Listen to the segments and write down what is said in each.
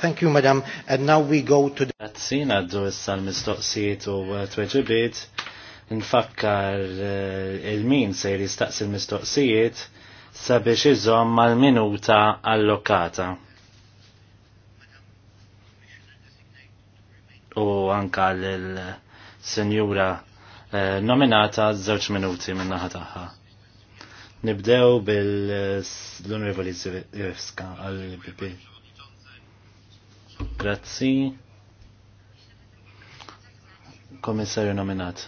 Thank you, madam. And now we go to the... Għazzin għaddu issa l-mistoqsijiet u uh, t-weġibiet. Nfakkar uh, il-min se staqsi l-mistoqsijiet sabiex iżom mal-minuta allokata. U anka l-senjura uh, nominata żewġ minuti minna naħa tagħha. Nibdew bil-Onorevoli Zivivska għal bibi Grazzi. Komissarju nominat.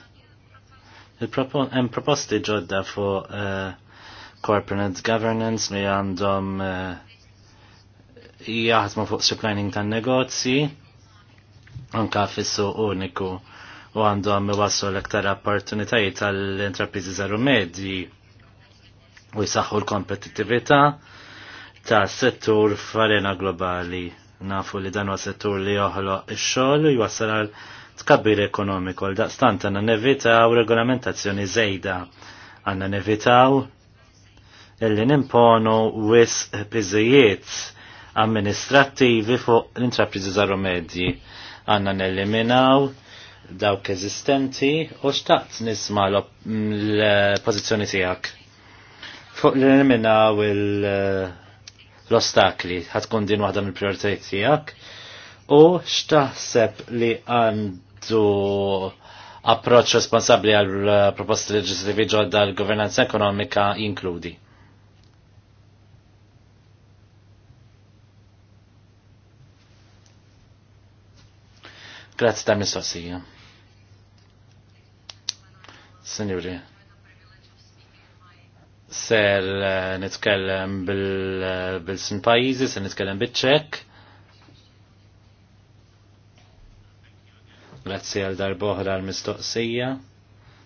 Hemm proposti ġodda fuq uh, eh, corporate governance li għandhom uh, jaħdmu fuq supplying tan negozji anka fissu uniku u għandhom iwassu l-aktar opportunitajiet tal-intrapriżi żaru medji u jsaħħu l-kompetittività ta' settur f'arena globali. Nafu li dan settur li joħloq ix-xogħol u jwassal għal tkabbir ekonomiku l daqstant għandna nevitaw regolamentazzjoni żejda. Għandna nevitaw illi nimponu wis piżijiet amministrattivi fuq l-intrapriżi żaru medji. Għandna neliminaw dawk eżistenti u xtaqt nisma l-pozizjoni tijak. Fuq l-eliminaw il- l-ostakli ħatkun din waħda mill-prioritajiet tiegħek u x'taħseb li għandu approċċ responsabbli għal proposti leġislativi ġodda l governanza ekonomika inkludi. Grazzi ta' mistoqsija. Signori ser eh, nitkellem eh, bil-sin pajizi, ser nitkellem bil-ċek. Grazzi għal darboħra għal mistoqsija,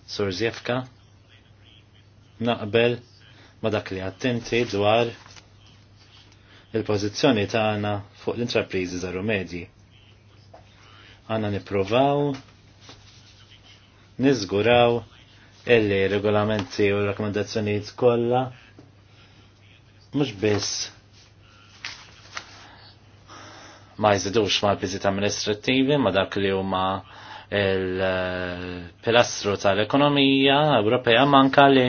Sur Zjefka. Naqbel ma dak li attenti dwar il-pozizjoni tagħna fuq l-intrapriżi żaru medji. Għanna nippruvaw, niżguraw illi regolamenti u rakkomandazzjonijiet kollha mhux biss ma jżidux ma l-biżit amministrattivi ma dak li huma il-pilastru tal-ekonomija Ewropea manka li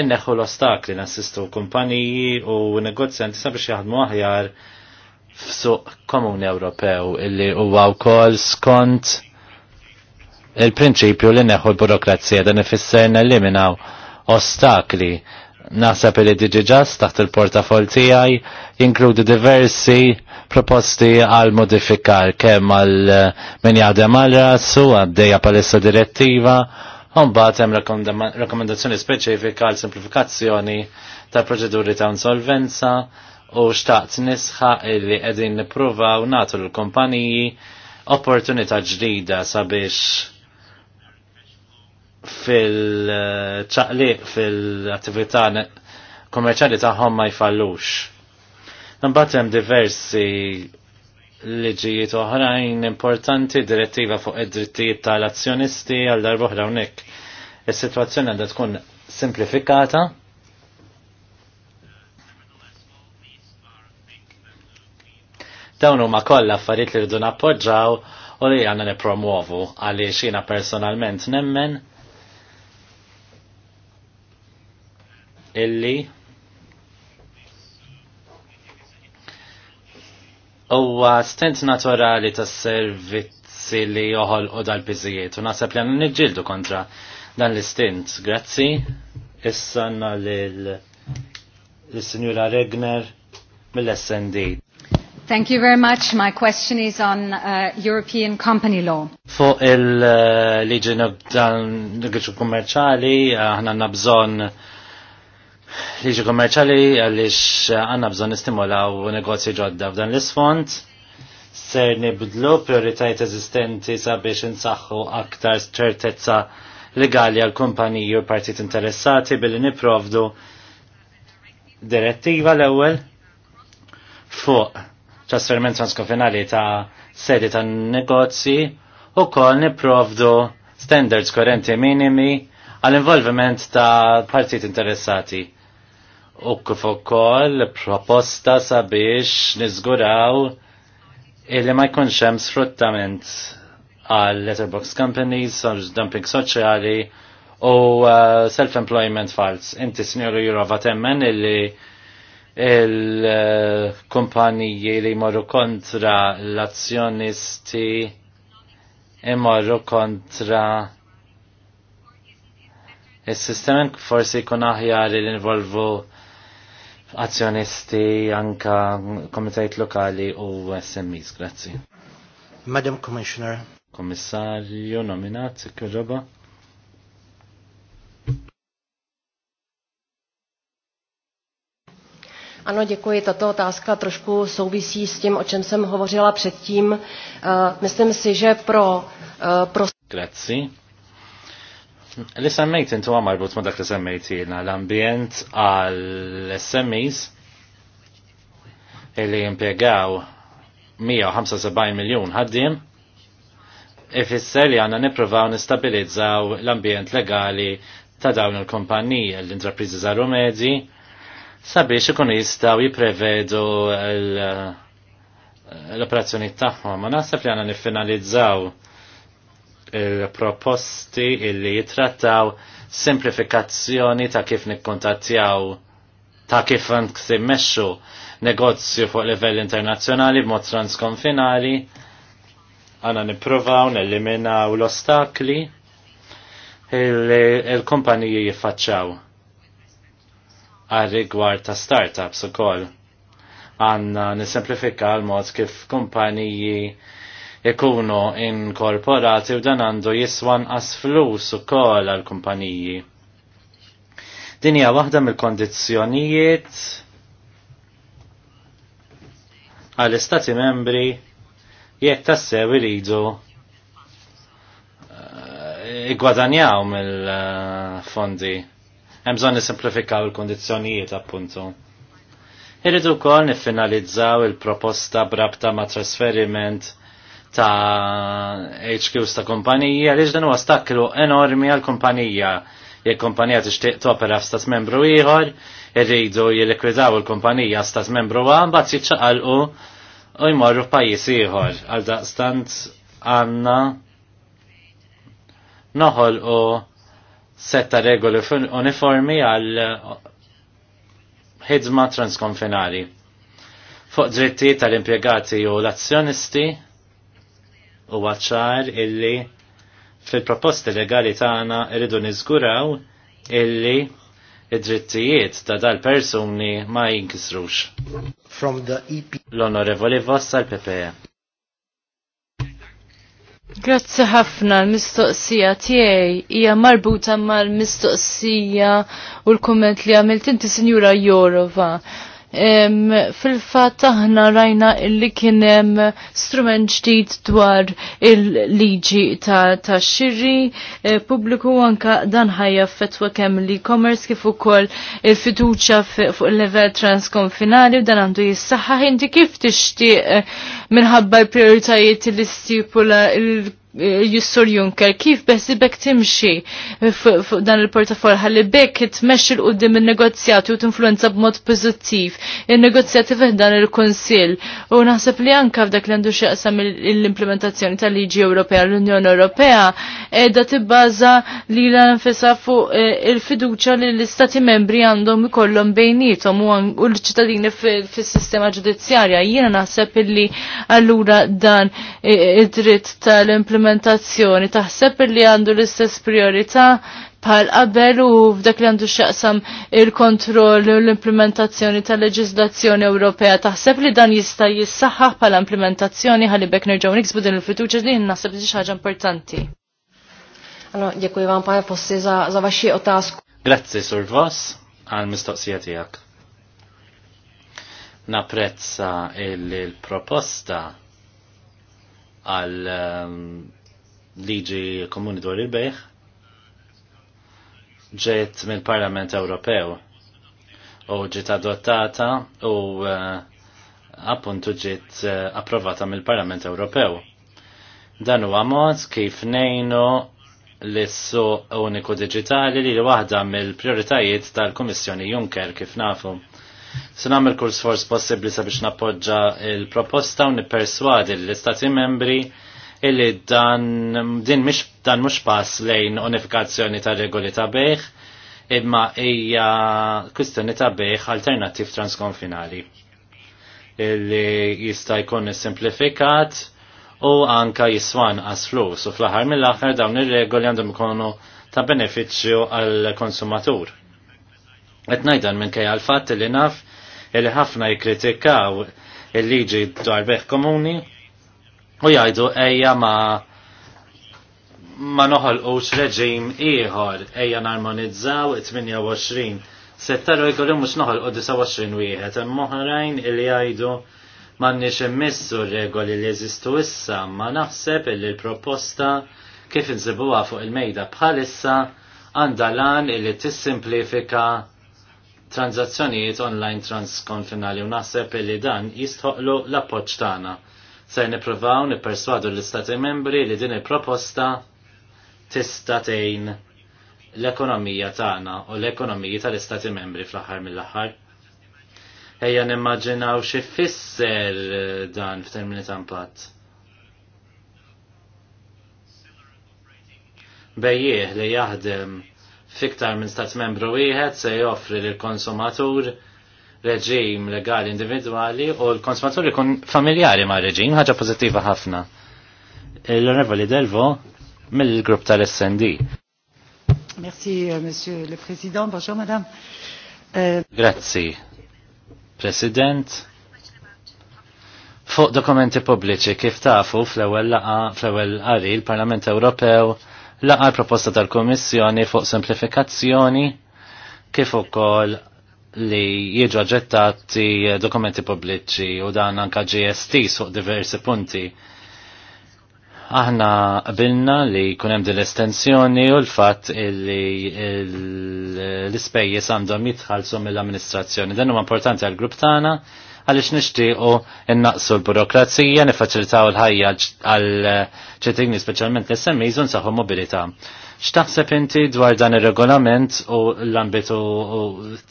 inneħu l-ostakli nassistu kumpaniji u negozjanti sabiex jaħdmu aħjar f'suq komuni Ewropew illi huwa wkoll skont il-prinċipju li neħu l-burokrazija dan ifisser neliminaw ostakli Nasab li diġiġas taħt il-portafol tiegħi jinkludi diversi proposti għal modifikar kemm għal eh, min jaħdem għal rasu għaddejja palissa direttiva u mbagħad hemm rakkomandazzjoni speċifika għal simplifikazzjoni ta' proċeduri ta' insolvenza u xtaqt nisħa illi qegħdin nippruvaw nagħtu l kumpaniji opportunità ġdida sabiex fil-ċaqliq fil-attività kommerċali tagħhom ma jfallux. Nambatem hemm diversi liġijiet oħrajn importanti direttiva fuq id-drittijiet tal-azzjonisti għal darba oħra hawnhekk. Is-sitwazzjoni għandha tkun simplifikata Dawn huma kollha affarijiet li rridu nappoġġaw u li għandna nipromuovu għaliex jiena personalment nemmen illi huwa stent naturali tas-servizzi li joħol u dal-biżijiet u naħseb li niġġieldu kontra dan l-istint. Grazzi. Issa għandna lill Regner mill-SND. Thank you very much. My question is on uh, European company law. Fuq il-liġi dan l-għiċu kummerċali, ħna nabżon uh, liġi kommerċali għalix għanna bżon nistimulaw negozji ġodda f'dan l-isfond ser nibdlu prioritajiet eżistenti sabiex insaħħu aktar ċertezza legali għal kumpaniji u partit interessati billi niprovdu direttiva l-ewwel fuq trasferment transkofinali ta' sedi ta' negozji u kol niprovdu standards korrenti minimi għal involviment ta' partit interessati u kif ukoll proposta sabiex niżguraw illi ma jkunx hemm sfruttament għal letterbox companies, dumping soċjali u uh, self-employment files. Inti sinjoru Jurova temmen illi il-kumpaniji li jmorru kontra l-azzjonisti imorru kontra il-sistema forsi jkun aħjar li involvu azzjonisti anka komitajt lokali u SMEs, grazzi. Madam Commissioner. Kommissarju nominat, kħirroba. Ano, děkuji. Tato otázka trošku souvisí s tím, o čem jsem hovořila předtím. Uh, myslím si, že pro... Uh, pro... Grazie l smat intu marbut ma dak li smat jina l-ambjent għal-SMEs li jimpiegaw 175 miljon ħaddim ifisser li għanna niprovaw nistabilizzaw l-ambjent legali ta' dawn il-kompanija l-intrapriżi żaru medji sabiex ikun jistaw jiprevedu l-operazzjoni tagħhom. Ma naħseb li għanna niffinalizzaw il-proposti eh, illi jitrattaw simplifikazzjoni ta' kif nikkontattjaw ta' kif meċu negozju fuq livell internazzjonali b'mod transkonfinali għana nipprovaw neliminaw l-ostakli il-kumpaniji jiffaċċaw għal rigward ta' startups ukoll. Għanna nisimplifika l-mod kif kumpaniji ikunu inkorporati u dan għandu jiswan as flus ukoll għall kumpaniji. Din hija waħda mill kondizjonijiet għall-istati membri jekk tassew iridu eh, igwadanjaw mill-fondi. Hemm bżonn nisimplifikaw il-kondizzjonijiet appuntu. Irridu wkoll niffinalizzaw il-proposta brabta ma' trasferiment ta' HQs ta' kompanija li ġdan huwa staklu enormi għal kompanija Jek kompanija tixtieq topera f'stat membru ieħor, irridu jilikwidaw il-kumpanija stat membru għan, mbagħad jiċċaqalqu u jmorru f'pajjiż ieħor għal daqstant għandna noħolqu setta regoli uniformi għal ħidma transkonfinali. Fuq drittijiet tal-impjegati u l-azzjonisti, u għacċar illi fil-proposti legali tagħna rridu niżguraw illi id-drittijiet ta' dal-persuni ma jinkisrux. From the EP. L-Onorevoli Vossa l-PPE. Grazzi ħafna l-mistoqsija tiegħi hija marbuta mal-mistoqsija u l-kumment li għamilt inti Sinjura Jorova fil-fatt aħna rajna illi kien hemm strument ġdid dwar il-liġi ta', xirri eh, publiku anka dan ħajja fetwa kemm li commerce kif ukoll il fiduċa fuq il-level transkonfinali u dan għandu jissaħħaħ inti kif tixtieq eh, minħabba l-prioritajiet li stipula il Eh, Jussur Juncker, kif beħsibek timxi dan il-portafol ħalli bekk tmexxi l qudiem il negozjati u tinfluenza b'mod pożittiv in-negozjati fih dan il-Kunsill u naħseb li anke f'dak li għandu xieqsam l-implementazzjoni tal-Liġi Ewropea l-Unjoni Ewropea qiegħda tibbaża li nfisha fuq eh, il-fiduċja li l-Istati membri għandhom ikollhom bejnietom u l-ċittadini fis-sistema ġudizzjarja. Jiena naħseb illi allura dan eh, id-dritt tal-implementazzjoni l-implementazzjoni taħseb li għandu l-istess priorità bħal qabel u f'dak li għandu xaqsam il-kontroll u l-implementazzjoni tal-leġislazzjoni Ewropea. Taħseb li dan jista' jissaħħaħ bħala implementazzjoni ħalli bekk nerġgħu niksbu din il-fiduċa li naħseb li ħaġa importanti. Allora, dziękuję wam panie possi za, za wasi otasku. Grazzi sur vos għal mistoqsija tiegħek. Napprezza il-proposta għal ehm, liġi komuni dwar il-bejħ ġiet mill-Parlament Ewropew u ġiet adottata u eh, appuntu ġiet eh, approvata mill-Parlament Ewropew. Dan huwa mod kif nejnu l-issu uniku digitali li waħda mill-prioritajiet tal-Kummissjoni Juncker kif nafu. Se nagħmel kull sforz possibbli sabiex nappoġġa il-proposta u nipperswadi l-Istati membri illi dan din mish, dan mhux pass lejn unifikazzjoni ta' regoli ta' bejħ imma hija kwistjoni ta' bejħ alternattiv transkonfinali illi jista' jkun simplifikat u anka jiswan għas flus u fl-aħħar mill-aħħar dawn ir-regoli għandhom ikunu ta' beneficju għal konsumatur. Qed minn kaj għal fatt li naf li ħafna jikkritikaw il-liġi dwar beħ komuni u jgħidu ejja ma ma noħolqux reġim ieħor ejja narmonizzaw 28 setta mux mhux u 29 wieħed jħet moħrajn illi jgħidu m'għandniex immissu r-regoli li jeżistu issa ma naħseb illi l-proposta kif insibuha fuq il-mejda bħalissa għandha lan illi tissimplifika simplifika tranzazzjonijiet online transkonfinali u naħseb li dan jistħoqlu l-appoġġ tagħna. Se nippruvaw nipperswadu l-Istati membri li din il-proposta tista' tgħin l-ekonomija tagħna u l ekonomiji tal-Istati membri fl-aħħar mill-aħħar. Ejja nimmaġinaw xi fisser dan f'termini ta' impatt. Bejjieh li jaħdem fiktar minn stat membru wieħed se joffri lil konsumatur reġim legali individwali u l-konsumatur ikun familjari ma' reġim, ħaġa pożittiva ħafna. L-Onorevoli Delvo mill-grupp tal-SND. Merci, euh, Monsieur le Président. Bonjour, Madame. Euh, Grazzi, President. Fuq dokumenti pubbliċi kif tafu fl ewel laqa fl-ewwel qari l-Parlament Ewropew laqa proposta tal-Komissjoni fuq semplifikazzjoni kif ukoll li jiġu aġettati dokumenti pubbliċi u dan anka GST suq diversi punti. Aħna qabilna li kunem din l-estensjoni u l-fatt li l-ispejjeż għandhom jitħallsu mill-amministrazzjoni. Dan huwa importanti għall-grupp tagħna għaliex nixtiequ innaqsu l-burokrazija, nifacilitaw l-ħajja għal ċetigni speċjalment l-SMEs u nsaħħu mobilità. X'taħseb inti dwar dan ir-regolament u l-ambitu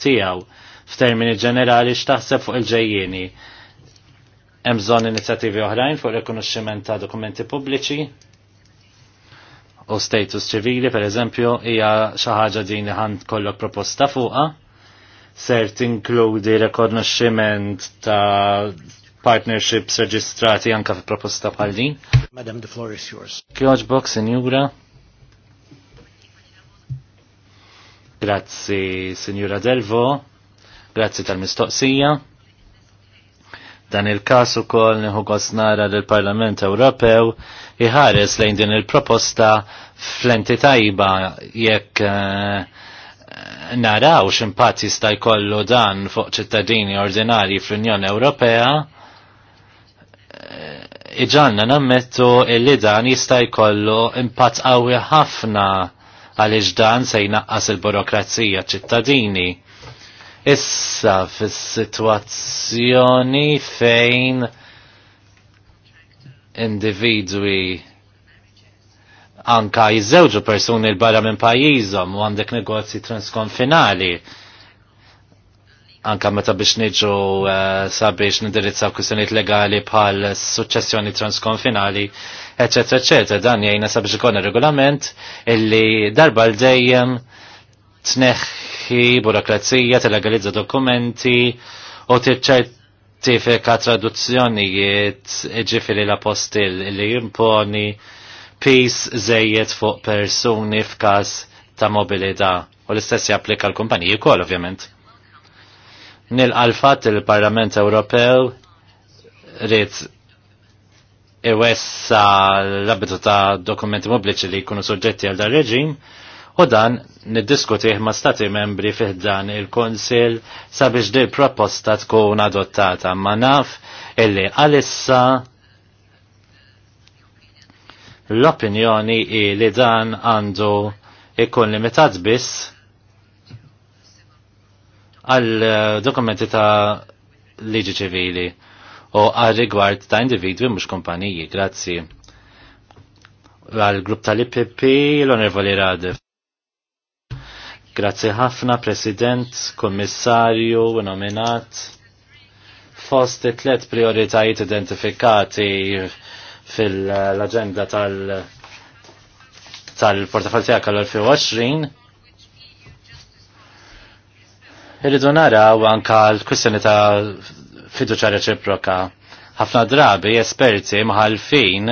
tiegħu f'termini ġenerali x'taħseb fuq il-ġejjieni? Hemm bżonn inizjattivi oħrajn fuq rikonoxximent ta' dokumenti pubbliċi, u status ċivili, per eżempju, hija xi ħaġa din ħand kollok proposta fuqha ser tinkludi rekonoxximent ta' partnerships reġistrati anka fi proposta bħal din. Madam, the floor is yours. Kjoġ box senjura. Grazzi senjura Delvo. Grazzi tal-mistoqsija. Dan il-kas ukoll neħu nara l parlament Ewropew iħares lejn din il-proposta fl entitajba tajba jekk uh, naraw x'impatt jista' jkollu dan fuq ċittadini ordinari fl-Unjoni Ewropea, eh, iġanna nammettu illi dan jista' jkollu impatt qawwi ħafna għaliex dan se jnaqqas il-burokrazija ċittadini. Issa fis-sitwazzjoni fejn individwi anka jizzewġu persuni l-barra minn pajizom u għandek negozji transkonfinali anka meta biex niġu uh, sabiex nindirizzaw kwistjonijiet legali bħal suċċessjoni transkonfinali, eċetera, eċetera. Dan jgħinna sabiex ikon regolament illi darba l dejjem tneħħi burokrazija, tilegalizza dokumenti u tiċċertifika traduzzjonijiet ġifiri la postil illi jimponi Peace żejjed fuq persuni f'każ ta' mobilità u l-istess japplika l-kumpaniji wkoll ovvjament. Nilqa fatt il-Parlament Ewropew rrit iwessa l-abitu ta' dokumenti pubbliċi li jkunu soġġetti għal dar reġim u dan niddiskutih ma' stati membri fih dan il-Konsil sabiex di proposta tkun adottata ma' naf illi għalissa L-opinjoni li dan għandu ikun limitat biss għal eh, dokumenti ta' liġi ċivili u għal rigward ta' individwi mhux kumpaniji. Grazzi. Għal grupp tal-IPP l-Onervoli Radif. Grazzi ħafna, President, Kommissarju, nominat. Fost it-tlet prioritajiet identifikati fil-agenda tal- tal-portafall tiegħek għal-2020. Irridu naraw anka l kwissjoni ta' fiduċa reċiproka. Ħafna drabi esperti mħalfin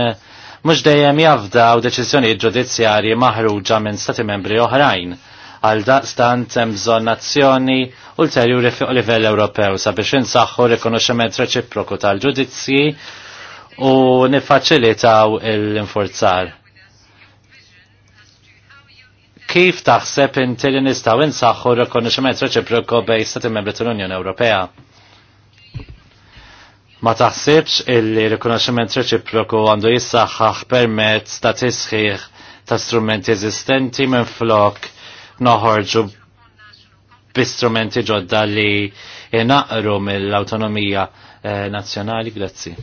mhux dejjem jafdaw deċiżjonijiet ġudizzjarji maħruġa minn stati membri oħrajn għal daqstant hemm bżonn ulterjuri fuq livell Ewropew sabiex insaħħu rikonoxximent reċiproku tal-ġudizzji u nifaċilitaw l inforzar Kif taħseb inti li nistgħu insaħħu r reċiproku bejn stati membri tal-Unjoni Ewropea? Ma taħsibx illi rikonoxximent reċiproku għandu jissaħħaħ permezz ta' tisħiħ ta' strumenti eżistenti minn flok noħorġu b'istrumenti ġodda li inaqru mill awtonomija eh, nazzjonali. Grazzi.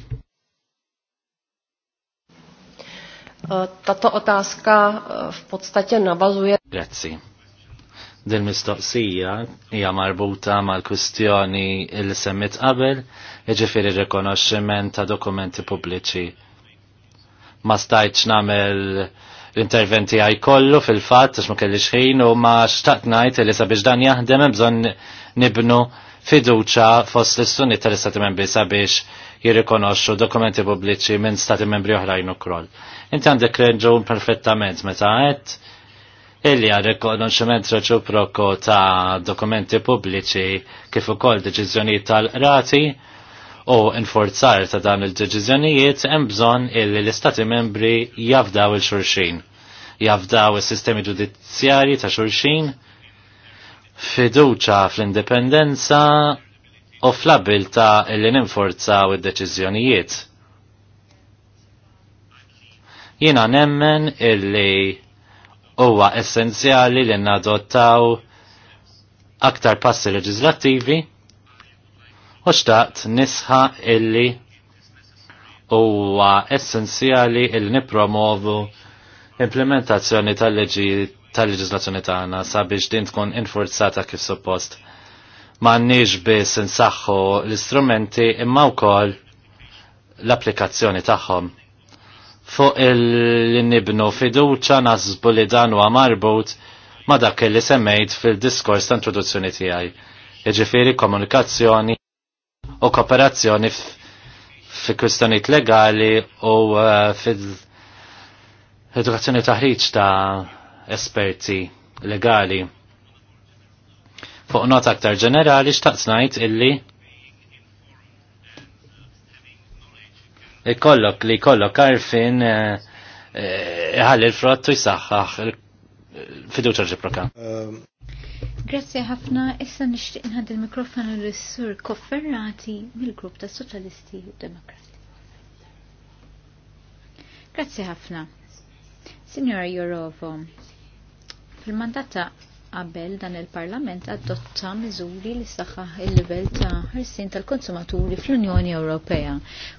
Tato otázka eh, v podstatě navazuje. Grazzi. Din mistoqsija hija marbuta mal-kwistjoni li semmit qabel, jiġifieri rikonoxximent ta' dokumenti pubbliċi. Ma stajtx nagħmel l-interventi għaj kollu fil-fatt għax ma kellix ħin u ma xtaqt ngħid li sabiex dan jaħdem hemm bżonn nibnu fiduċa fost l-istuni tal-istati membri sabiex jirrikonoxxu dokumenti pubbliċi minn stati membri oħrajn ukoll. Inti għandek reġun perfettament meta għedt illi għal rekonoxximent reċiproko ta' dokumenti pubbliċi kif ukoll deċiżjonijiet tal-rati u inforzar ta' dan il-deċiżjonijiet hemm bżonn illi l-Istati membri jafdaw il-xurxin, jafdaw is-sistemi ġudizzjarji ta' xurxin, fiduċa fl-indipendenza u fl-abilta illi ninforzaw id-deċiżjonijiet. Jiena nemmen illi huwa essenzjali li nadottaw aktar passi leġislattivi u xtaqt nisħa illi huwa essenzjali illi nipromovu implementazzjoni tal-leġi tal-leġislazzjoni tagħna sabiex din tkun infurzata kif suppost. M'għandniex biss insaħħu l-istrumenti imma wkoll l-applikazzjoni tagħhom fuq il-nibnu fiduċa nasbu li dan huwa marbut ma dak li semmejt fil-diskors ta' introduzzjoni tiegħi. Jiġifieri komunikazzjoni u kooperazzjoni fi kwistjonijiet legali u uh, fil-edukazzjoni taħriġ ta' esperti legali. Fuq nota aktar ġenerali xtaqt ngħid illi ikollok li kollok għarfin eh, eh, ħalli l frottu jisaxħax fiduċa ġiproka. Grazie ħafna, issa nixtieq nħad il-mikrofonu l-Sur Kofferrati mill-Grupp ta' Soċjalisti u Demokrati. Grazie ħafna. Signora Jorovo, fil-mandata qabel dan il-Parlament adotta miżuri li saħħaħ il-livell ta' ħarsien tal-konsumaturi fl-Unjoni Ewropea.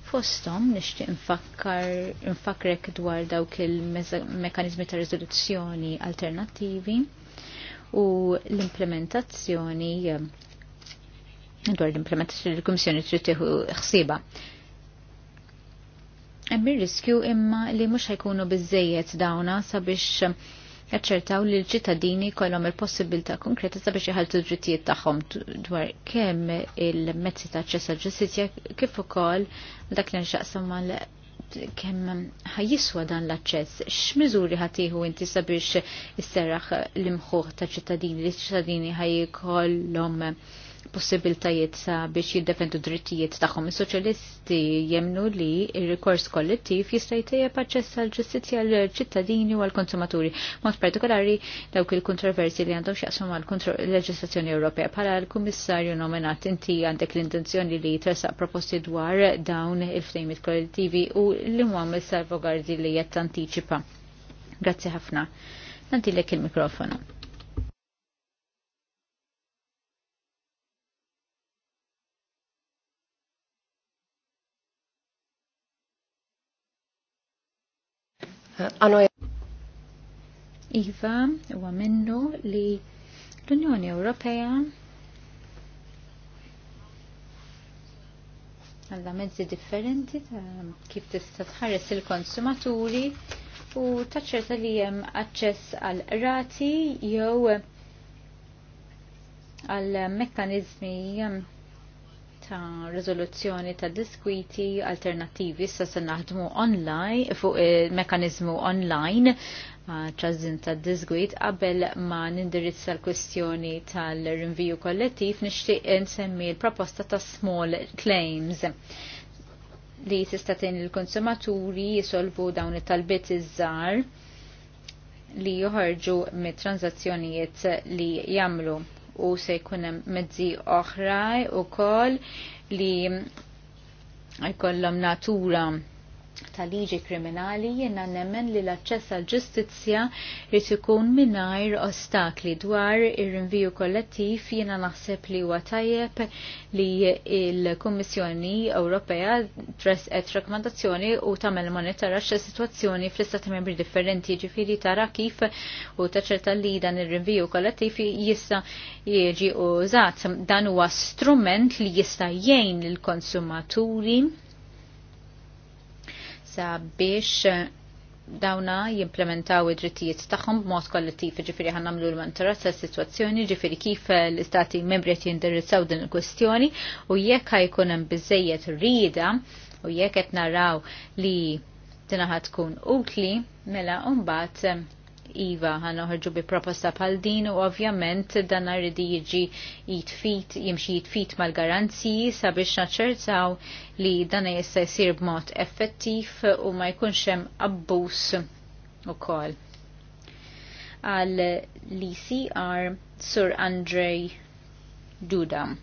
Fostom nixtieq nfakkrek dwar dawk il-mekanizmi ta' riżoluzzjoni alternattivi u l-implementazzjoni eh, dwar l-implementazzjoni l-Kummissjoni trid tieħu ħsiba. Hemm riskju imma li mhux ħajkunu biżejjed dawna sabiex jaċċertaw li l-ċittadini kollhom il-possibilità konkreta sabiex iħaltu d-drittijiet tagħhom dwar kemm il-mezzi ta' ċess għall-ġustizzja kif ukoll dak li nxaqsam mal kemm ħajjiswa dan l-aċċess, x'miżuri ħatiħu inti sabiex isserraħ l-imħuħ ta' ċittadini li ċittadini ħajkollhom possibiltajiet biex jiddefendu drittijiet tagħhom. Is-soċjalisti jemnu li ir-rikors kollettiv jista' jtejjeb aċċess għall ġustizzja għal ċittadini u għall konsumaturi, mod partikolari dawk il-kontroversi li għandhom x'jaqsmu mal leġislazzjoni Ewropea. Bħala l-Kummissarju nominat inti għandek l-intenzjoni li tersaq proposti dwar dawn il-ftejmit kollettivi u li huma salvogardi li qed tantiċipa. Grazzi ħafna. Nantilek il-mikrofonu. Iva, huwa minnu li l-Unjoni Ewropea għandha mezzi differenti ta' kif tista' tħares il-konsumaturi u taċċerta li hemm aċċess għal rati jew għal mekkaniżmi ta' rezoluzzjoni ta' diskwiti alternativi sa' se naħdmu online fuq il-mekanizmu eh, online ċazzin ta' diskwit qabel ma' nindirizza l-kwestjoni tal-rinviju kollettiv nixtieq nsemmi l-proposta ta' small claims li tista' il-konsumaturi jisolvu dawn it-talbiet iż li joħorġu mit tranzazzjonijiet li jamlu u se jkun hemm mezzi u koll li jkollom natura ta' liġi kriminali jiena nemmen li l-aċċess għal ġustizzja jrid ikun mingħajr ostakli dwar ir-rinviju kollettiv jiena naħseb li huwa tajjeb li l-Kummissjoni Ewropea tresqet rakkomandazzjoni u tagħmel monitara xi sitwazzjoni fl-istati membri differenti ġifieri tara kif u taċerta li dan ir-rinviju kollettiv jista' jiġi użat. Dan huwa strument li jista' jgħin lill-konsumaturi sabiex eh, dawna jimplementaw id-drittijiet tagħhom b'mod kollettiv, ġifieri ħan nagħmlu l-monitorazz tas-sitwazzjoni, ġifieri kif eh, l-istati membri qed jindirizzaw din il-kwestjoni u jekk ħajkun hemm biżejjed rieda u jekk qed naraw li dinaħa tkun utli mela mbagħad eh, Iva ħan uħarġu bi proposta pal din u ovvjament dan rridi jiġi jitfit, jimxi jitfit mal-garanziji sabiex naċċertaw li dan jista jsir b'mod effettiv u ma jkunx hemm abbuż ukoll. Għal l-ECR Sur Andrej Dudam.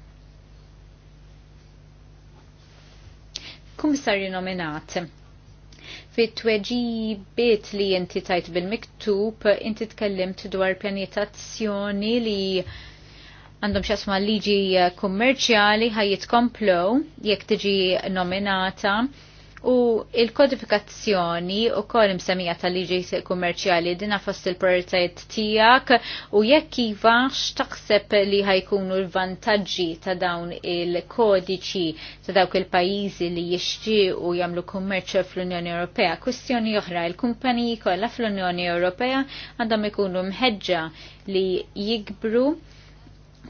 sarri nominat, Fit tweġibiet li inti tajt bil-miktub, inti tkellimt dwar pjanitazzjoni li għandhom xasma liġi kummerċjali ħajjit komplow jekk tiġi nominata U il-kodifikazzjoni u kol imsemija tal-liġi kummerċjali dina fost il-prioritajt tijak u jekk iva x'taħseb li ħajkunu l-vantaġġi ta' dawn il-kodiċi ta' dawk il-pajizi li jixġi u jamlu kummerċ fl-Unjoni Ewropea. Kwistjoni oħra, il-kumpaniji kollha fl-Unjoni Ewropea għandhom ikunu mħeġġa li jikbru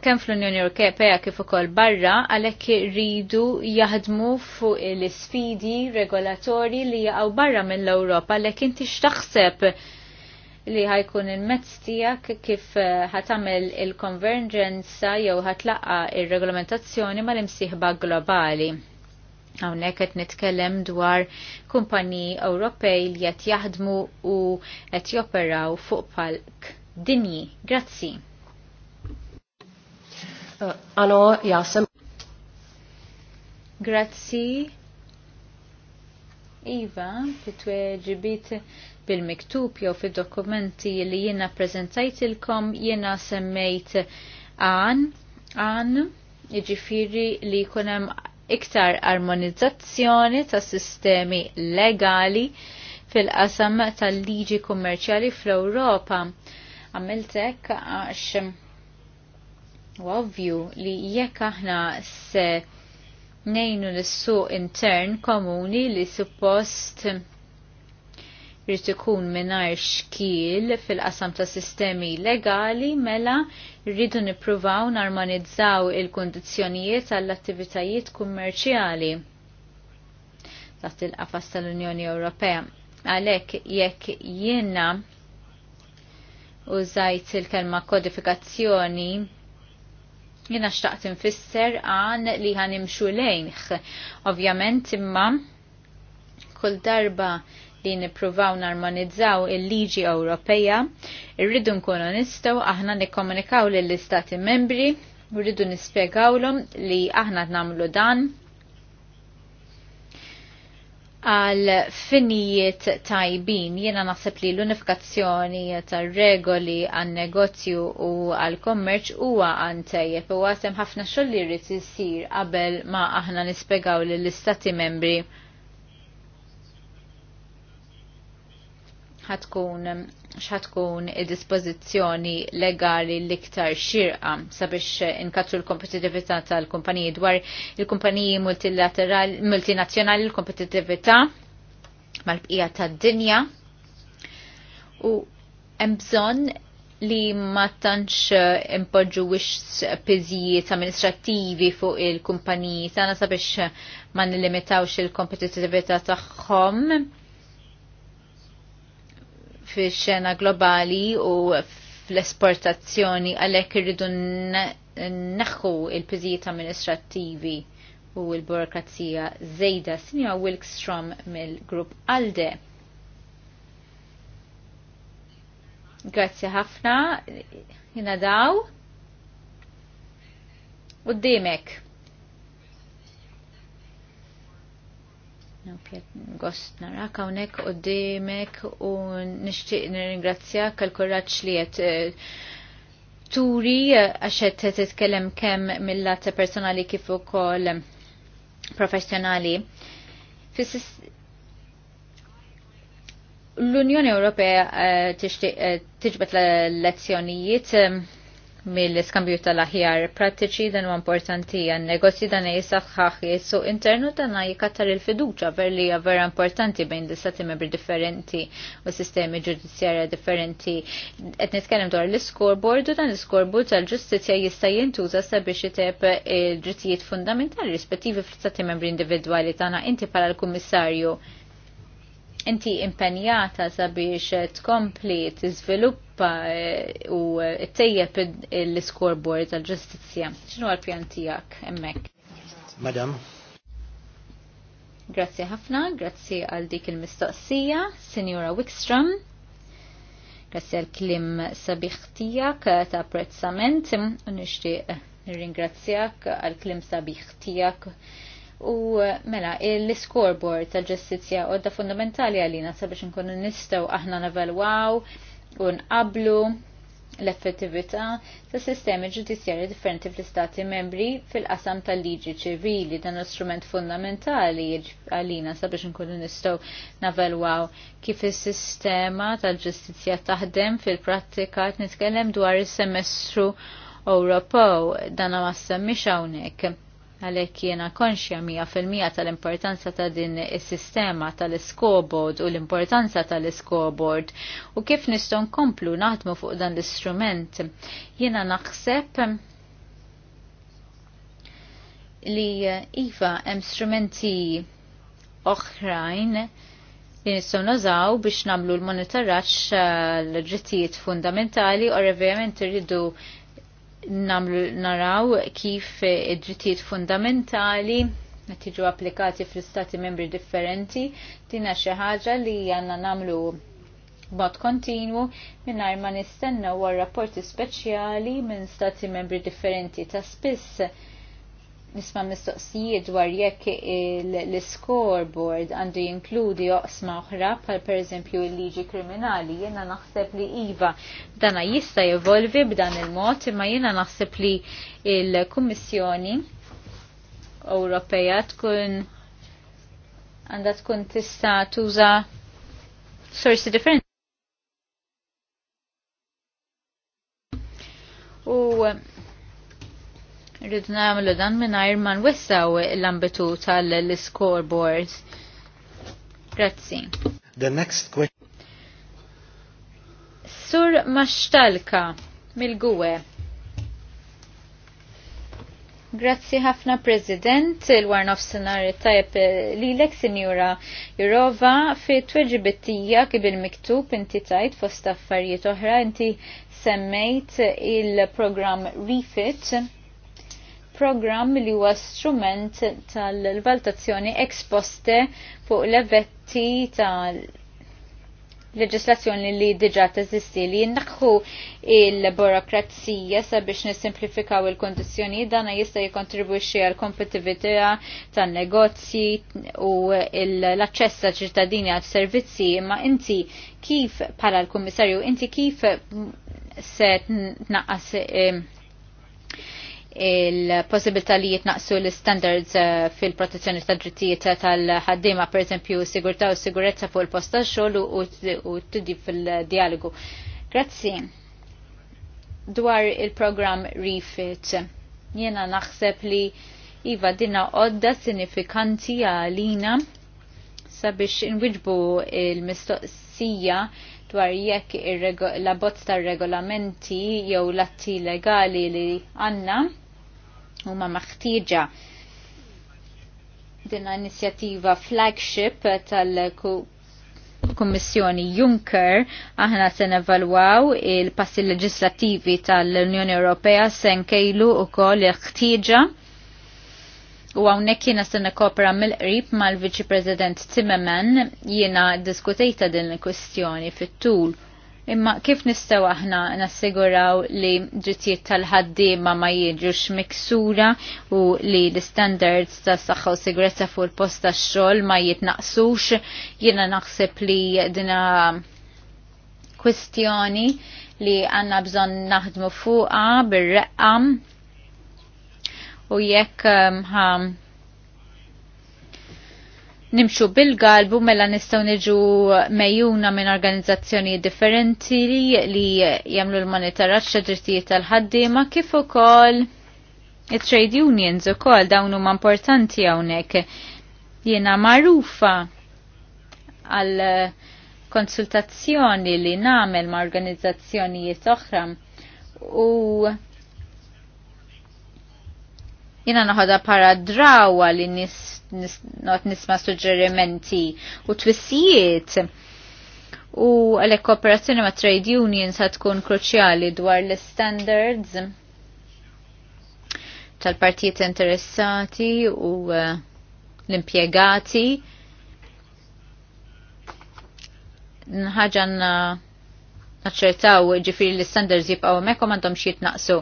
kemm fl-Unjoni Ewropea kif ukoll barra għalhekk iridu jaħdmu fuq l-isfidi regolatorji li jaqgħu barra mill-Ewropa għalhekk inti x'taħseb li ħajkun il-mezz tiegħek kif eh, ħatamel il-konverġenza jew ħatlaqa ir-regolamentazzjoni mal-imsieħba globali. Hawnhekk qed nitkellem dwar kumpaniji Ewropej li qed jaħdmu u qed joperaw fuq palk dinji. Grazzi. Eh, ano, jasem. Grazzi. Iva, fitwe ġibit bil-miktub jew fil-dokumenti li jiena prezentajtilkom jiena semmejt għan, għan, iġifiri li kunem iktar armonizzazzjoni ta' sistemi legali fil-qasam tal-liġi kummerċjali fl-Ewropa. Għamiltek għax U ovvju li jekk aħna se nejnu l-suq intern komuni li suppost rrit ikun minar xkiel fil-qasam ta' sistemi legali mela rridu nipruvaw narmonizzaw il-kondizjonijiet għall-attivitajiet kummerċjali taħt il-qafas tal-Unjoni Ewropea. Għalek jekk jiena użajt il-kelma kodifikazzjoni jina xtaqt nfisser għan li għan imxu lejnħ. Ovjament imma kull darba li nipruvaw narmonizzaw il-liġi Ewropeja, irridu nkunu nistaw aħna nikkomunikaw lill istati membri, rridu nispjegawlhom li aħna namlu dan għal finijiet tajbin. Jena naħseb li l-unifikazzjoni tar regoli għan negozju u għal kommerċ huwa għan tajjeb u għasem ħafna xoll li rrit jisir qabel ma aħna nispegaw li l-istati membri ħatkun xatkun id-dispozizjoni legali l-iktar xirqa sabiex inkatru l-kompetitivita tal-kumpaniji dwar il-kumpaniji multinazzjonali l-kompetitivita mal-bqija tad-dinja u hemm bżonn li ma tantx impoġġu wix piżijiet amministrattivi fuq il-kumpaniji tagħna sabiex ma nillimitawx il-kompetitività tagħhom fix-xena globali u fl-esportazzjoni għalhekk irridu naħħu il-piżijiet amministrattivi u l-burokrazija żejda. Sinja Wilkstrom mill-Grupp Alde. Grazzi ħafna. Jina daw. U d-dimek. Gost narak hawnhekk dimek u nixtieq nirringrazzjak għal kuraġġ li qed eh, turi eh, għax qed titkellem kemm mill-lat personali kif ukoll professjonali. L-Unjoni Ewropea eh, t tiġbed l-lezzjonijiet mill-skambju tal-aħjar prattiċi dan huwa importanti għan negozji dan jisaxħaħ jessu internu dan jikattar il-fiduċa ver li vera importanti bejn l-istati membri differenti u sistemi ġudizzjarja differenti. Et nitkellem dwar l-scoreboard u dan l-scoreboard tal-ġustizzja jista' jintuża sabiex jiteb il-drittijiet fundamentali rispettivi fl-istati membri individwali tagħna inti bħala l-kummissarju inti impenjata sabiex tkompli tiżviluppa eh, u ttejjeb l-scoreboard tal-ġustizzja. ċinu għal pjan tiegħek hemmhekk? Madam. Grazzi ħafna, grazie għal dik il-mistoqsija, Signora Wickstrom. Grazzi għal klim sabiħ tijak eh, ta' apprezzament, nishtiq nirringrazzjak għal klim sabiħ tijak U mela, l-scoreboard tal-ġustizja għodda fundamentali għalina sabiex nkunu nistaw aħna navalwaw u nqablu l-effettività ta' sistemi ġudizzjarji differenti fl-istati membri fil-qasam tal-liġi ċivili dan l-istrument fundamentali għalina sabiex nkunu nistgħu navelwaw kif is-sistema tal-ġustizzja taħdem fil-prattika nitkellem dwar is-semestru Ewropew dan ma semmix hawnhekk għalhekk jiena konxja mija fil-mija tal-importanza ta' din is-sistema tal-iskobord u l-importanza tal-iskobord u kif nistgħu nkomplu naħdmu fuq dan l-istrument. Jiena naħseb li iva hemm strumenti oħrajn li nistgħu nużaw biex nagħmlu l-monitoraġġ l-ġrittijiet fundamentali u revjament irridu namlu naraw kif id-drittijiet fundamentali tiġu applikati fl-istati membri differenti, dina xi ħaġa li għandna namlu mod kontinwu mingħajr ma nistenna war rapporti speċjali minn stati membri differenti ta' spiss nisma mistoqsijiet dwar jekk l-scoreboard għandu jinkludi oqsma oħra pal per eżempju il-liġi kriminali jena naħseb li iva dana jista jevolvi b'dan il-mod imma jena naħseb li il-Kummissjoni Ewropeja tkun għandha tkun tista' tuża sorsi differenti. U Rridu nagħmlu dan mingħajr ma nwessaw l-ambitu tal scoreboards Grazzi. The next question. Sur Mashtalka mill-Gwe. Grazzi ħafna President il-Warn of Senar tajb li l Sinjura Jurova fi tweġibittija kif il-miktub inti tajt fost affarijiet oħra inti semmejt il-programm Refit program li huwa strument tal-valutazzjoni eksposte fuq l tal leġislazzjoni li diġa teżisti li jinnaħħu il-burokrazija sabiex nisimplifikaw il-kondizjoni dana jista jikontribwixxi għal kompetitività tan negozji u l-aċċess ta' ċittadini għal servizzi imma inti kif pala l-kummissarju inti kif se tnaqqas eh, il-possibilità li jitnaqsu l-standards eh, fil-protezzjoni ta' drittijiet tal-ħaddima, per esempio, sigurtà u sigurezza fuq il posta ta' xogħol u tiddi fil-dialogu. Grazzi. Dwar il-programm Refit, jiena naħseb li Iva dinna odda sinifikanti għalina sabiex inwiġbu il-mistoqsija dwar jekk la bozz tar regolamenti jew l-atti legali li għanna huma maħtieġa din l-inizjattiva flagship tal-Kummissjoni Juncker aħna se nevalwaw il-passi leġislattivi tal-Unjoni Ewropea se nkejlu wkoll il-ħtieġa U hawnhekk jiena se sena kopra mill-qrib mal-Viċi President Timmerman jiena diskutejta din il-kwestjoni fit-tul Imma kif nistaw aħna nassiguraw li drittijiet tal-ħaddiema ma jiġux miksura u li l-standards ta' saħħa u sigurezza fuq il-post ta' xogħol ma jitnaqsux, jiena naħseb li dina kwestjoni li għanna bżon naħdmu fuqa bir-reqqam u jekk um, nimxu bil-galbu mela nistgħu niġu mejjuna minn organizzazzjoni differenti li jagħmlu l-monitoraġġ ta' drittijiet tal-ħaddiema kif ukoll it-trade unions ukoll dawn huma importanti hawnhekk. Jiena magħrufa għal konsultazzjoni li nagħmel ma' organizzazzjonijiet oħra u Jina naħoda para drawa li nis, nis, not nisma suġġerimenti u twissijiet u għalek kooperazzjoni ma' trade unions ħad tkun kruċjali dwar l-standards tal-partijiet interessati u eh, l-impiegati. Nħagġan naċċertaw ġifiri l-standards jibqaw mekkom għandhom xie jitnaqsu.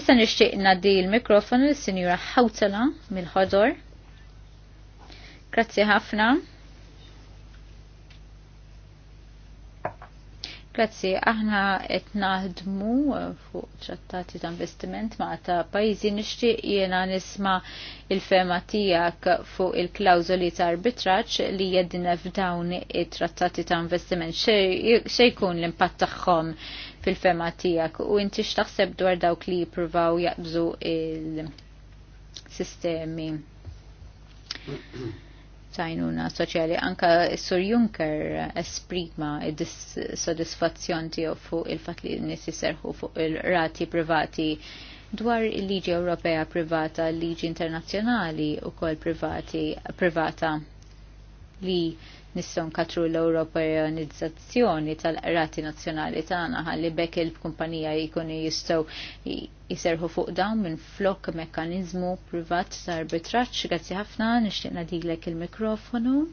Issa nixtieq ngħaddi l-mikrofonu lis-Sinjura Hawtala mill-ħodor. Grazzi ħafna. Grazzi, aħna qed naħdmu uh, fuq trattati ta' investiment ma' ta' pajjiżi nixtieq jiena nisma' il-fema tiegħek fuq il-klawżoli ta' arbitraġġ li jedina f'dawn it-trattati ta' investiment xejn jkun l-impatt tagħhom fil-fema tijak u inti xtaħseb dwar dawk li jipruvaw jaqbżu il-sistemi tajnuna soċjali. Anka Sur Juncker esprima il sodisfazzjon tiegħu fuq il-fat li nisi serħu fuq il-rati privati dwar il-liġi Ewropea privata, liġi internazzjonali u kol privati, privata li nisson katru l-Europeanizzazzjoni tal-qrati nazzjonali tagħna ħalli bekk il-kumpanija jkunu jistgħu jiserħu fuq dawn minn flok mekkaniżmu privat ta' arbitraġġ. Grazzi ħafna, nixtieq nadilek il-mikrofonu.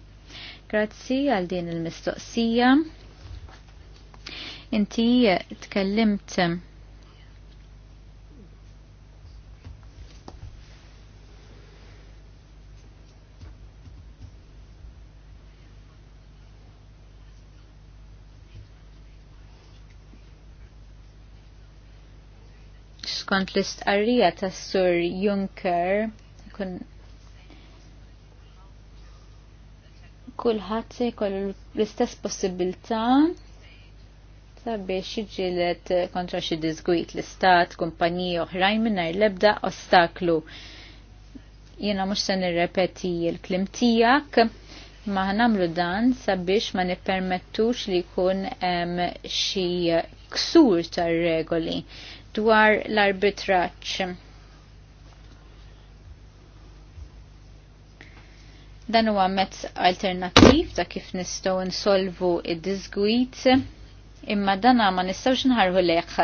Grazzi għal din il-mistoqsija. Inti tkellimt Kont l-istqarrija tas Sur Juncker kun kulħadd se jkollu l-istess possibilità sabiex jiġilet kontra xi diżgwit l-istat, kumpaniji oħrajn mingħajr l-ebda ostaklu. Jiena mhux se nirrepeti l-klim tiegħek, ma nagħmlu dan sabiex ma nippermettux li jkun hemm xi ksur tar-regoli dwar l-arbitraċ. Dan huwa mezz alternattiv ta' kif nistgħu nsolvu id-disgwit imma dan ma nistgħux nħarħu leħ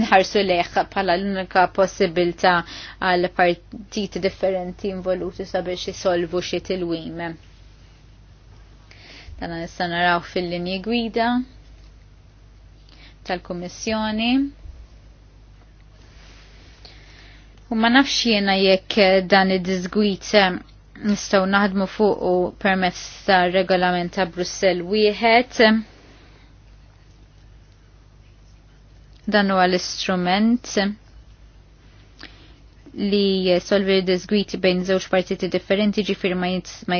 nħarsu leħ bħala l-unika possibilità għal partiti differenti involuti sabiex isolvu xi tilwim. Dan nista' naraw fil-linji gwida tal-Kummissjoni U ma nafx jena jekk eh, dan id-dizgwit eh, nistaw naħdmu fuq u permezz ta' regolament ta' Brussel wieħed. Dan huwa l-istrument li solvi d dizgwit bejn żewġ partiti differenti ġifir ma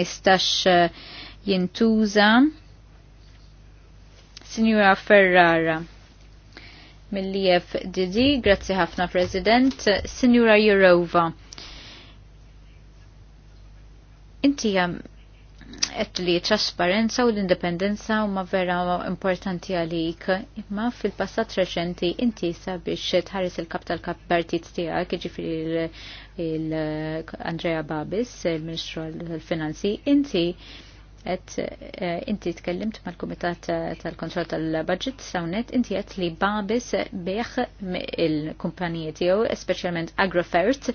jistax eh, jintuża. Signora Ferrara mill Didi, grazzi ħafna President, Signora Jurova. Inti qed li trasparenza u l-indipendenza huma vera importanti għalik, imma fil-passat reċenti inti sabiex tħares il-kap tal-kap partit tiegħek, jiġifieri l-Andrea Babis, il-Ministru tal-Finanzi, inti et eh, inti tkellimt mal-Kumitat eh, tal-Kontroll tal-Budget sawnet inti qed li babis beħ il-kumpaniji tiegħu speċjalment Agrofert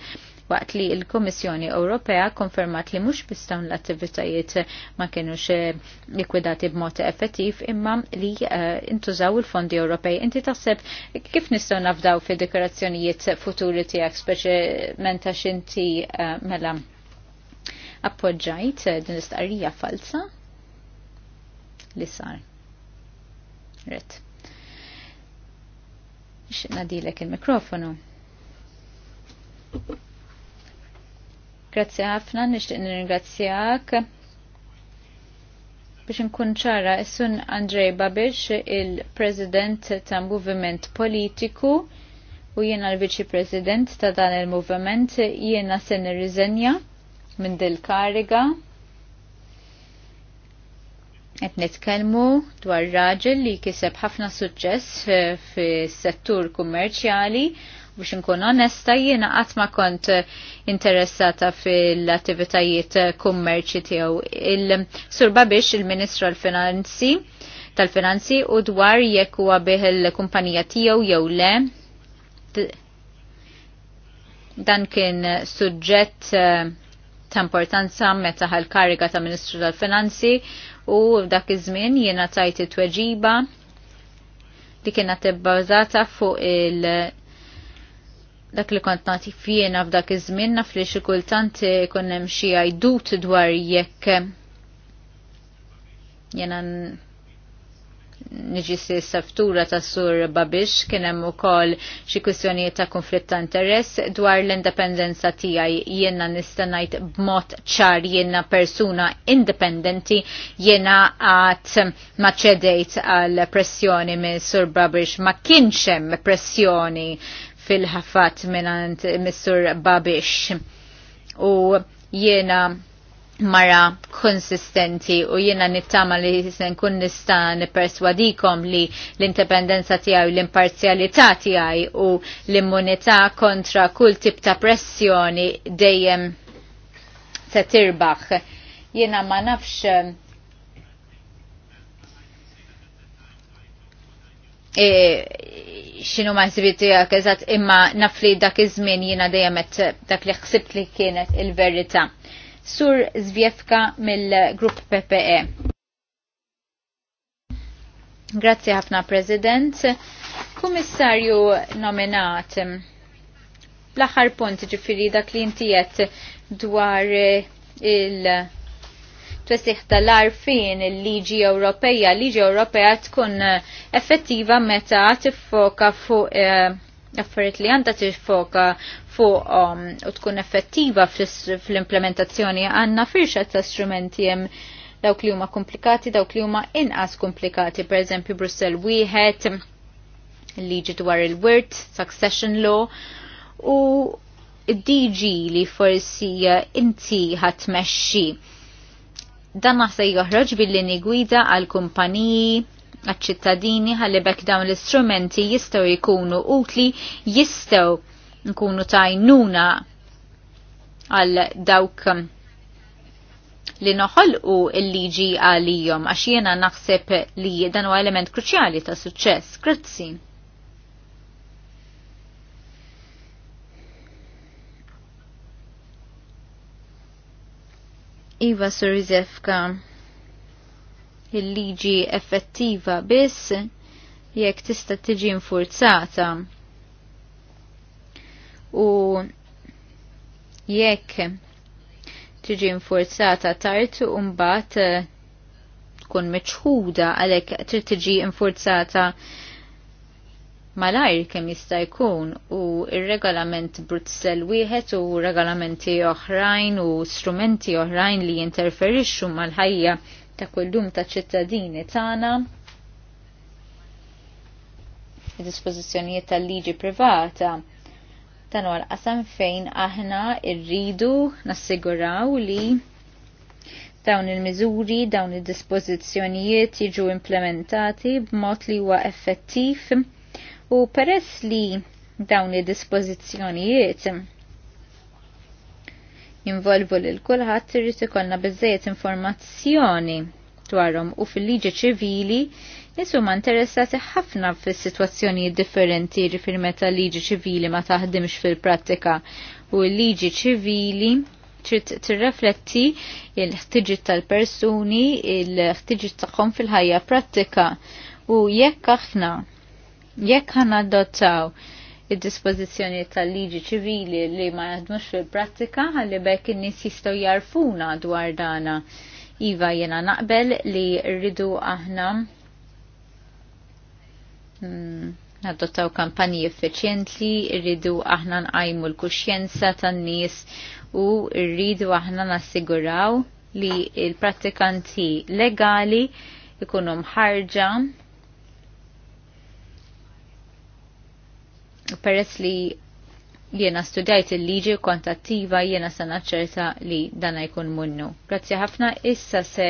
waqt li l-Kummissjoni Ewropea konfermat li mhux biss dawn l-attivitajiet ma kienux eh, likwidati b'mod effettiv imma li intużaw il-fondi Ewropej. Inti taħseb kif nistgħu nafdaw fi dekorazzjonijiet futuri tiegħek speċjalment għax inti mela appoġġajt eh, din istqarrija falsa li sar. Ret. Xitna dilek il-mikrofonu. Grazzi ħafna, nixtieq nirringrazzjak biex nkun ċara, issun Andrej Babiċ, il-President ta' Movement Politiku u jiena l-Viċi President ta' dan il-Moviment, jiena se nirriżenja minn dil-kariga. Qed nitkellmu dwar raġel li kiseb ħafna suċċess eh, fis-settur kummerċjali biex inkun onesta jiena qatt ma kont interessata fil-attivitajiet kummerċi tiegħu. Il-surba biex il-Ministru għall finanzi tal-Finanzi u dwar jekk huwa bih il-kumpanija tiegħu jew le dan kien suġġett eh, ta' importanza meta ħal kariga ta' Ministru tal-Finanzi u dak iż-żmien jiena tajt it-tweġiba li kienet tibbażata fuq il- dak li kont nagħti fjena f'dak iż-żmien naf li xi kultant ikun hemm xi dwar jekk jena niġi s-saftura ta' sur Babix kienem u kol xie kwestjoni ta' konflitt ta' interess dwar l-independenza tijaj jenna nistanajt b'mod ċar jenna persuna independenti jenna għat maċedejt għal pressjoni minn sur Babix ma kienxem pressjoni fil-ħafat minn sur Babix u jena mara konsistenti u jiena nittama li se nkun nista nipperswadikom li l-indipendenza tiegħi u l-imparzjalità tiegħi u l-immunità kontra kull tip ta' pressjoni dejjem se tirbaħ. Jiena ma nafx e, xinu ma nsibit tijak eżat imma nafli dak iż-żmien jiena dejjem dak li ħsibt li kienet il-verità. Sur Zvjefka mill-Grupp PPE. Grazzi ħafna President. Kummissarju nominat. L-aħħar punt ġifiri dak li intijet dwar il- twessiħ tal-arfin il-liġi Ewropeja. Liġi Ewropeja tkun effettiva meta tiffoka fuq eh, affarijiet li għandha tiffoka Fu u tkun effettiva fl-implementazzjoni għandna firxa ta' strumenti hemm dawk li huma komplikati, dawk li huma inqas komplikati, pereżempju Brussell wieħed, liġi dwar il-wirt, succession law, u DG li forsi inti ħatmexxi. Dan naħseb joħroġ billi gwida għal kumpaniji għal-ċittadini ħalli bekk dawn l-istrumenti jistgħu jkunu utli jistgħu nkunu tajnuna għal dawk li noħolqu il-liġi għalijom għax jena naħseb li dan huwa element kruċjali ta' suċċess. Grazzi. Iva Surizefka il-liġi effettiva biss jekk tista' tiġi infurzata u jekk tiġi infurzata tard u mbagħad eh, tkun meċħuda għalhekk trid tiġi infurzata malajr kemm jista' jkun u ir-regolament Brussell wieħed u regolamenti oħrajn u strumenti oħrajn li jinterferixxu mal-ħajja ta' kullum ta' ċittadini tagħna id-dispożizzjonijiet tal-liġi privata tan qasam fejn aħna rridu nassiguraw li dawn il-miżuri, dawn id-dispożizzjonijiet jiġu implementati b'mod li huwa effettiv u peress li dawn id-dispożizzjonijiet jinvolvu lil kulħadd irid ikollna biżejjed informazzjoni dwarhom u fil-liġi ċivili nisu ma interessati ħafna fis situazzjoni differenti ġifir meta liġi ċivili ma taħdimx fil-prattika u l-liġi ċivili trid tirrefletti l ħtiġi tal-persuni, il ħtiġi tagħhom fil-ħajja prattika u jekk aħna jekk ħana adottaw id dispozizjoni tal-liġi ċivili li ma jaħdmux fil-prattika ħalli bekk in-nies jistgħu jarfuna dwar dana. Iva jena naqbel li rridu aħna hmm, nadottaw kampanji effiċjenti, rridu aħna nqajmu l-kuxjenza tan-nies u rridu aħna nassiguraw li il-prattikanti legali ikunu mħarġa peress li Jiena studajt il-liġi kontattiva jiena sana naċċerta li dana jkun munnu. Grazzi ħafna issa se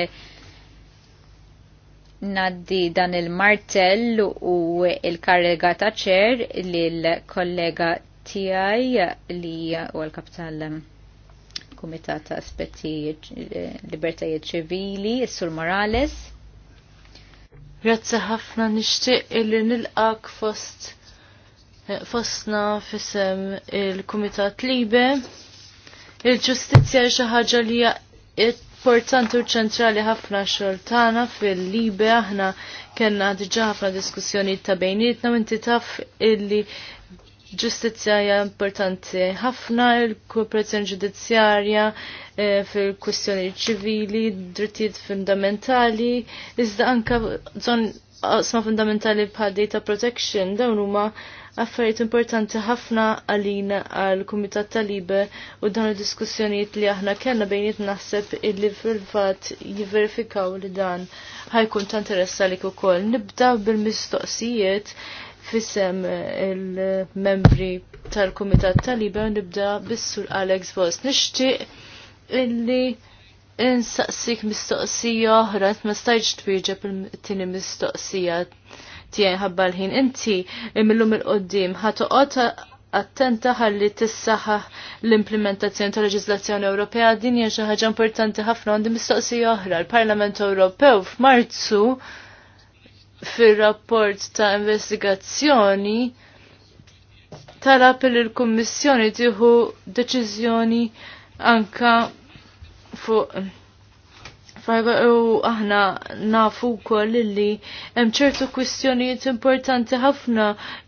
naddi dan il-martell u il-karrega ta' ċer lill-kollega tiegħi li u l-kapital um, Kumitat ta' Aspetti eh, Libertajiet Ċivili, Sur Morales. Grazzi ħafna nixtieq il nilqak fost fosna fissem il-Kumitat Libe. Il-ġustizja xi ħaġa li importanti u ċentrali ħafna xortana tagħna fil-Libe aħna kellna diġà ħafna diskussjonijiet ta' bejnietna u inti taf illi ġustizja hija importanti ħafna il-kooperazzjoni ġudizzjarja eh, fil-kwistjoni ċivili, drittijiet fundamentali, iżda anka bżonn osma fundamentali bħal data protection dawn huma affarijiet importanti ħafna għalin għal kumitat talibe u dawn id-diskussjonijiet li aħna kellna bejniet naħseb illi fil-fatt jiverifikaw li dan ħajkun ta' interess għalik ukoll. Nibda bil-mistoqsijiet fissem il-membri tal-kumitat talibe u nibda bis-sur Alex Vos. Nixtieq illi insaqsik mistoqsija oħra, ma stajġ twieġeb il-tini mistoqsija tiegħi ħabba l-ħin. Inti imillum il-qoddim ħatoqgħod attenta ħalli tissaħħa l-implementazzjoni tal-leġislazzjoni Ewropea din hija xi ħaġa importanti ħafna għandi mistoqsija oħra. Il-Parlament Ewropew f'Marzu fir-rapport ta' investigazzjoni talab il-Kummissjoni tieħu deċiżjoni anka fuq u aħna nafu kol illi hemm ċertu kwistjonijiet importanti ħafna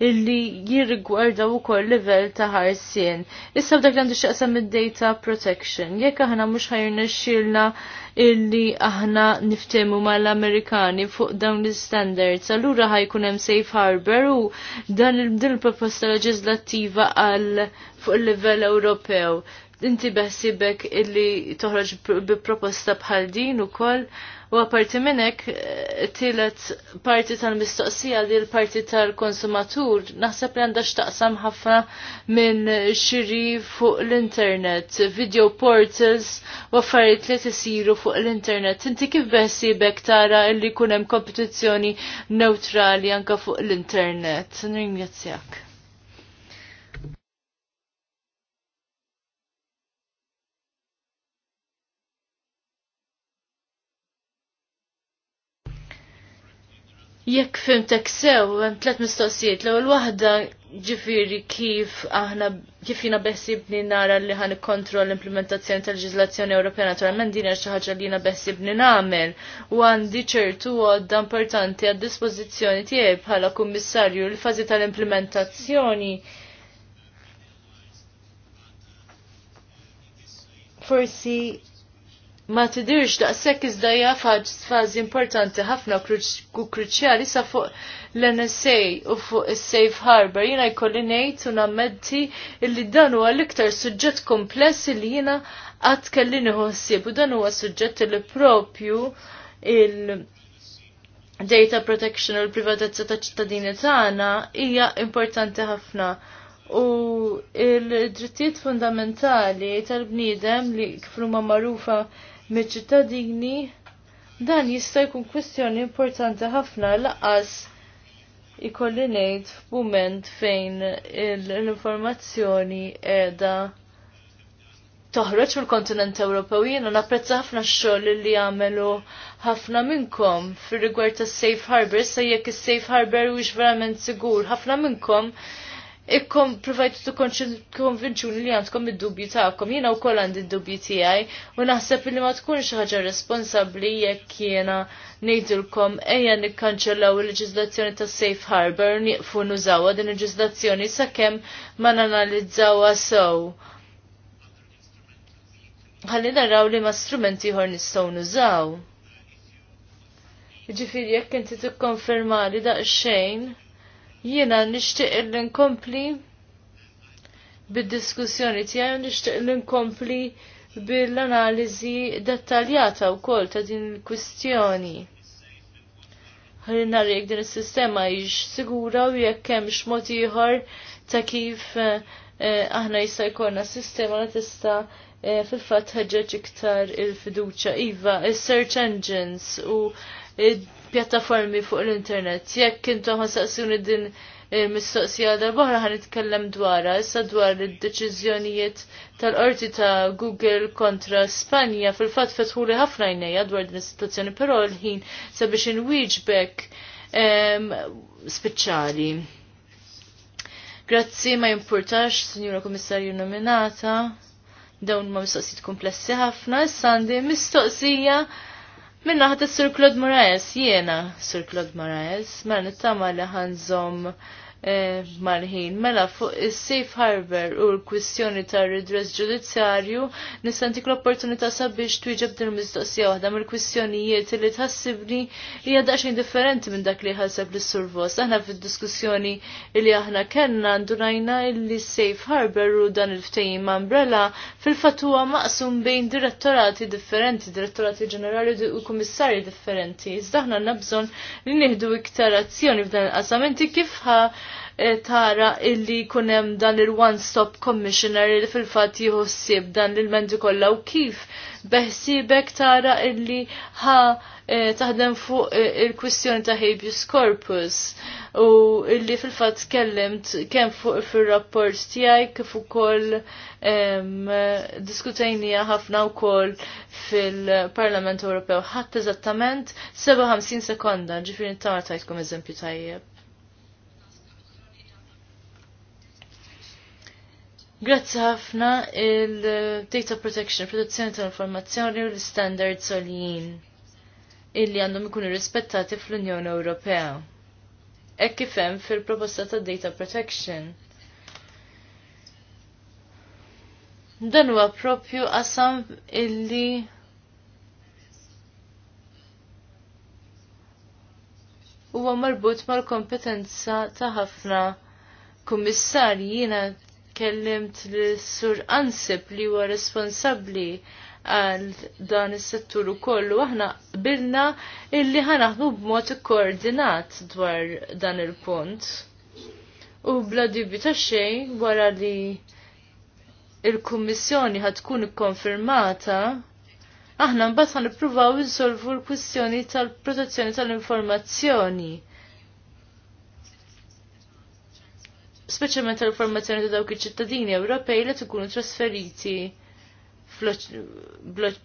illi jirrigwardaw ukoll livell ta' ħarsien. Issa b'dak li għandu x'aqsam id-data protection. Jekk aħna mhux ħajrna xilna illi aħna niftemu mal-Amerikani fuq dawn l-standards, allura ħajkun hemm safe harbor u dan il-proposta leġislattiva għal fuq il-livell Ewropew inti beħsibek illi toħroġ bi proposta bħal din u koll u għaparti minnek eh, tilet parti tal-mistoqsija li l-parti tal-konsumatur naħseb li għandax taqsam ħafna minn xiri fuq l-internet, video portals u affarijiet li tisiru fuq l-internet. Inti kif beħsibek tara illi kunem kompetizzjoni neutrali anka fuq l-internet? Nringrazzjak. Jekk fimtek sew, hemm tliet mistoqsijiet. L-ewwel waħda ġifieri kif aħna kif jiena beħsibni nara li ħan ikkontroll l-implementazzjoni tal-leġiżlazzjoni Ewropea naturalment din hija xi ħaġa li jiena beħsibni nagħmel u għandi ċertu għodda importanti għad-dispożizzjoni tiegħi bħala kummissarju l-fażi tal-implementazzjoni. Forsi ma tidirx daqshekk iżda hija fażi importanti ħafna u kruċjali sa fuq l-NSA u fuq is-Safe Harbor jiena jkolli ngħid u nammetti illi dan huwa l-iktar suġġett kompless li jiena qatt kelli nieħu ħsieb u dan huwa suġġett li propju il- data protection u l-privatezza ta' ċittadini tagħna hija importanti ħafna. U l-drittijiet fundamentali tal-bniedem li kif huma magħrufa mill-ċittadini dan jista' jkun kwestjoni importanti ħafna laqas ikolli ngħid f'mument fejn l-informazzjoni qiegħda toħroġ mill-kontinent Ewropew jiena napprezza ħafna x-xogħol li jagħmlu ħafna minnkom fir-rigward tas-safe harbor sa jekk is-safe harbor wiex verament sigur ħafna minnkom ikkom provajtu tu konvinċuni li għandkom id-dubju ta'kom, jina u koll għandi id-dubju tijaj, u naħseb li ma tkunx xaħġa responsabli jekk jena nejdulkom eja nikkanċellaw il-leġizlazzjoni ta' Safe Harbor niqfu nużawa din il-leġizlazzjoni sakemm ma nanalizzawa sew. Ħalli naraw li ma strumenti ħor nistgħu nużaw. Ġifieri jekk inti da' daqsxejn Jiena nixtieq li nkompli bid-diskussjoni tiegħi u nixtieq li nkompli bil-analiżi dettaljata wkoll ta' din il-kwistjoni. Ħalli nara jekk din is-sistema jix sigura u jekk kem x'mod ieħor ta' kif eh, aħna jista' jkollna sistema li tista' eh, fil-fatt ħeġġeġ iktar il-fiduċa iva, il search engines u pjattaformi fuq l-internet. Jekk intom ħassaqsuni din mistoqsija dal-boħra ħan nitkellem dwarha issa dwar id-deċiżjonijiet tal-qorti ta' Google kontra Spanja fil-fatt fetħuli ħafna jnejja dwar din is-sitwazzjoni, però l-ħin sabiex inwieġbek speċjali. Grazzi ma jimpurtax, Sinjura Komissarju nominata, dawn ma mistoqsijiet komplessi ħafna, issa għandi mistoqsija Minna ħat Sir Claude Moraes, jiena Sir Claude Moraes, ma mela nittama li ħanżom Eh, mal-ħin. Mela fuq is-safe harbor u l-kwistjoni ta' redress ġudizzjarju nistantik l-opportunità sabiex twieġeb din mistoqsija waħda mill-kwistjonijiet li tħassibni hija xejn differenti minn dak li ħaseb l survos Aħna fid-diskussjoni li aħna kellna ndurajna li safe harbor u dan il ftejim umbrella fil-fatt huwa maqsum bejn direttorati differenti, direttorati ġenerali u kummissarji differenti. Iżda aħna nabżon li nieħdu iktar azzjoni f'dan il-qasam. kif ħa Eh, tara illi kunem dan il-one-stop commissioner li fil-fat jħossib dan il-mendi kollha u kif beħsibek tara illi ħa eh, taħdem fuq eh, il-kwistjoni ta' habeas corpus u illi fil-fat kellimt kemm fuq fil-rapport tiegħi kif ukoll diskutejnija ħafna wkoll fil-Parlament Ewropew ħadd eżattament 57 sekonda ġifieri tara tajtkom eżempju tajjeb. Grazzi ħafna il-Data Protection, protezzjoni tal-informazzjoni u l-standards għalijin illi għandhom ikunu rispettati fl-Unjoni Ewropea. Ek kif hemm fil-proposta ta' Data Protection. Dan huwa propju qasam illi huwa marbut mal-kompetenza ta' ħafna kummissarji jiena kellimt l-sur ansib li huwa responsabbli għal dan is-settur ukoll aħna bilna illi ħanaħdu b'mod koordinat dwar dan il-punt. U bla dubju ta' xejn wara li il-kummissjoni ħad tkun ikkonfirmata, aħna mbagħad ħanippruvaw insolvu l-kwistjoni tal-protezzjoni tal-informazzjoni. tal protezzjoni tal informazzjoni speċjalment tal-formazzjoni ta' dawk iċ-ċittadini Ewropej li tkunu trasferiti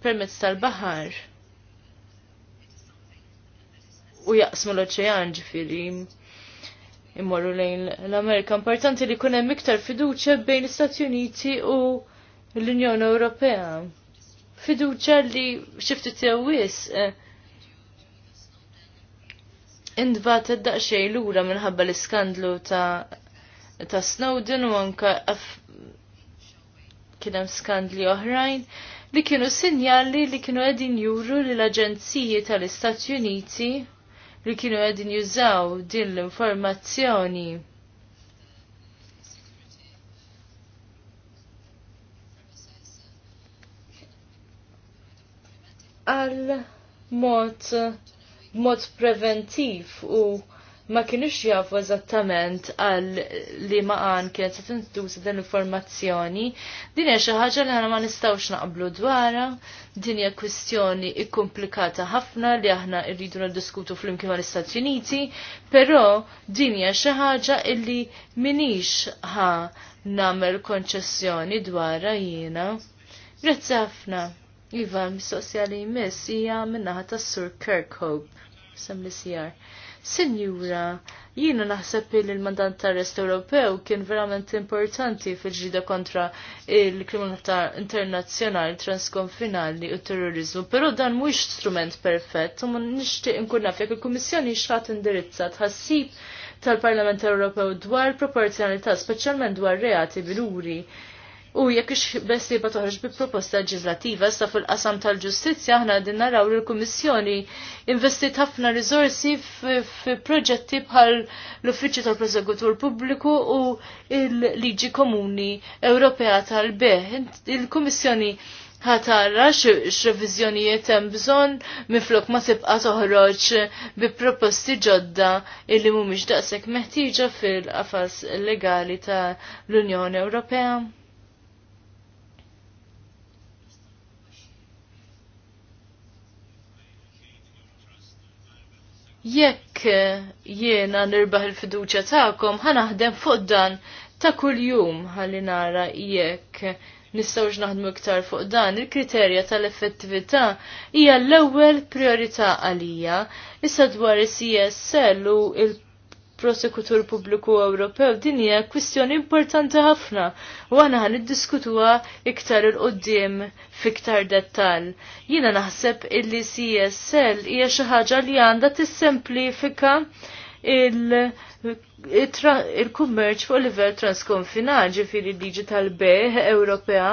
permezz tal-baħar. U jaqsmu l-oċean ġifiri immorru lejn l-Amerika. Importanti li kunem iktar fiduċa bejn l-Istati Uniti u l-Unjoni Ewropea. Fiduċa li xifti tewis eh, indbat id-daqxej l-ura minħabba l-iskandlu ta' ta' Snowden u anka kien hemm skandli oħrajn li kienu sinjali li kienu qegħdin juru li l-Aġenziji tal-Istati Uniti li kienu qegħdin jużaw din l-informazzjoni. għal mod mod preventiv u ma kienux jafu eżattament għal li għan kienet se tintuża din l-informazzjoni, din hija xi ħaġa li aħna ma nistgħux naqblu dwarha, din hija kwistjoni ikkomplikata ħafna li aħna rridu niddiskutu flimkien mal-Istati Uniti, però din hija xi ħaġa illi minix ħa nagħmel konċessjoni dwarha jiena. Grazzi ħafna. Iva, mis-sosjali jmiss hija minnaħa tas-Sur Kirkhope sem li sijar. Sinjura, jiena naħseb li l-mandant tar rest Ewropew kien verament importanti fil-ġida kontra il-kriminalità internazzjonali transkonfinali u terrorizmu, però dan mhuwiex strument perfett u ma nixtieq inkun naf jekk il-Kummissjoni x'ħadd indirizza tħassib tal-Parlament Ewropew dwar proporzjonalità, speċjalment dwar reati biluri. uri U jekk ix bess li toħroġ bi proposta leġislativa sa fil-qasam tal-ġustizzja aħna din naraw li l-Kummissjoni investit ħafna riżorsi f'proġetti bħal l-Uffiċċju tal prosegutur Pubbliku u l-Liġi Komuni Ewropea tal-Beħ. Il-Kummissjoni ħatara x-revizjonijiet hemm bżonn miflok ma tibqa' toħroġ bi proposti ġodda illi mhumiex daqshekk meħtieġa fil-qafas legali tal-Unjoni Ewropea. jekk eh, jiena nirbaħ il-fiduċja tagħkom ħanaħdem fuq dan ta' kuljum ħalli nara jekk nistgħux naħdmu iktar fuq dan. Il-kriterja tal-effettività hija l-ewwel priorità għalija issa dwar is-CSL u il- prosekutur pubbliku Ewropew din hija kwistjoni importanti ħafna u aħna ħan niddiskutuha iktar il qudiem fiktar dettal. Jiena naħseb illi CSL hija xi ħaġa li għandha tissemplifika il-kummerċ fuq livell transkonfinal ġifieri digital beħ Ewropea.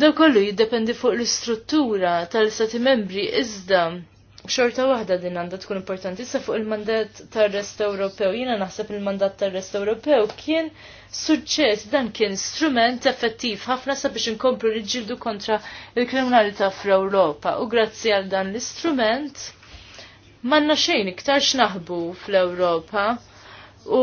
Dan kollu jiddependi fuq l-istruttura tal-Stati membri iżda xorta waħda din għandha tkun importanti. Issa fuq il-mandat tar-Rest Ewropew, jiena naħseb il-mandat tar-Rest Ewropew kien suċċess, dan kien strument effettiv ħafna sabiex inkomplu niġġieldu kontra il-kriminalità fl-Ewropa. U grazzi għal dan l-istrument manna xejn iktar x'naħbu fl-Ewropa. U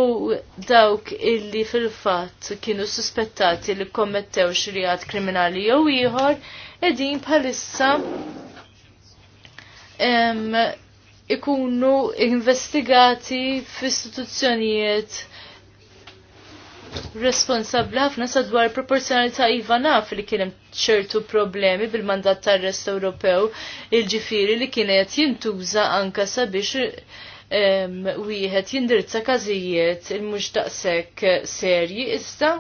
dawk illi fil-fatt kienu suspettati li kommettew xrijat kriminali jew ieħor, edin bħalissa ikunu investigati fl-istituzzjonijiet responsabli ħafna sadwar proporzjonalità iva naf li kienem ċertu problemi bil-mandat tar-rest Ewropew il-ġifiri li kienet jintuża anka sabiex wieħed jindirizza każijiet il-mhux daqshekk serji issa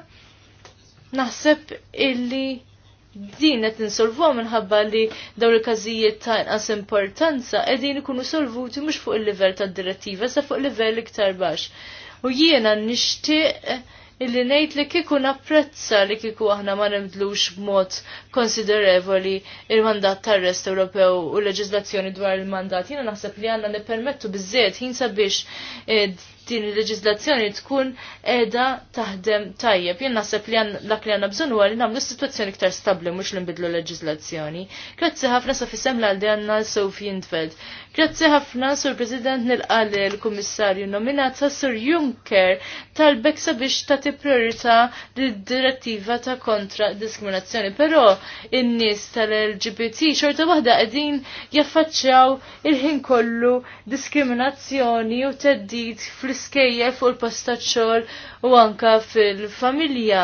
naħseb illi din qed insolvu minħabba li dawn il-każijiet ta' inqas importanza qegħdin ikunu solvuti mhux fuq il-livell tad-direttiva sa fuq livell iktar baxx. U jiena nixtieq illi nejt li kiku napprezza li kiku aħna ma nibdlux b'mod konsiderevoli il-mandat tar-rest Ewropew u l leġizlazzjoni dwar il-mandat. Jiena naħseb li għandna nippermettu biżżejjed ħin sabiex eh, din il-leġizlazzjoni tkun edha taħdem tajjeb. Jien naħseb li dak li għandna bżonn huwa li nagħmlu situazzjoni iktar stabbli mhux li nbidlu leġizlazzjoni. Grazzi ħafna sa fisem l għaldi għandna Sophie Intfeld. Grazzi ħafna sur President nilqal il-Kummissarju nominat ta' Sur Juncker talbek sabiex tagħti priorità lid-direttiva ta' kontra diskriminazzjoni. Però in-nies tal-LGBT xorta waħda qegħdin jaffaċċjaw il-ħin kollu diskriminazzjoni u teddid fl fl-iskejjef u l-postaċċol u anka fil-familja.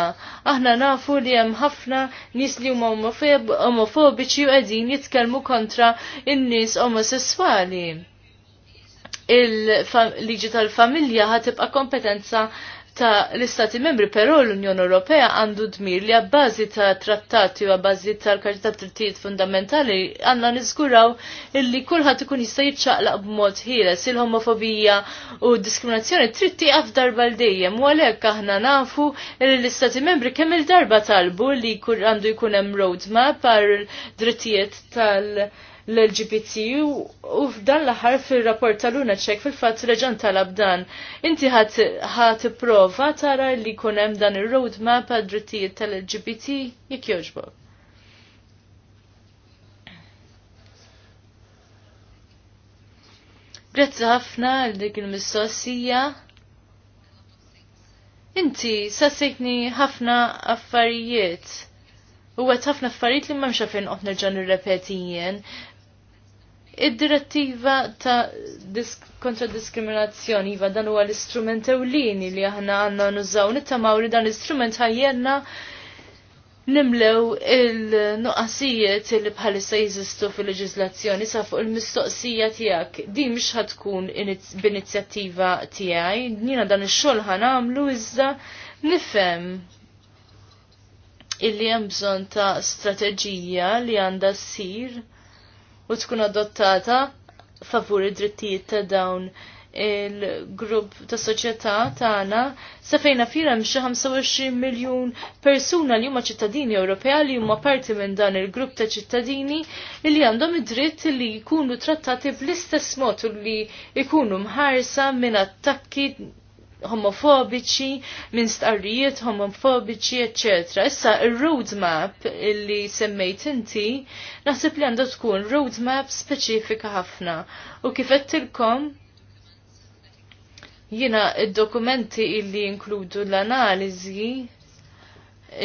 Aħna nafu li hemm ħafna nies li huma omofobiċi u qegħdin jitkellmu kontra in-nies omosessuali. Il-liġi tal-familja ħatibqa' kompetenza ta' l-Istati membri, però l-Unjoni Ewropea għandu dmir li għabbażi ta' trattati u għabbażi tal-Karti karta Trittijiet Fundamentali għandna niżguraw illi kulħadd ikun jista' jiċċaqlaq b'mod ħieles il-homofobija u diskriminazzjoni tritti għaf darba l dejjem u għalhekk aħna nafu li l-Istati membri kemm il-darba talbu li għandu jkun hemm roadmap għal drittijiet tal- l-LGBT u f'dan l-aħħar fil-rapport tal-Luna ċek fil-fatt reġan tal-abdan. Inti ħat prova tara li kunem dan il-roadmap għad drittijiet tal-LGBT jek joġbok. Grazzi ħafna għal dik il-mistoqsija. Inti sassejtni ħafna affarijiet. U għet ħafna affarijiet li ma fejn qot nerġa' nirrepetijien, Id-direttiva ta' disk kontra diskriminazzjoni iva dan huwa l-istrument ewlieni li aħna għandna nużaw nittamaw li dan l-istrument ħajjenna nimlew il-nuqqasijiet li bħalissa jizistu fil-leġizlazzjoni sa fuq il-mistoqsija tijak. Di mx ħatkun b'inizjattiva tijaj, nina dan il-xol nagħmlu iżda nifem illi hemm bżonn ta' strateġija li għandha ssir u tkun adottata favur id-drittijiet ta' dawn il-grupp ta' soċjetà tagħna se fejna fira xi 25 miljun persuna li huma ċittadini Ewropea li huma parti minn dan il-grupp ta' ċittadini li għandhom id-dritt li jkunu trattati bl-istess mod li jkunu mħarsa minn attakki homofobiċi, minn starijiet homofobiċi, etc. Issa il-roadmap illi semmejt inti, naħseb li għandha tkun roadmap speċifika ħafna. U kifettilkom jina il dokumenti il illi inkludu l-analizi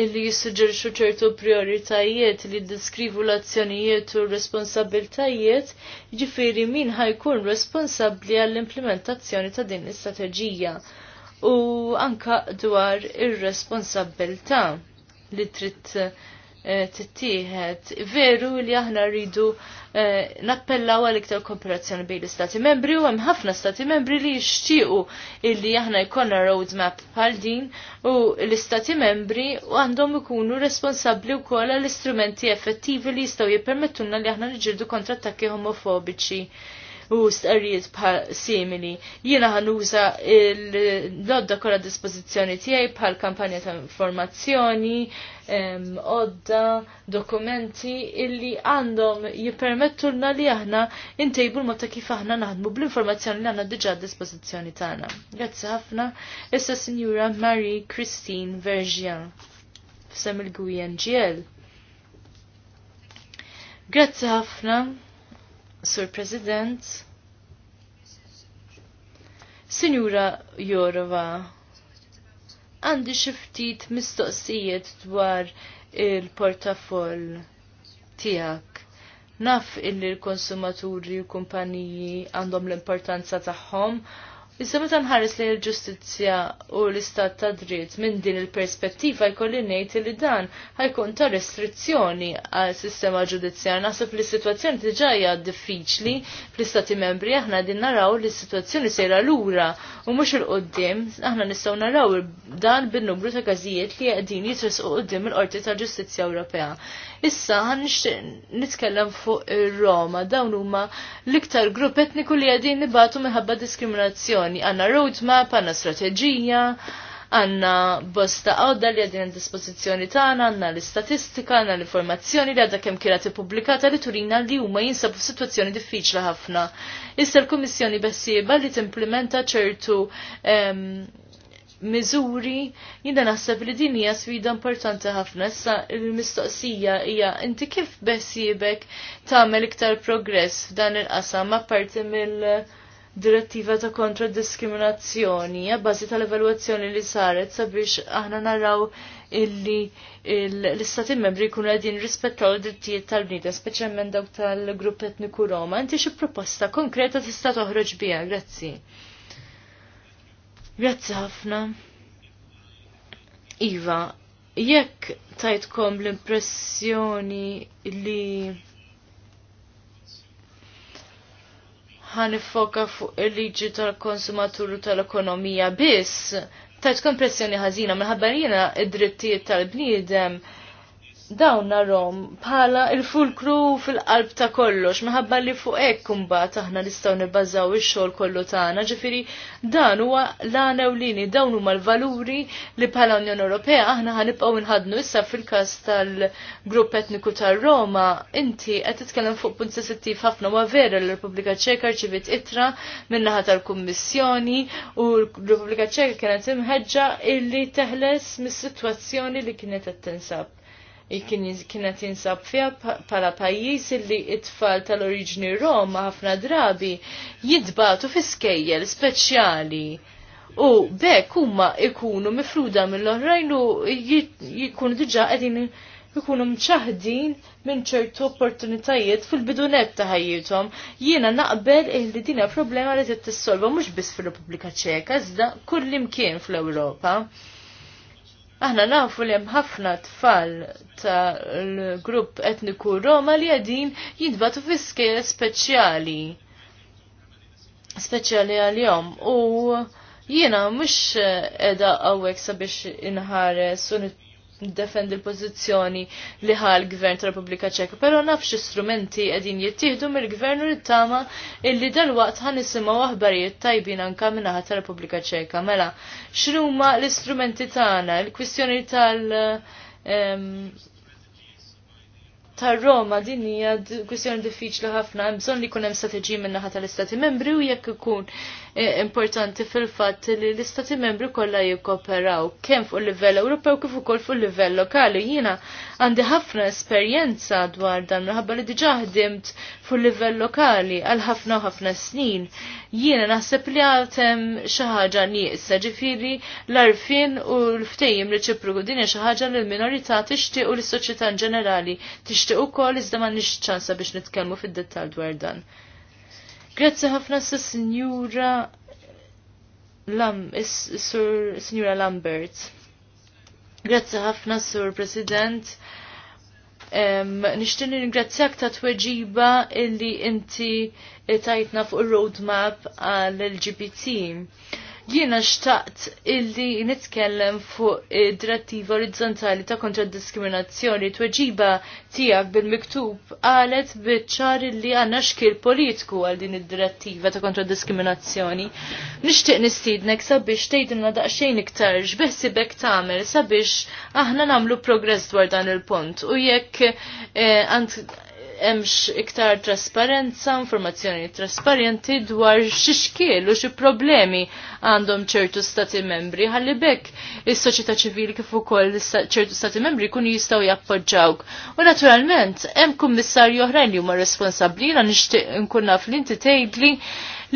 illi jissuġġerixu ċertu prioritajiet li diskrivu l-azzjonijiet u responsabiltajiet, ġifiri min ħajkun responsabli għall-implementazzjoni ta' din l-istrateġija u anka dwar ir-responsabilta li trid eh, tittieħed. Veru li aħna rridu eh, nappellaw għal iktar kooperazzjoni bejn l-Stati membri u hemm ħafna Stati membri li jixtiequ illi aħna jkollna roadmap bħal din u l-Istati membri għandhom ikunu responsabbli wkoll għall istrumenti effettivi li jistgħu jippermettulna li aħna niġġieldu kontra attakki homofobiċi u stqarrijiet bħal simili. Jiena ħanuża l-lodda kollha dispożizzjoni tiegħi bħal kampanja ta' informazzjoni, odda, dokumenti illi għandhom l-na li aħna intejbu l-mod kif aħna naħdmu bl-informazzjoni li għandna diġà dispożizzjoni tagħna. Grazzi ħafna, issa Sinjura Marie Christine Vergian f'sem il-Gwijan ġiel. Grazzi ħafna. Sur President, Sinjura Jorova, għandi xiftit mistoqsijiet dwar il-portafoll tijak. Naf illi l-konsumaturi u kumpaniji għandhom l-importanza tagħhom Issa meta nħares lejn il ġustizzja u l-istat ta' dritt minn din il-perspettiva jkolli ngħid li dan ħajkun ta' restrizzjoni għal sistema ġudizzjar. Naħseb li s-sitwazzjoni diġà hija diffiċli fl-istati membri aħna din naraw li s-sitwazzjoni sejra lura u mhux il qoddim aħna nistgħu naraw dan bin-numru ta' każijiet li qegħdin jitresqu qudiem il-Qorti ta' Ġustizzja Ewropea. Issa ħan nitkellem fuq ir-Roma dawn huma l-iktar grupp etniku li qegħdin nibatu minħabba diskriminazzjoni l Għanna roadmap, għanna strateġija, għanna bosta għodda li għadin dispozizjoni tagħna, għanna l-istatistika, għanna l-informazzjoni li għadda kemm kienet ippubblikata li turina li huma jinsabu f'sitwazzjoni diffiċli ħafna. Issa l-Kummissjoni bessieba li timplementa ċertu ehm, miżuri jina naħseb li din hija sfida importanti ħafna. Issa il-mistoqsija hija inti kif besibek tagħmel iktar progress f'dan il-qasam apparti mill- direttiva ta' kontra diskriminazzjoni, bazi tal-evaluazzjoni li saret sabiex aħna naraw illi l-istati membri jkunu għedin rispettaw id-drittijiet tal-bnida, speċjalment dawk tal-grupp etniku Roma. Inti xi proposta konkreta tista' toħroġ biha, grazzi. Grazzi ħafna. Iva, jekk tajtkom l-impressjoni li ħanifoka fuq il-liġi tal konsumatur u tal-ekonomija biss, taċ kompressjoni ħażina minħabba jena id-drittijiet tal-bniedem dawn narom bħala il-fulkru fil-qalb ta' kollox, minħabba li fuq hekk kumbat aħna nistgħu nibbażaw ix-xogħol kollu tagħna, ġifiri dan huwa l-għana dawn huma l-valuri li bħala Unjoni Ewropea aħna ħanibqgħu nħadnu issa fil-każ tal-grupp etniku tar-Roma, inti qed titkellem fuq punt sensittiv ħafna huwa vera l repubblika Ċeka ċivit itra min-naħa tal-Kummissjoni u l-Repubblika Ċeka kienet imħeġġa illi teħles mis-sitwazzjoni li kienet qed tinsab kienet jinsab fija pala pajis li it-tfal tal-oriġni Roma ħafna drabi jidbatu fi skejjel speċjali. U bekk huma ikunu mifruda mill-oħrajn u jikunu diġa qegħdin ikunu mċaħdin minn ċertu opportunitajiet fil-bidunet ta' ħajjithom. Jiena naqbel li dina problema li tissolva mhux biss fir-Repubblika Ċeka, iżda kullimkien fl-Ewropa. Aħna nafu li hemm ħafna tfal tal-grupp etniku Roma li għedin jintbatu fi skejl speċjali. Speċjali għal-jom. U jiena mhux edha għawek sabiex inħares u defend il-pozizjoni li ħal gvern ta' Repubblika Ċeka, pero nafx istrumenti edin jittieħdu mill-Gvern u tama illi dal-waqt ħan nisimgħu aħbarijiet tajbin anka minnaħa ta' Repubblika Ċeka. Mela, x'huma l-istrumenti tagħna, l-kwistjoni tal- tar Roma din hija kwistjoni diffiċli ħafna, bżonn li jkun hemm strateġija min-naħa tal-Istati Membri u jekk ikun Eh, importanti fil-fatt li l-istati membri kollha jikkoperaw kemm fuq livell Ewropew kif ukoll fuq livell lokali. Jiena għandi ħafna esperjenza dwar dan minħabba li diġà ħdimt fuq livell lokali għal ħafna u ħafna snin. Jiena naħseb li għatem xi ħaġa nieqsa, ġifieri l-arfin u l-ftejjem reċiproku din hija xi ħaġa li l-minorità tixtieq u l-soċjetà ġenerali tixtieq ukoll iżda m'għandniex ċansa biex nitkellmu fid-dettall dwar dan. Grazzi ħafna sa Sinjura Lam, Sur Sinjura Lambert. Grazzi ħafna Sur President. Nishtin ringrazzjak ta' tweġiba illi inti tajtna fuq il-roadmap għal-LGBT. Jiena xtaqt illi nitkellem fuq id-direttiva orizzontali ta' kontra diskriminazzjoni tweġiba tiegħek bil-miktub qalet biċ-ċar illi għandna xkil politiku għal din id-direttiva ta' kontra diskriminazzjoni. Nixtieq nistiednek sabiex tgħidilna daqsxejn iktar x'beħsibek tagħmel sabiex aħna nagħmlu progress dwar dan il-punt u jekk għand eh, hemmx iktar trasparenza, informazzjoni trasparenti dwar x'ixkiel u xi problemi għandhom ċertu stati membri. Ħalli bekk is-soċjetà ċivili kif ukoll ċertu stati membri jkunu jistgħu jappoġġawk. U naturalment hemm kummissarju oħrajn li huma responsabbli, nixtieq nkun naf inti tgħidli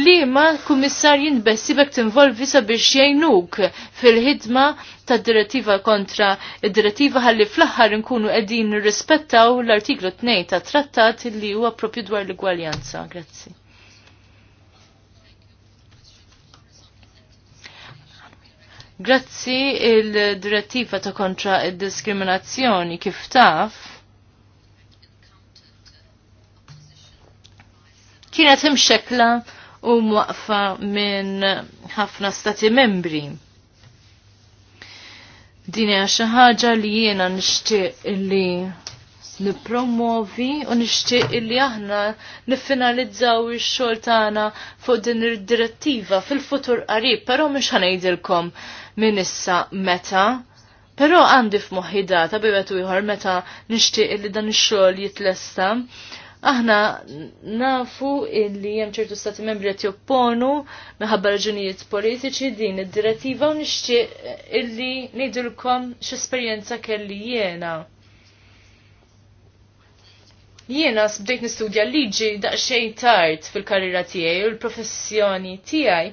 li ma kummissar jinbessi bek tinvolvi sabiex jgħinuk fil-ħidma ta' direttiva kontra direttiva ħalli fl-aħħar nkunu qegħdin nirrispettaw l-artiklu 2 ta' trattat li huwa propju dwar l gwaljanza Grazzi. Grazzi il-direttiva ta' kontra id-diskriminazzjoni kif taf kienet imxekla u mwaqfa minn ħafna stati membri. Dini xi ħaġa li jiena nixtieq li nippromovi u nixtieq li aħna niffinalizzaw ix-xogħol tagħna fuq din id-direttiva fil-futur qarib, però mhux ħanejdilkom minn issa meta. Però għandi f'moħħi data bibet ieħor meta nixtieq li dan ix-xogħol jitlesta. Aħna nafu illi hemm ċertu stati membri qed jopponu minħabba raġunijiet politiċi din id-direttiva u nixtieq eh, illi ngħidulkom x'esperjenza kelli jiena. Jiena bdejt nistudja liġi daqsxejn tard fil-karriera tiegħi u l-professjoni tiegħi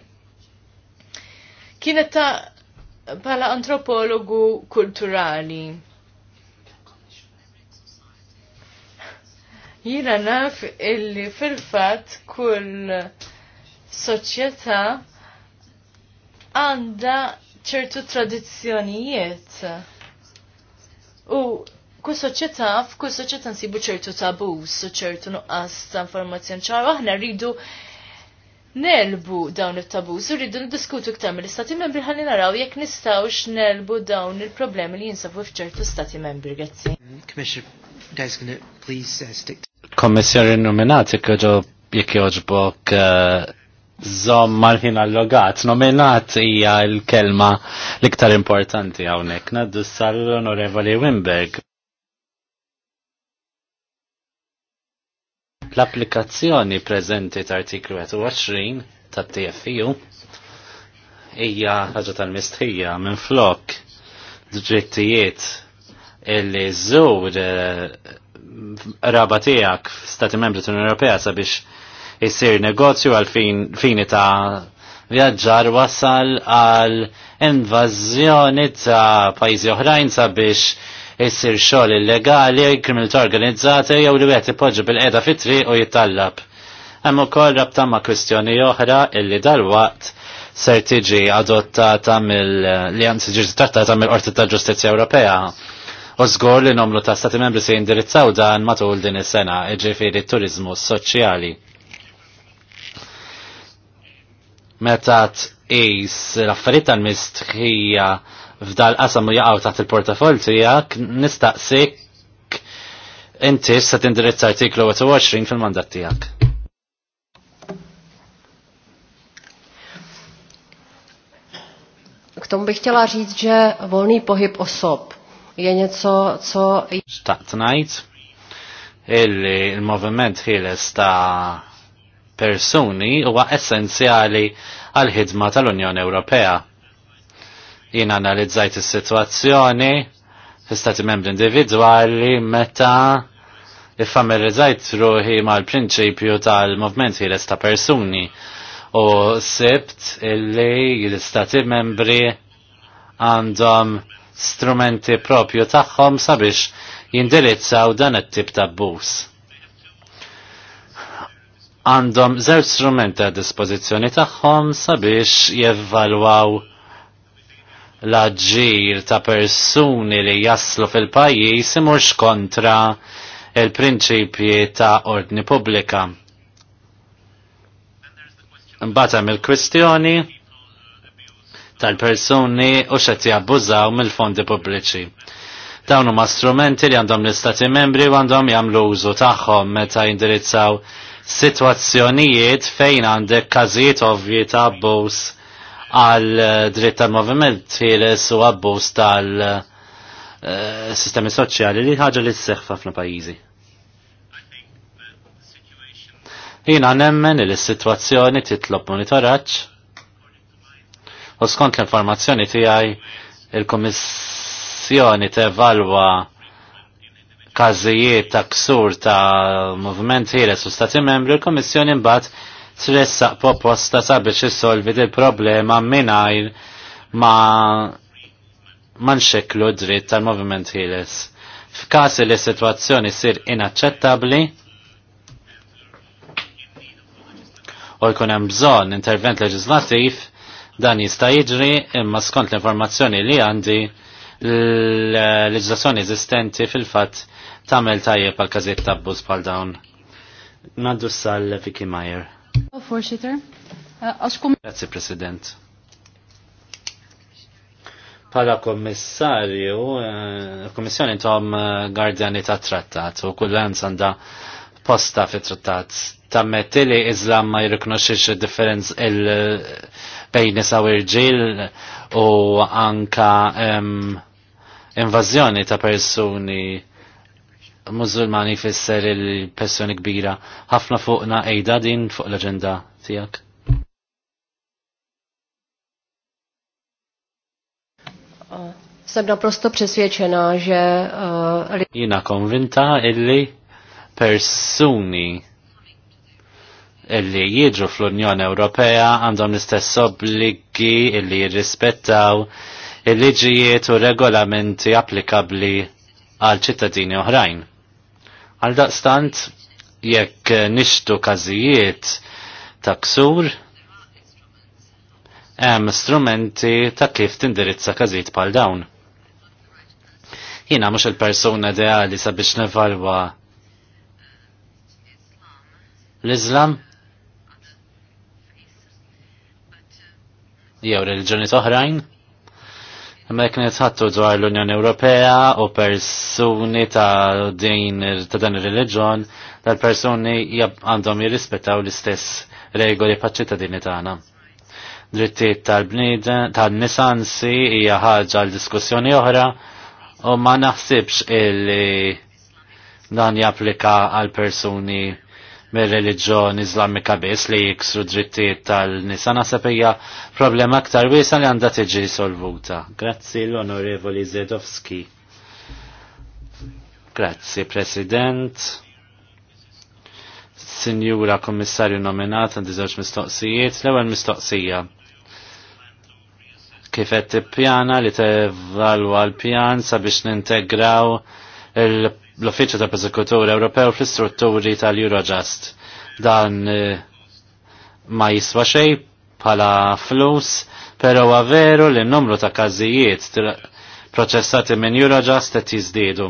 kienet ta' bħala antropologu kulturali. Jina naf illi fil-fat kull soċjetà għanda ċertu tradizzjonijiet. U kull soċjetà f'kull soċjetà nsibu ċertu tabus, ċertu nuqqas ta' informazzjoni ċara, aħna rridu nelbu dawn it-tabus, rridu niddiskutu iktar mill-istati membri ħalli naraw jekk nistgħux nelbu dawn il-problemi li jinsabu f'ċertu stati membri. Grazzi. Commissioner Designate, please uh, stick kommissjoni nominati kħoġo jek joġbok eh, zom mal-ħin allogat. Nominat hija l-kelma l-iktar importanti hawnhekk. Naddu sal-Onorevoli Wimberg. L-applikazzjoni preżenti t-artiklu 21 tat-TFU hija ħaġa tal-mistħija minn flok drittijiet illi żżur raba tiegħek stati Membri tal Europea sabiex issir negozju għal fini ta' vjaġġar wasal għal invażjoni ta' pajjiżi oħrajn sabiex issir xogħol illegali, kriminalità organizzati jew li wieħed ipoġġi bil qeda fit-triq u jittallab. Hemm ukoll rabta ma' kwistjoni oħra illi dalwaqt ser tiġi adottata mill-li għan tiġi trattata mill-Qorti tal-Ġustizzja Ewropea Ozgor li nomlu ta' stati membri se jindirizzaw dan matul din is-sena, ġifieri t-turizmu soċjali. Meta tqis l-affarijiet tal-mistħija f'dal qasam u jaqgħu taħt il-portafol tiegħek nistaqsik inti se tindirizz artiklu 20 fil-mandat tiegħek. K tomu bych chtěla říct, že volný pohyb osob je co, co... Xtaqt il-moviment ħiles ta' persuni huwa essenzjali għal ħidma tal-Unjoni Ewropea. Jien analizzajt is-sitwazzjoni fl-istati membri individwali meta iffamilizzajt ruħi mal-prinċipju tal-movement ħiles ta' persuni u sibt illi l-istati membri għandhom um, strumenti propju tagħhom sabiex jindirizzaw dan it-tip ta' abbuż. Għandhom żewġ strumenti għad dispożizzjoni tagħhom sabiex jevalwaw l-aġġir ta' persuni li jaslu fil-pajjiż imurx kontra il-prinċipji ta' ordni pubblika. Mbagħad hemm il-kwistjoni tal-persuni u xed jabbużaw mill-fondi pubbliċi. Dawn huma strumenti li għandhom l-istati membri u għandhom jagħmlu użu tagħhom meta jindirizzaw sitwazzjonijiet fejn għandek każijiet ovvji ta' abbuż għal dritt tal-moviment ħieles u abbuż tal-sistemi eh, soċjali li ħaġa li tseħħ f'na pajjiżi. Jina nemmen li s-situazzjoni titlob monitoraċ u skont l-informazzjoni tiegħi il-Komissjoni tevalwa każijiet ta' ksur ta' moviment ħieles u stati membri, il-Komissjoni mbagħad tressaq proposta sabiex issolvi il problema mingħajr ma manxeklu dritt tal-moviment ħieles. F'każ li s-sitwazzjoni sir inaċċettabbli, u jkun hemm bżonn intervent leġislattiv, Dan jista' jiġri imma skont l-informazzjoni li għandi l-leġislazzjoni eżistenti fil-fatt tagħmel tajjeb għal każijiet ta' abbuż bħal dawn. Naddu sal Vicky Meyer. Eh, Grazie President. Pala kommissarju, eh, kommissjoni tom eh, gardjani ta' trattat u kullan sanda posta fit trattat tammetti li ma ma jirriknoxiex il-differenz il bejn nisa u irġiel u anka invażjoni ta' persuni mużulmani fisser il-persuni kbira. ħafna fuqna ejda din fuq l-agenda tijak. Jsem naprosto přesvědčená, že... Uh, Jina konvinta illi persuni illi jidru fl-Unjoni Ewropea għandhom l-istess obbligi illi jirrispettaw il-liġijiet u regolamenti applikabli għal ċittadini oħrajn. Għal daqstant, jekk nixtu każijiet ta' ksur, hemm strumenti ta' kif tindirizza każijiet bħal dawn. Jiena mhux il-persuna ideali sabiex nevalwa l-Islam jew reliġjoni oħrajn. Imma jekk nitħattu dwar l-Unjoni Ewropea u persuni ta' din ta' dan ir-reliġjon, tal-persuni għandhom jirrispettaw l-istess regoli paċ-ċittadini tagħna. Drittijiet tal-bniedem tan-nisansi hija ħaġa għal diskussjoni oħra u ma naħsibx illi dan japplika għal persuni mir reliġjoni Iżlamika biss li jiksru drittijiet tal-nisa naħseb hija problema aktar wiesa li għandha tiġi solvuta. Grazzi l-Onorevoli Zedowski. Grazzi President. Sinjura Kommissarju nominat għandi żewġ mistoqsijiet. L-ewwel mistoqsija kif qed tippjana li tevalwa l-pjan sabiex nintegraw il- l-Uffiċċju ta' Prosekutur Ewropew fl-istrutturi tal-Eurojust. Dan eh, ma jiswa xej bħala flus, pero għaveru veru li n-numru ta' każijiet proċessati minn Eurojust qed jiżdiedu.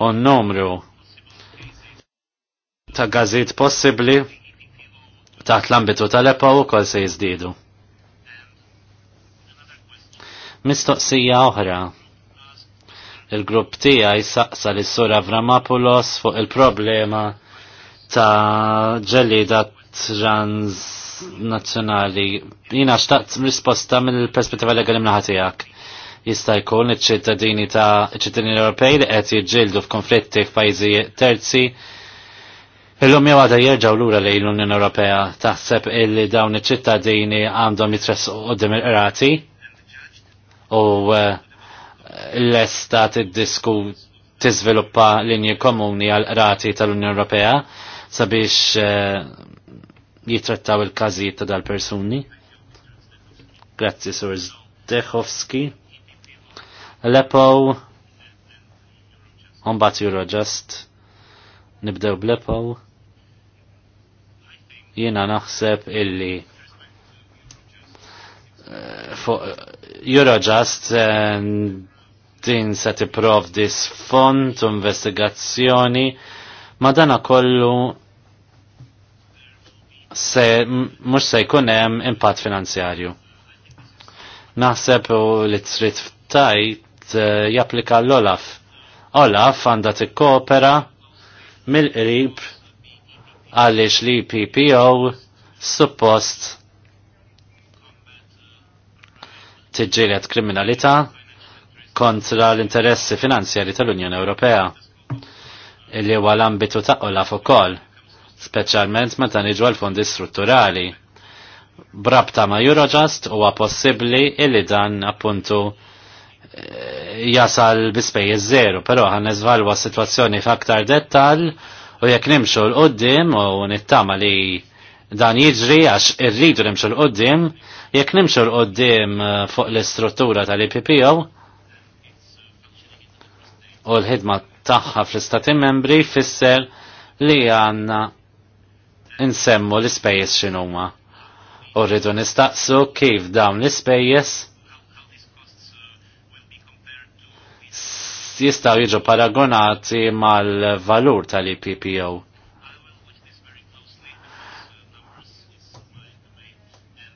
U n-numru ta' każijiet possibbli taħt l-ambitu tal-epa u kol se jizdidu. Mistoqsija oħra il-grupp tiegħi saqsa lis sura Avramopoulos fuq il-problema ta' ġellida trans nazjonali. Jina xtaqt risposta mill-perspettiva legali mnaħa tiegħek. Jista' jkun iċ-ċittadini ta' ċittadini Ewropej li qed jiġġieldu f'konflitti f'pajjiżi terzi Illum jew għada jerġaw lura lejn l-Unjoni Ewropea taħseb illi dawn iċ-ċittadini għandhom jitress qudiem il rati u uh, l-esta tiddisku tiżviluppa linji komuni għal rati tal-Unjoni Ewropea sabiex eh, jitrattaw il-każijiet ta' dal-persuni. Grazzi Sur Zdechowski. Lepo juro ġast, Nibdew blepo. Jiena naħseb illi Eurojust eh, din se tipprovdi sfond u investigazzjoni ma dana kollu se mhux se jkun hemm impatt finanzjarju. Naħseb u li trid ftajt eh, japplika l-Olaf. Olaf għandha tikkopera mill-qrib għaliex li PPO suppost tiġġieled kriminalità kontra l-interessi finanzjari tal-Unjoni Ewropea illi huwa l-ambitu taqqola ukoll, speċjalment meta niġu għal-fondi strutturali. Brabta ma' Eurojust huwa possibbli illi dan appuntu eh, jasal bispejjeż zero, però ħan s situazzjoni f'aktar dettal u jekk nimxu l-qoddim u nittama li dan jiġri għax irridu nimxu l-qoddim, jekk nimxu l-qoddim eh, fuq l-istruttura tal-IPPO, u l-ħidma tagħha fl-istati membri fisser li għanna insemmu l-ispejjeż x'inhuma. U rridu nistaqsu kif dawn l-ispejjeż jistaw jiġu paragonati mal-valur tal-IPPO.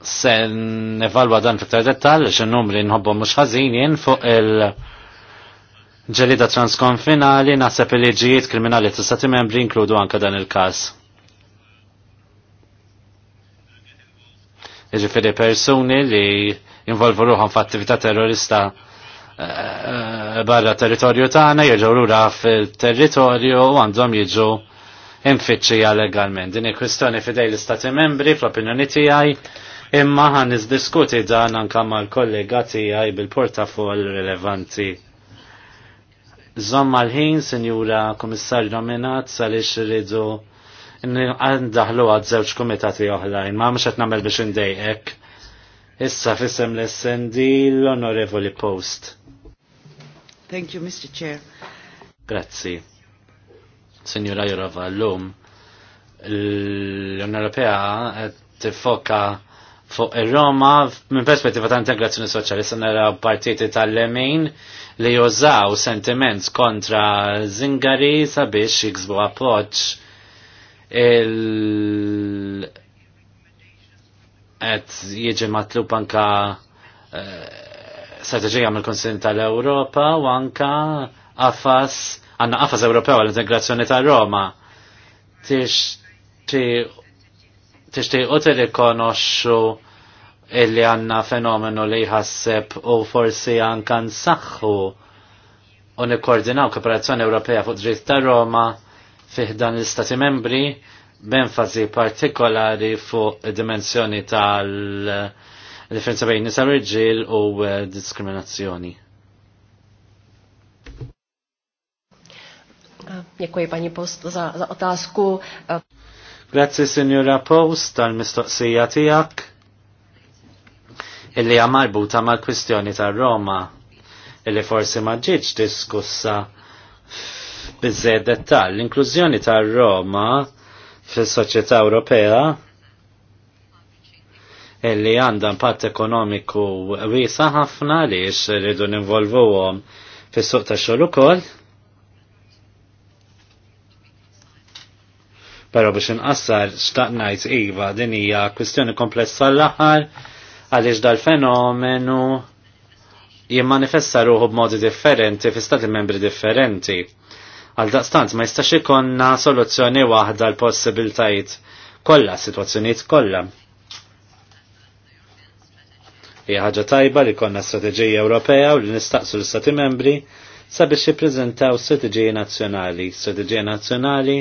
Sen evalwa dan fiktar dettal, xin numri nħobbu mux ħazinin fuq il- ġelida transkonfinali naħseb il-liġijiet kriminali t-istati membri inkludu anka dan il-kas. Iġifiri persuni li involvu ruħan f'attività terrorista eh, eh, barra territorju tagħna jirġgħu lura fil-territorju u għandhom jiġu infittxija legalment. Din kwistjoni fidej l-Istati membri fl-opinjoni tiegħi imma ħan diskuti dan anka mal-kollega tiegħi bil-portafol rilevanti Zomma l-ħin, Senjura Komissarju nominat, salix rridu daħlu għad zewċ komitati oħlajn, ma mux namel biex ndejek. Issa fissem l essendi l-onorevoli post. Thank you, Mr. Chair. Grazzi. Senjura Jurova, l-lum l-Unjoni Ewropea tifoka fuq ir-Roma minn perspettiva ta' integrazzjoni soċjali se partiti tal-lemin li jużaw sentiments kontra zingari sabiex jiksbu appoġġ il qed jiġi matlub anka eh, strateġija mill-Konsil tal-Ewropa u anka qafas għandna qafas Ewropew għall-integrazzjoni tal-Roma. Tixtiequ tirrikonoxxu illi għanna fenomenu li jħasseb u forsi anka nsaxħu u nikkoordinaw kooperazzjoni Ewropea fuq dritt ta' Roma fih dan l istati membri b'enfasi partikolari fuq dimensjoni tal-differenza bejn nisa u eh, diskriminazzjoni. Eh, Dziękuję Pani Post za, za otasku. Eh, Grazie Signora Post tal-mistoqsija tijak illi hija marbuta mal-kwistjoni ta' Roma illi forsi ma ġietx diskussa bizzejjed dettall. L-inklużjoni ta' Roma fis-soċjetà Ewropea illi għandha impatt ekonomiku wiesa ħafna għaliex rridu ninvolvuhom fis-suq ta' xogħol ukoll. Però biex inqassar xtaqnajt iva din hija kwistjoni komplessa l-aħħar għaliex dal-fenomenu jimmanifesta ruħu b'modi differenti fi stati membri differenti. Għal daqstant ma jistax ikonna soluzzjoni waħda l-possibiltajt kollha, situazzjoniet kollha. Hija ħaġa tajba li konna strategija Ewropea u li nistaqsu l-Stati membri sabiex jippreżentaw strategiji nazzjonali, strategiji nazzjonali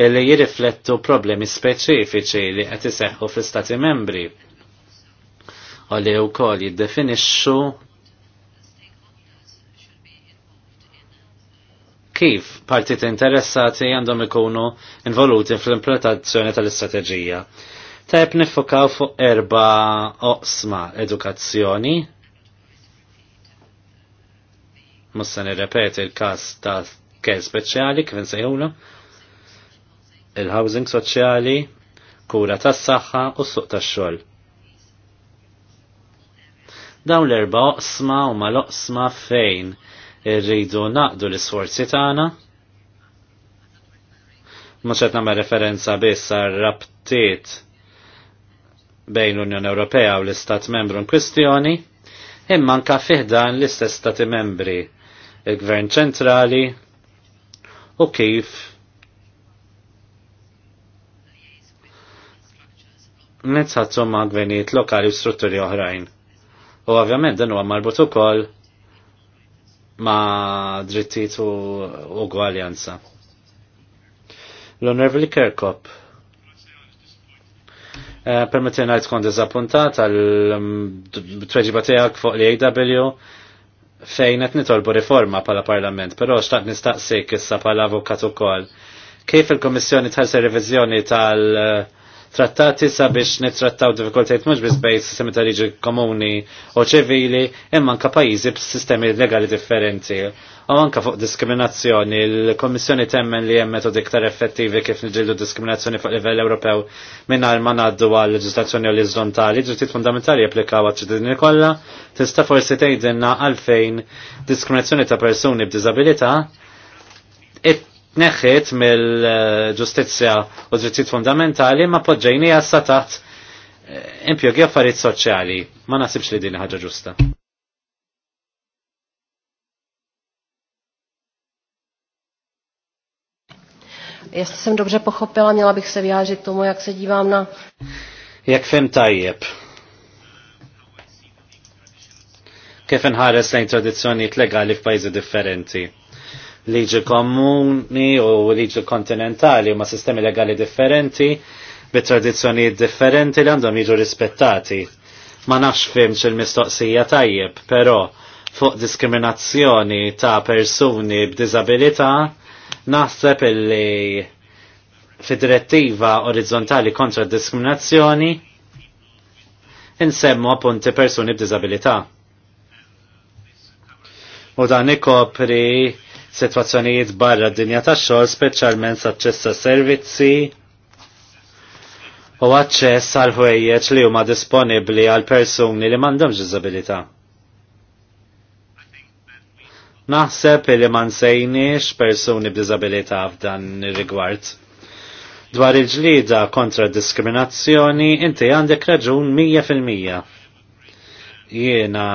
li jirriflettu problemi speċifiċi li qed iseħħu fl-Stati membri għalli u kol jiddefinissu kif partit interessati għandhom ikunu involuti fl-implementazzjoni tal-istrateġija. Tajb nifokaw fuq erba oqsma edukazzjoni, mussa nirrepeti il-kas ta' kell speċjali, kif nsejħulu, il-housing soċjali, kura tas saħħa u s-suq tax xogħol. Dawn l-erba oqsma u ma l-oqsma fejn irridu naqdu l-isforzi tagħna. Mhux qed nagħmel referenza biss għar-rabtiet bejn l-Unjoni Ewropea u l-Istat Membru kwistjoni, imma anka fiħdan l-istess Stati Membri, il-Gvern Ċentrali u kif nitħattu ma' gvernijiet lokali u strutturi oħrajn. U ovvjament dan huwa marbut ukoll ma' drittijiet u ugwaljanza. L-Onorevoli Kerkop. Eh, permetti Permettina tkun dizappuntat għal mm, tweġiba tiegħek fuq li AW fejn qed nitolbu riforma bħala parlament, però xtaqt nistaqsik issa bħala avukat ukoll. Kif il-Kommissjoni tħares ir-reviżjoni tal- uh, trattati sabiex nittrattaw diffikultajt mhux biss bejn sistemi ta' liġi komuni u ċivili imma anka pajjiżi b'sistemi legali differenti. U anka fuq diskriminazzjoni, il-Kommissjoni temmen li hemm metodi iktar effettivi kif niġildu diskriminazzjoni fuq livell Ewropew mingħajr ma ngħaddu għal leġislazzjoni orizzontali, drittijiet fundamentali applikaw għaċ-ċittadini kollha, tista' forsi tgħidilna għalfejn diskriminazzjoni ta' persuni b'diżabilità neħħet mill-ġustizzja u drittijiet fundamentali ma poġġejni għassa taħt eh, impjogi affarijiet soċjali. Ma nasibx li din ħaġa ġusta. Jesta sem dobře pochopila, měla bych se vyjádřit tomu, jak se dívám na... Jak fem tajjeb. Kefen ħares lejn tradizzjonijiet legali f'pajjiżi differenti liġi komuni u liġi kontinentali ma sistemi legali differenti bi tradizzjonijiet differenti li għandhom jiġu rispettati. Ma nafx fim il-mistoqsija tajjeb, però fuq diskriminazzjoni ta' persuni b'dizabilità naħseb illi fid-direttiva orizzontali kontra d diskriminazzjoni insemmu appunti persuni b'dizabilità. U dan ikopri situazzjonijiet barra d-dinja tax-xogħol, speċjalment saċċess servizzi u aċċess għal ħwejjeġ li huma disponibbli għal persuni li m'għandhomx diżabilità. Naħseb li ma nsejniex persuni b'diżabilità f'dan ir-rigward. Dwar il-ġlida kontra d diskriminazzjoni inti għandek raġun 100%. Jiena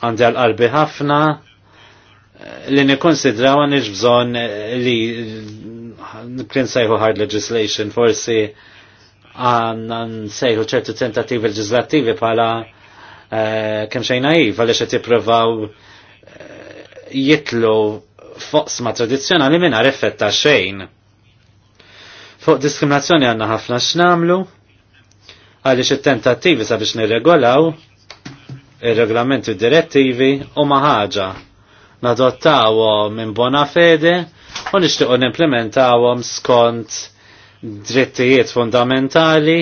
għandja l qalbi ħafna li nikonsidraw għanix bżon li kien sejħu hard legislation forsi għan sejħu ċertu tentativi legislativi pala eh, kem xejna jiv għalix għet jiprovaw eh, jitlu foqsma tradizjonali minna effetta xejn. Fuq diskriminazzjoni għanna ħafna x'namlu, għaliex it-tentattivi sabiex nirregolaw il-reglamenti direttivi u maħħaġa nadottawhom minn bona fede u nixtiequ nimplementawhom skont drittijiet fundamentali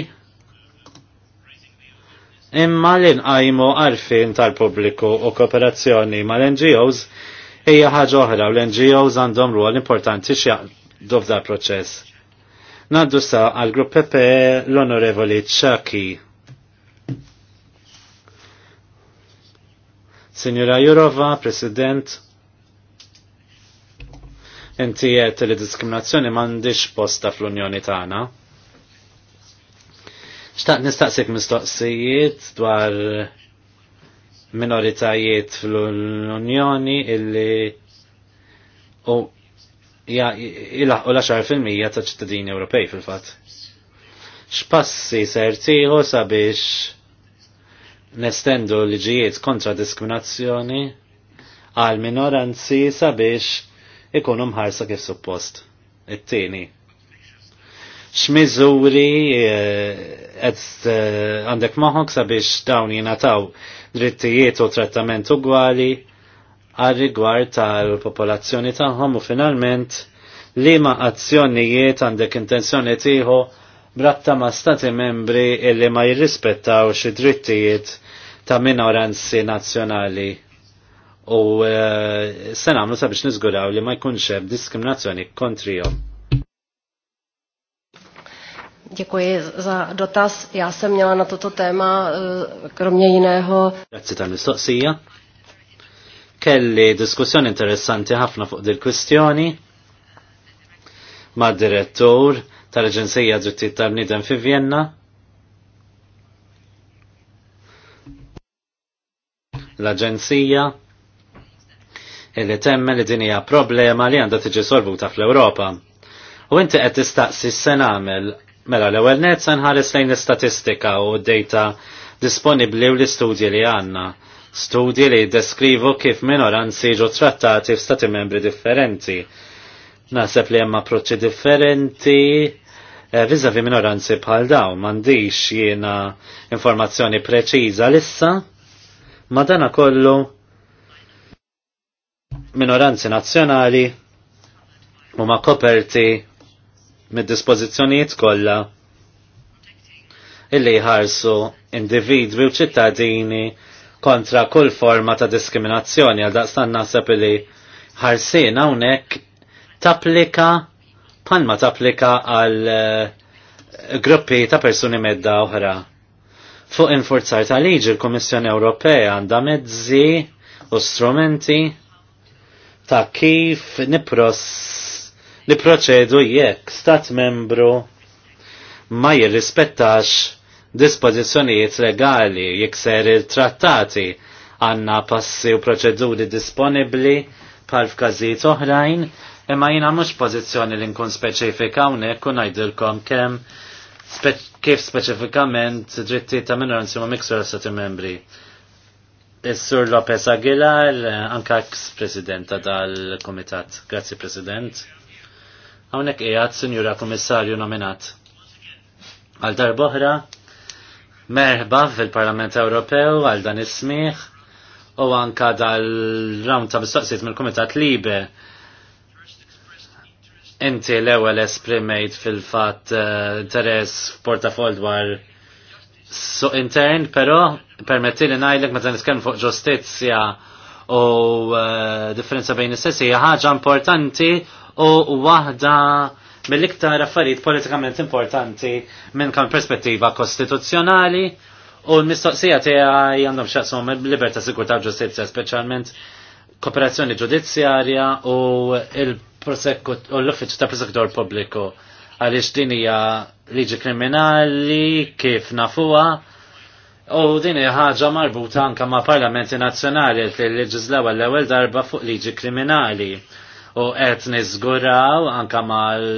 imma li nqajmu għarfien tal-pubbliku u kooperazzjoni mal-NGOs hija ħaġa oħra u l-NGOs għandhom ruol importanti x'jaqdu f'dal proċess. Naddu sa għal grupp PP l-Onorevoli Chucky. Signora Jurova, President, inti qed li diskriminazzjoni m'għandix posta fl-Unjoni tagħna. Xtaqt nistaqsik mistoqsijiet dwar minoritajiet fl-Unjoni illi u ja, ilaħqu fil-mija ta' ċittadini Ewropej fil-fatt. X'passi ser tieħu sabiex nestendu liġijiet kontra diskriminazzjoni għal minoranzi sabiex ikunu mħarsa kif suppost. It-tieni. X'miżuri eh, qed eh, għandek moħħok sabiex dawn jingħataw drittijiet u trattament ugwali għal rigward tal-popolazzjoni tagħhom u finalment liema azzjonijiet għandek intenzjoni tieħu bratta ma' stati membri illi ma' jirrispettaw xi drittijiet ta' minoranzi nazzjonali u eh, se nagħmlu sabiex niżguraw li ma jkunx hemm diskriminazzjoni kontrihom. Děkuji za dotaz. Já jsem měla na toto téma, eh, kromě jiného. Grazie tal-mistoqsija. Kelli diskussjoni interessanti ħafna fuq dil-kwistjoni ma' direttur tal-Aġenzija Drittijiet tal-Bniedem fi Vienna. L-Aġenzija illi temmen li din hija problema li għandha tiġi solvuta fl-Ewropa. U inti qed tistaqsi s-senamel mela l-ewwel net se nħares lejn l-istatistika u d-data disponibbli u l-istudji li għandna studji li deskrivu kif minoranzi ġu trattati f'stati membri differenti Naħseb li hemm approċċi differenti eh, vizavi minoranzi bħal daw m'għandix jiena informazzjoni preċiża lissa, ma dana kollu minoranzi nazzjonali huma koperti mid-dispożizzjonijiet kollha illi jħarsu individwi u ċittadini kontra kull forma ta' diskriminazzjoni għal daqstan nasab li ħarsin hawnhekk Taplika palma tapplika għal eh, gruppi ta' persuni medda oħra. Fuq infurzar ta' liġi l-Komissjoni Ewropea għandha mezzi u strumenti ta' kif nipros li proċedu jekk stat membru ma jirrispettax dispożizzjonijiet legali ser il-trattati għanna passi u proċeduri disponibli pal f'każijiet oħrajn Imma jina mux pozizjoni li nkun speċifika unek u najdilkom kem spe kif speċifikament dritti ta' minoranzi ma miksur stati membri. Is-Sur Lopez Aguilar, anka ex-presidenta dal-Komitat. Grazzi, President. Hawnhekk qiegħed Sinjura Kummissarju nominat. Għal darb'oħra, merħba fil-Parlament Ewropew għal dan is u anka dal-rawn ta' mistoqsijiet mill-Kumitat Libe Inti l-ewel esprimejt fil-fat eh, interess f'portafol dwar so intern, pero permetti li ngħidlek meta niskem fuq ġustizzja u eh, differenza bejn is-sessi hija ħaġa importanti u waħda mill-iktar affarijiet politikament importanti minn kan perspettiva kostituzzjonali u l-mistoqsija tiegħi għandhom x'aqshom il-libertà sigurtà ġustizzja speċjalment kooperazzjoni ġudizzjarja u il- l-Uffiċċju ta' Prosekutor Pubbliku għaliex din hija liġi kriminali kif nafuha u din hija ħaġa marbuta anke ma' parlamenti nazzjonali li leġislaw l-ewwel darba fuq liġi kriminali u qed niżguraw anke mal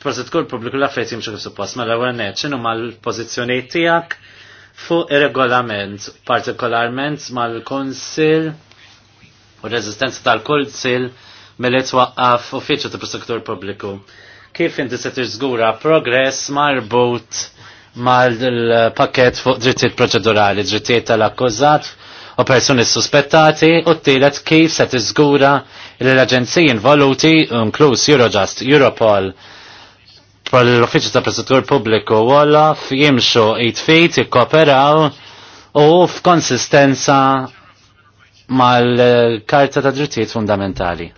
prosekutur pubbliku l-affarijiet jimxu kif suppost mal-ewwel mela, net x'inhu mal-pożizzjonijiet tiegħek fuq ir-regolament, partikolarment mal-Kunsil u r-reżistenza tal-Kunsil mele twaqqaf uffiċċju ta' prosektur pubbliku. Kif inti se tiżgura progress marbut mal-pakket fuq drittijiet proċedurali, drittijiet tal-akkużat u persuni suspettati u t-tielet kif se tiżgura li l-aġenziji involuti, inkluż Eurojust, Europol, l-Uffiċċju ta' Prosektur Pubbliku u Olaf jimxu it-fit, jikkoperaw u f'konsistenza mal-Karta ta' Drittijiet Fundamentali.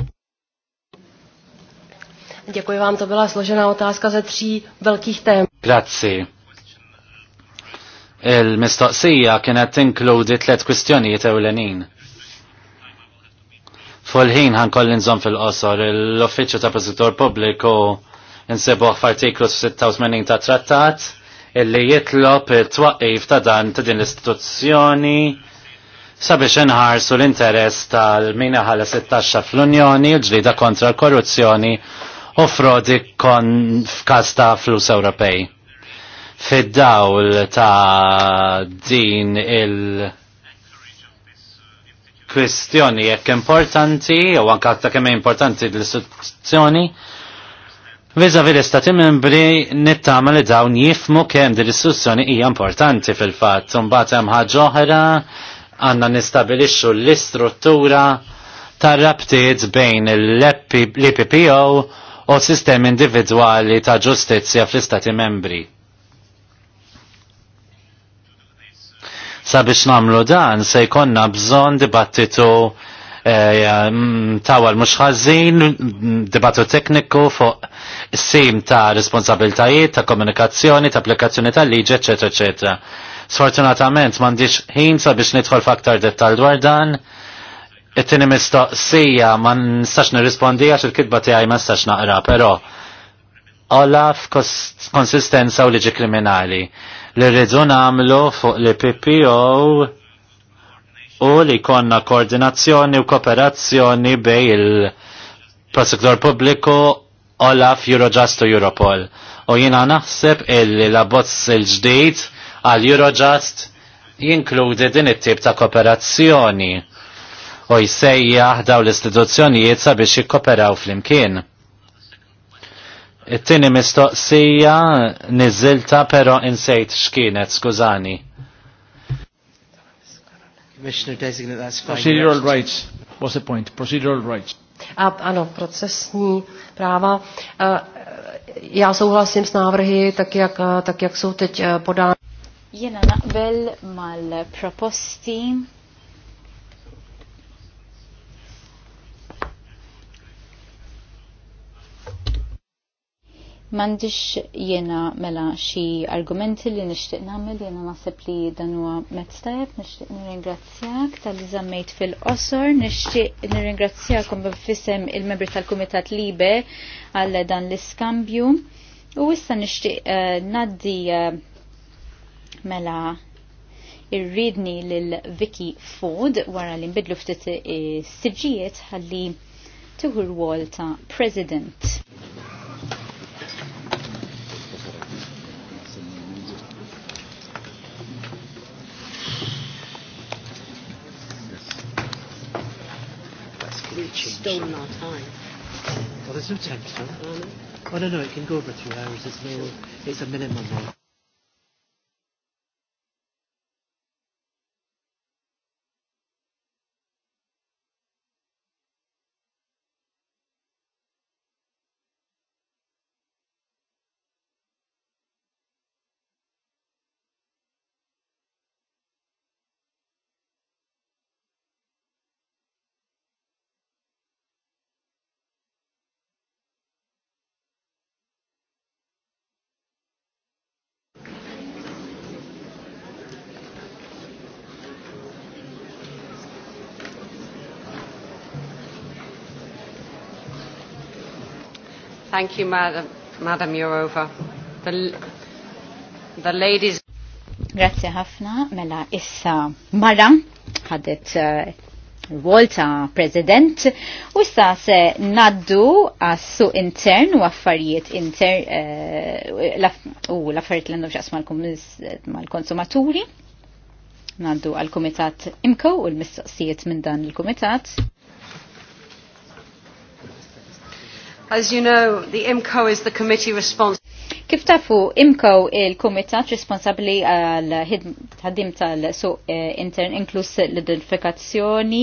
Děkuji vám, to byla složená otázka ze tří velkých tém. Grazzi. Il-mistoqsija kienet tinkludi tliet kwistjonijiet ewlenin. Fulħin ħan kollin zon fil-qosor, l-Uffiċċju ta' Prosektor Pubbliku nsibuħ f'artiklu 86 ta' trattat illi jitlob it-twaqqif ta' dan ta' din l-istituzzjoni sabiex inħarsu l-interess tal-min 16 fl-Unjoni u ġlida kontra l-korruzzjoni off-road kon f'kasta ta' flus Ewropej. Fid-dawl ta' din il- kwestjoni jekk importanti, u anka ta' kemm importanti l-istituzzjoni, Viza vi l-istati membri nittama li dawn jifmu kem din l-istituzzjoni hija importanti fil-fatt. Mbagħad hemm ħaġa oħra għandna nistabilixxu l-istruttura tar-rabtiet bejn l-IPPO u sistemi individwali ta' ġustizzja fl-istati membri. Sabiex namlu dan se jkonna bżon dibattitu eh, mm, tawal mux ħażin, dibattu tekniku fuq sim ta' responsabiltajiet, ta' komunikazzjoni, ta' applikazzjoni ta' liġi, eccetera, eccetera. Sfortunatament mandiċ ħin sabiex nidħol f'aktar dettal dwar dan, it mistoqsija ma nistax nirrispondi għax il-kitba għaj ma nistax naqra, però Olaf konsistenza u liġi kriminali li rridu nagħmlu fuq li PPO u li konna koordinazzjoni u kooperazzjoni bej il prosektor pubbliku Olaf Eurojust u Europol. U jiena naħseb il labozz il-ġdid għal Eurojust jinkludi din it-tip ta' kooperazzjoni u jsejjaħ daw l-istituzzjonijiet sabiex jikkoperaw fl-imkien. It-tieni mistoqsija niżilta però insejt x'kienet, skużani. Commissioner designate, that's fine. Procedural rights. What's the point? Procedural rights. A, ano, procesní práva. Já souhlasím s návrhy, tak jak, tak jak jsou teď eh, podány. Jena naqbel mal-proposti mandix jena mela xi argumenti li nishtiq nagħmel jena nasib li dan huwa mezz tajjeb nishtiq nirringrazzjak tal-li zammejt fil-qosor nishtiq nirringrazzjakom b'fisem il-membri tal-Kumitat Libe għal dan l-iskambju u issa nishtiq uh, eh, naddi uh, mela irridni lil Vicky Ford wara li nbidlu ftit eh, siġijiet ħalli tuħur wol ta' President. We've stolen our time. Well, there's no time, Oh, no, no, it can go over two hours. It's, no, it's a minimum. Thank you, Madam, Madam Jourova. The, the ladies... Grazie ħafna, mela issa Mara ħadet Volta eh, president u issa se naddu għassu intern u affarijiet intern eh, u l-affarijiet l-għandu mal-konsumaturi naddu għal-komitat imko u l-mistoqsijiet minn dan il-komitat. As you know, the IMCO is the committee responsible. Kif tafu IMCO il-Kumitat responsabli għal ħaddim tal-suq eh, intern inklus l-identifikazzjoni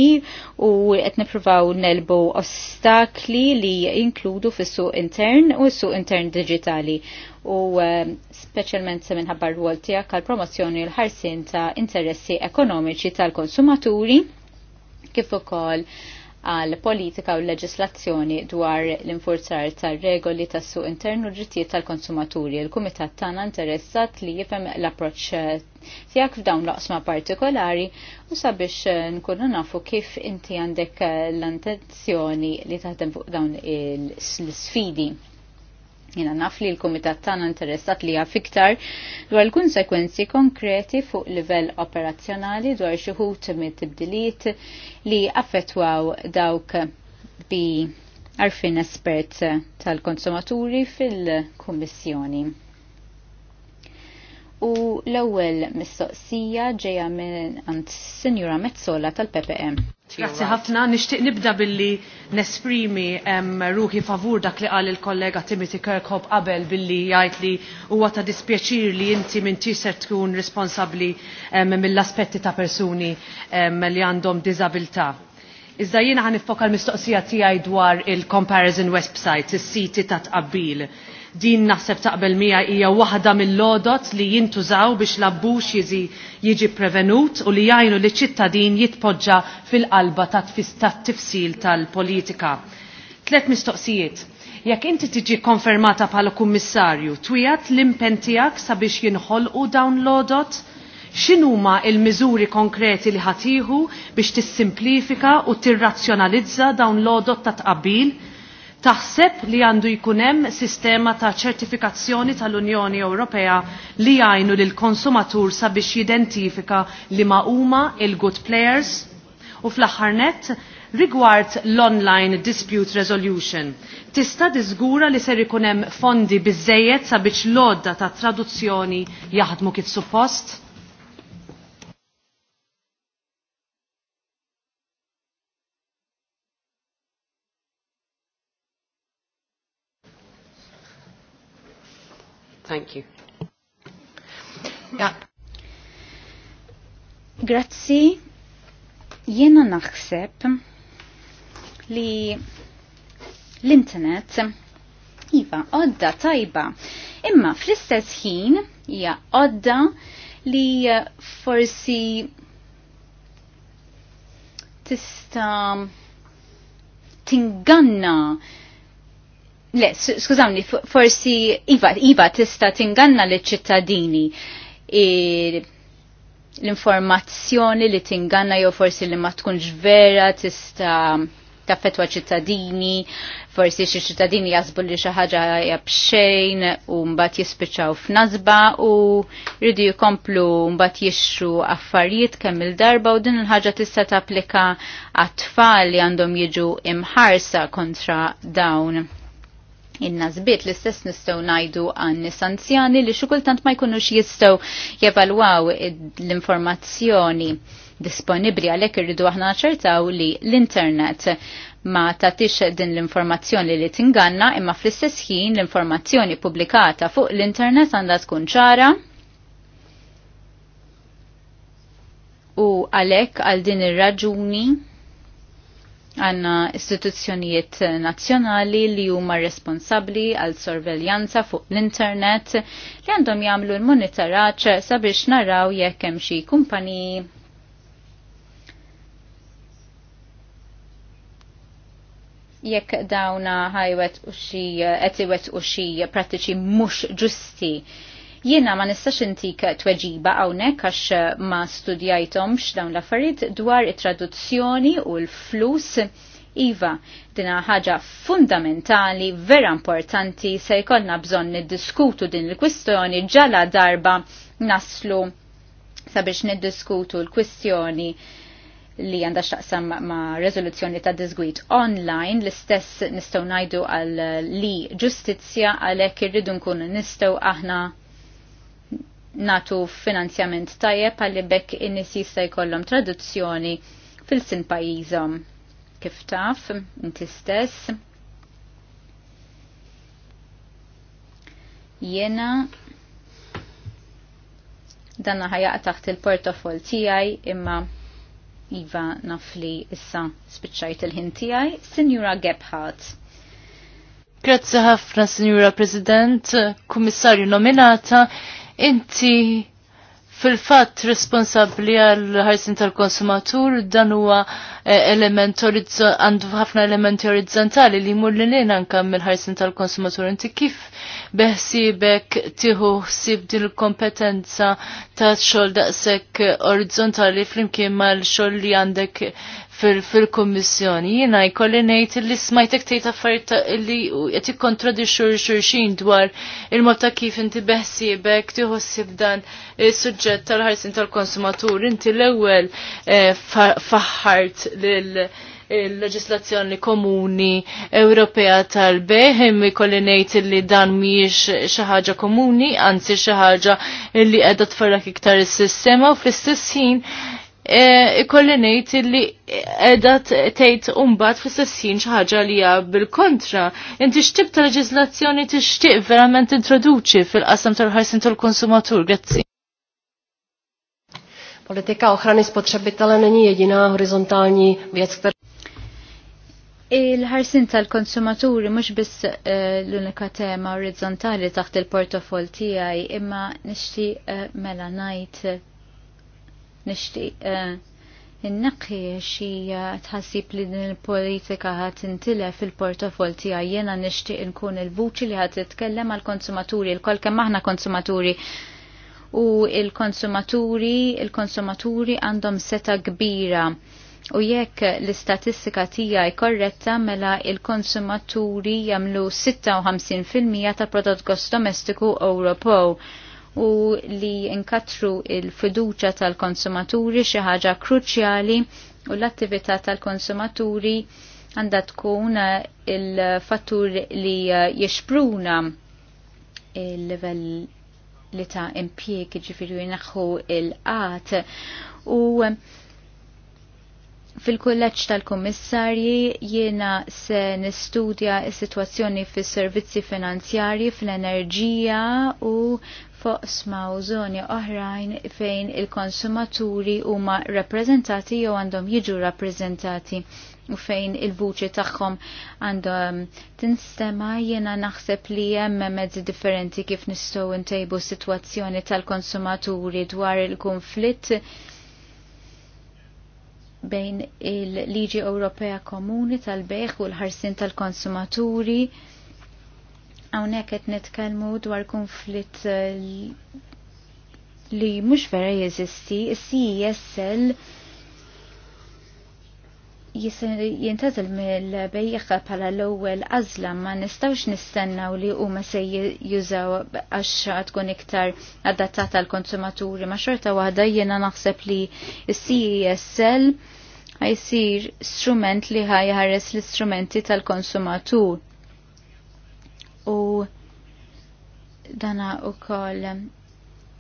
u qed nippruvaw nelbu ostakli li jinkludu fis-suq intern u s-suq intern digitali u eh, speċjalment se minħabba r-rwol tiegħek għal promozzjoni l-ħarsin ta' interessi ekonomiċi tal-konsumaturi kif ukoll għal politika u leġislazzjoni dwar l-infurzar tal-regoli tas suq internu drittijiet tal-konsumaturi. Il-Kumitat tana interessat li jifem l-approċ tijak f'dawn laqsma partikolari u sabiex eh, nkunu nafu kif inti għandek l-intenzjoni li taħdem fuq dawn l-sfidi. Jena naf li l-Komitat tagħna interessat li fiktar dwar l-konsekwenzi konkreti fuq livell operazzjonali dwar xi ħut mit-tibdiliet li affettwaw dawk bi arfin espert tal-konsumaturi fil-Kummissjoni. U l-ewwel mistoqsija ġejja minn għand Sinjura Mezzola tal-PPM. Grazie ħafna, nishtiq nibda billi nesprimi ruħi favur dak li qal il-kollega Timothy Kirkhope qabel billi jgħid li huwa ta' dispjaċir li inti minn tiser tkun responsabbli mill-aspetti ta' persuni li għandhom disabilità. Iżda jiena ħan mistoqsija tiegħi dwar il-comparison websites, is-siti ta' tqabbil din naħseb taqbel mija hija waħda mill-lodot li jintużaw biex l jizi jiġi prevenut u li jgħinu li ċittadin jitpoġġa fil-qalba ta' tifsil tal-politika. Tlet mistoqsijiet. Jekk inti tiġi konfermata bħala kummissarju, twijat l-impen tiegħek sabiex jinħolqu dawn lodot? xinuma il-miżuri konkreti li ħatiħu biex tissimplifika u tirrazzjonalizza dawn l-odot ta' tqabbil Taħseb li għandu jkunem sistema ta' ċertifikazzjoni tal-Unjoni Ewropea li jgħinu lil konsumatur sabiex jidentifika li ma' huma il-good players? U fl-aħħar net, rigward l-online dispute resolution, tista diżgura li ser ikunem fondi bizzejiet sabiex l-odda ta' traduzzjoni jaħdmu kif suppost? Thank you. Yeah. Grazzi. Jena naħseb li l-internet iva odda tajba. Imma fl-istess ħin hija odda li forsi tista tinganna Le, skużawni, forsi Iva, Iva tista tinganna li ċittadini l-informazzjoni li tinganna jew forsi li ma tkunx vera tista taffetwa ċittadini, forsi xie ċittadini jazbu li xi ħaġa b'xejn u mbagħad jispiċċaw f'nazba u rridu jkomplu mbagħad jixxu affarijiet kemm il-darba u din il-ħaġa tista' tapplika għat-tfal li għandhom jiġu imħarsa kontra dawn Inna zbiet l-istess nistaw najdu għan nisanzjani li xukultant ma jkunux jistaw jevalwaw l-informazzjoni disponibli għalek irridu aħna ċertaw li l-internet ma tatix din l-informazzjoni li tinganna imma fl-istess ħin l-informazzjoni pubblikata fuq l-internet għandha tkun ċara u għalek għal din ir-raġuni għanna istituzzjonijiet nazzjonali li huma responsabli għal sorveljanza fuq l-internet li għandhom jagħmlu l-monitoraġġ sabiex naraw jekk hemm xi kumpaniji jekk dawna ħajwet u xi qed u xi prattiċi mhux ġusti Jiena ma nistax intik tweġiba hawnhekk għax eh, ma studjajthomx dawn l-affarijiet dwar it-traduzzjoni u l-flus Iva, dina ħaġa fundamentali, vera importanti, se jkollna bżonn niddiskutu din il-kwistjoni ġala darba naslu sabiex niddiskutu l-kwistjoni li għandha xtaqsam ma' rezoluzzjoni ta' disgwit online l-istess nistgħu ngħidu għal li ġustizzja għalhekk irridu nkunu nistgħu aħna natu finanzjament tajjeb għalli bekk in-nies jista' jkollhom traduzzjoni fil-sin pajjiżhom. Kif taf, inti stess. Jena danna ħajaq taħt il-portofol tiegħi imma Iva nafli issa spiċċajt il-ħin tiegħi, Sinjura Gebhardt. Grazzi ħafna, Sinjura President, Kummissarju nominata Inti fil-fatt responsabli għal ħarsin tal-konsumatur dan huwa eh, element għandu ħafna elementi orizzontali li jmur li anke mill-ħarsin tal-konsumatur. Inti kif beħsibek tieħu sib din kompetenza ta' xogħol daqshekk orizzontali flimkien mal-xogħol li għandek fil-kommissjoni. Jina jkolli nejt li smajtek tejt affarijiet li qed kontradi xur xurxin dwar il mota kif inti beħsiebek tiħu dan is-suġġett tal-ħarsin tal-konsumatur. Inti l-ewwel eh, faħħart lil il-leġislazzjoni komuni Ewropea tal-beħim ikolli ngħid li dan mhijiex xi ħaġa komuni, anzi xi ħaġa li qiegħda tfarrak iktar is-sistema u fl-istess ħin E, ikolli ngħid li qiegħda tgħid mbagħad fi sessin xi ħaġa li hija bil-kontra. Inti x'tib ta' leġiżlazzjoni tixtieq verament introduċi fil-qasam tal-ħarsin tal-konsumatur. Grazzi. Politika ochrany spotřebitele není jedina horizontalni věc, ktar... Il-ħarsin tal-konsumaturi mhux biss e, l-unika tema orizzontali taħt il-portofol tiegħi imma nixtieq e, mela ngħid nixtieq eh, innaqi xi tħassib li din il-politika ħat intile fil-portafol tija jiena nixtieq inkun il-vuċi li ħadd titkellem għall-konsumaturi, il-kol kemm aħna konsumaturi u il-konsumaturi, il-konsumaturi għandhom seta kbira u jekk l-istatistika tija korretta mela il-konsumaturi jagħmlu 56% ta' prodott domestiku Europow u li nkatru il-fiduċa tal-konsumaturi xi ħaġa kruċjali u l-attività tal-konsumaturi għandha tkun il-fattur li jixpruna il-level li ta' impjeg ġifiri jinaxħu il-qat u fil-kulleġġ tal-kummissarji jiena se nistudja s-sitwazzjoni fis-servizzi finanzjarji fl-enerġija u fuq sma u zoni oħrajn fejn il-konsumaturi huma rappreżentati jew għandhom jiġu rappreżentati u fejn il-vuċi tagħhom għandhom tinstema jiena naħseb li hemm mezzi differenti kif nistgħu ntejbu sitwazzjoni tal-konsumaturi dwar il-konflitt bejn il-Liġi Ewropea Komuni tal-Bejħ u l-ħarsin tal bejħ u l ħarsien tal konsumaturi Hawnhekk qed nitkellmu dwar konflitt eh, li mhux vera jeżisti, is-CESL jintazel mill-bejjeħ bħala l-ewwel għażla ma nistgħux nistennaw li huma se jużaw għax tkun iktar adattata l konsumaturi ma xorta waħda jiena naħseb li s-CESL ħajsir strument li ħajħares l-istrumenti tal-konsumatur u dana u koll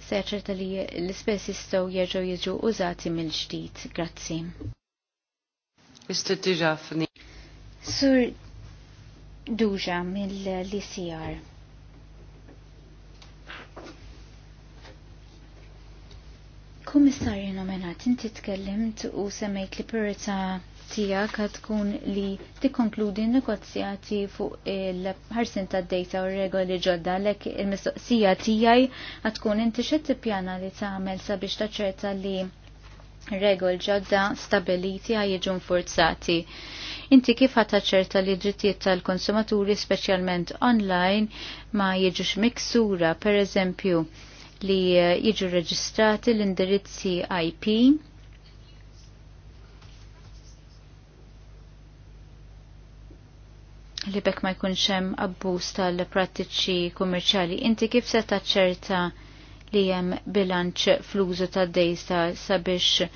seċerta li l-ispess jistow jieġu jiġu użati mill-ġdid. Grazzi. Istutti ġafni. Sur duġa mill-LCR. Kummissarju nominat, inti tkellimt u semmejt li purita tija għad tkun li tikkonkludi n-negozjati fuq il-ħarsin tad-dejta u regoli ġodda għalhekk il-mistoqsija tiegħi għad tkun inti xed tippjana li tagħmel sabiex ċerta li regol ġodda stabiliti għaj jiġu forzati. Inti kif ċerta li drittijiet tal-konsumaturi speċjalment online ma jiġux miksura, per eżempju, li jiġu reġistrati l-indirizzi IP li bekk ma jkunx hemm abbuż tal-prattiċi kummerċjali. Inti kif se taċċerta li hemm bilanċ fl-użu tad-dejta sabiex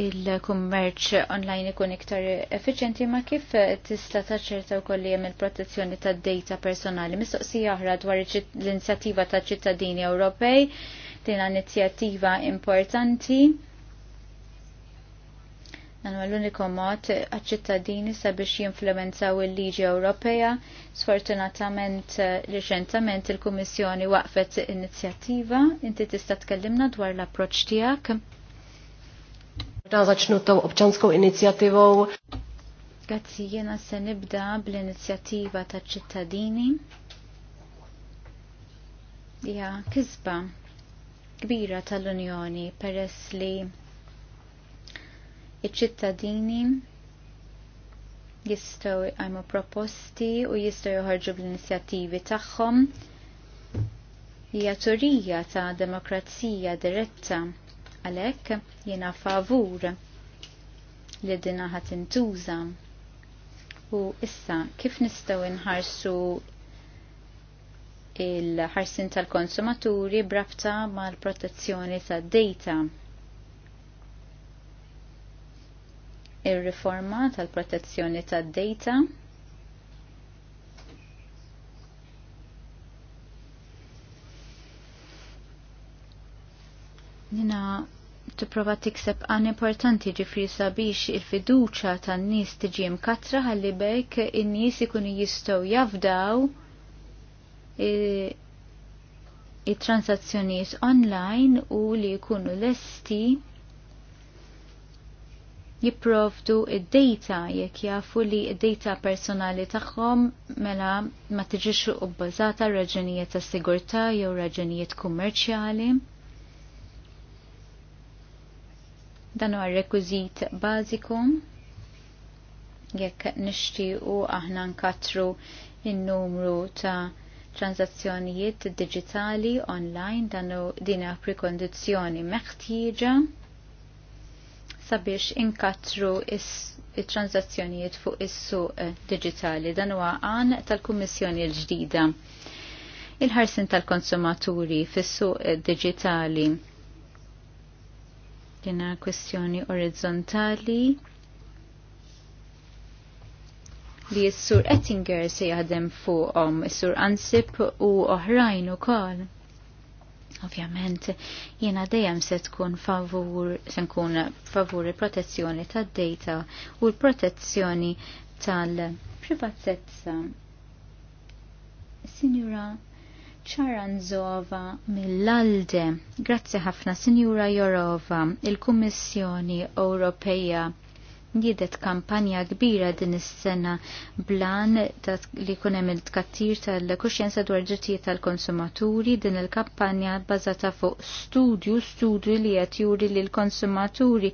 il-kummerċ online ikun iktar effiċenti ma kif tista' taċċerta wkoll li hemm il-protezzjoni tad-dejta personali. Mistoqsija oħra dwar l-inizjattiva ta' ċittadini Ewropej din l-inizjattiva importanti Dan l-uniku mod għaċ sabiex jinfluwenzaw il-liġi Ewropea. Sfortunatament riċentament il-Kummissjoni waqfet inizjattiva. Inti tista' tkellimna dwar l-approċċ tiegħek. Ta' zaċnu taw obċanskou inizjattivou. Grazzi jiena se nibda bl-inizjattiva ta' ċittadini. Ja, kisba kbira tal-Unjoni peress li iċ-ċittadini jistgħu għajmu proposti u jistgħu joħorġu bl-inizjattivi tagħhom hija turija ta' demokrazija diretta għalhekk jiena favur li din ħadd intuża. U issa kif nistgħu nħarsu il-ħarsin tal-konsumaturi brabta mal-protezzjoni tad-data ir-riforma tal-protezzjoni tad-data Nina tipprova tikseb għan importanti ġifri sabiex il-fiduċa tan-nies tiġi mkatra ħalli bejk in-nies ikunu jistgħu jafdaw it-transazzjonijiet online u li jkunu lesti jipprovdu id-data jekk jafu li id-data personali tagħhom mela ma tiġix ubbażata raġunijiet ta' sigurtà jew raġunijiet kummerċjali. Dan huwa rekwiżit bażiku jekk nixtiequ aħna nkatru in-numru ta' transazzjonijiet digitali online dan dina prekondizzjoni meħtieġa sabiex inkatru il-transazzjonijiet fuq is-suq eh, digitali dan huwa għan tal-Kummissjoni l-ġdida. Il-ħarsin tal-konsumaturi fis-suq eh, digitali jena kwestjoni orizzontali li s-sur Ettinger se jaħdem fuqhom, is-sur Ansip u oħrajn ukoll. Ovvjament, jiena dejjem se tkun favur, se nkun favur il-protezzjoni tad-data u l-protezzjoni tal-privatezza. Signora Ċaranzova mill-Alde, grazzi ħafna Signora Jorova, il-Kummissjoni Ewropea Jidet kampanja kbira din is-sena blan li kun hemm il-tkattir tal-kuxjenza dwar drittijiet tal-konsumaturi din il-kampanja bbażata fuq studju studju li qed juri lil konsumaturi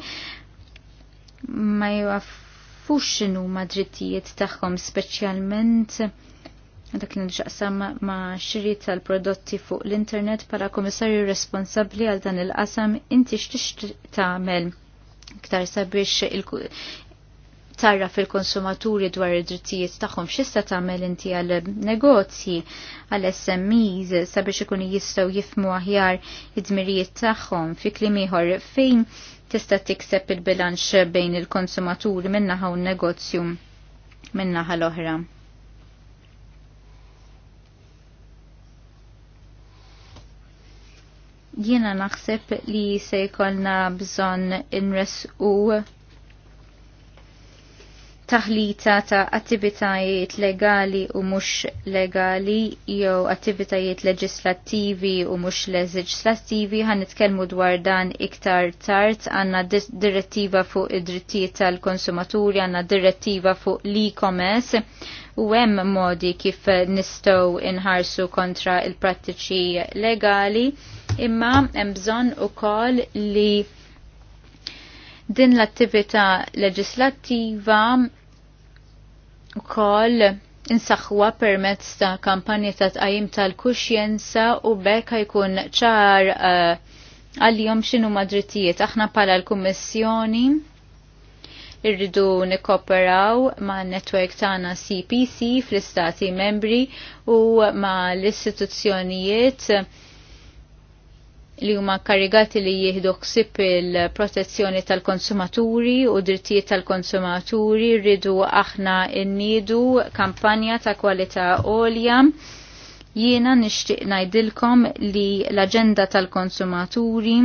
ma jafux x'inhu ma drittijiet tagħhom speċjalment dak li nxaqsam ma xiri tal-prodotti fuq l-internet para komissarju responsabli għal dan il-qasam inti x'tix tagħmel iktar sabiex tarra fil-konsumaturi dwar id-drittijiet tagħhom x'issa tagħmel inti għal negozji għal SMEs sabiex ikun jistgħu jifmu aħjar id-dmirijiet tagħhom fi kliem ieħor fejn tista' tikseb il-bilanċ bejn il-konsumaturi minnaħa u n-negozju minnaħa l-oħra. Jiena naħseb li se jkollna bżonn inres u taħlita ta' attivitajiet legali u mhux legali jew attivitajiet leġislattivi u mhux leġislattivi ħan nitkellmu dwar dan iktar tard għandna direttiva fuq id-drittijiet tal-konsumaturi għandna direttiva fuq l-e-commerce u hemm modi kif nistgħu inħarsu kontra il-prattiċi legali imma hemm bżonn ukoll li din l-attività leġislattiva ukoll insaħħuha permezz ta' kampanja ta' tqajjim tal-kuxjenza u bekk jkun ċar eh, għal-jom xinu madrittijiet. Aħna pala l-Kummissjoni irridu nikoperaw ma' netwerk tagħna CPC fl-istati membri u ma' l-istituzzjonijiet li huma karigati li jieħdu ksib il-protezzjoni tal-konsumaturi u drittijiet tal-konsumaturi rridu aħna innidu kampanja ta' kwalità għolja jiena nixtieq ngħidilkom li l-aġenda tal-konsumaturi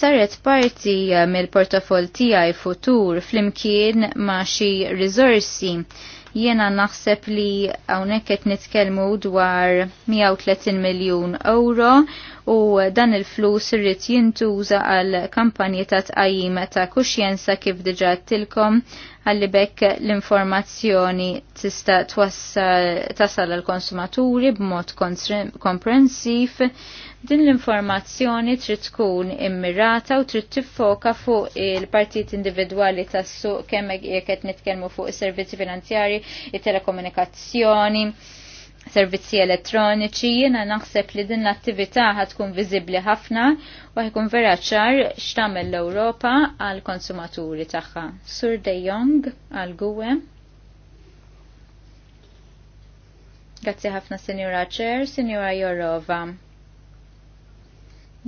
saret parti eh, mill-portafol tiegħi futur flimkien ma' xi rizorsi. Jiena naħseb li hawnhekk qed nitkellmu dwar 130 miljun euro u dan il-flus irrid jintuża għal kampanji ta' tqajjim ta' kuxjenza kif diġà tilkom għalli bekk l-informazzjoni tista' tasal għal konsumaturi b'mod komprensiv Din l-informazzjoni trid tkun immirata u trid tiffoka fuq il-partit individwali tas-suq kemm jekk qed nitkellmu fuq is-servizzi finanzjari, it-telekomunikazzjoni, servizzi elettroniċi, jiena naħseb li din l-attività ħatkun viżibbli ħafna u ħajkun vera ċar x'tagħmel l-Ewropa għall konsumaturi tagħha. Sur De Jong għal Gwe. Grazzi ħafna signora Cher, Signora Jorova.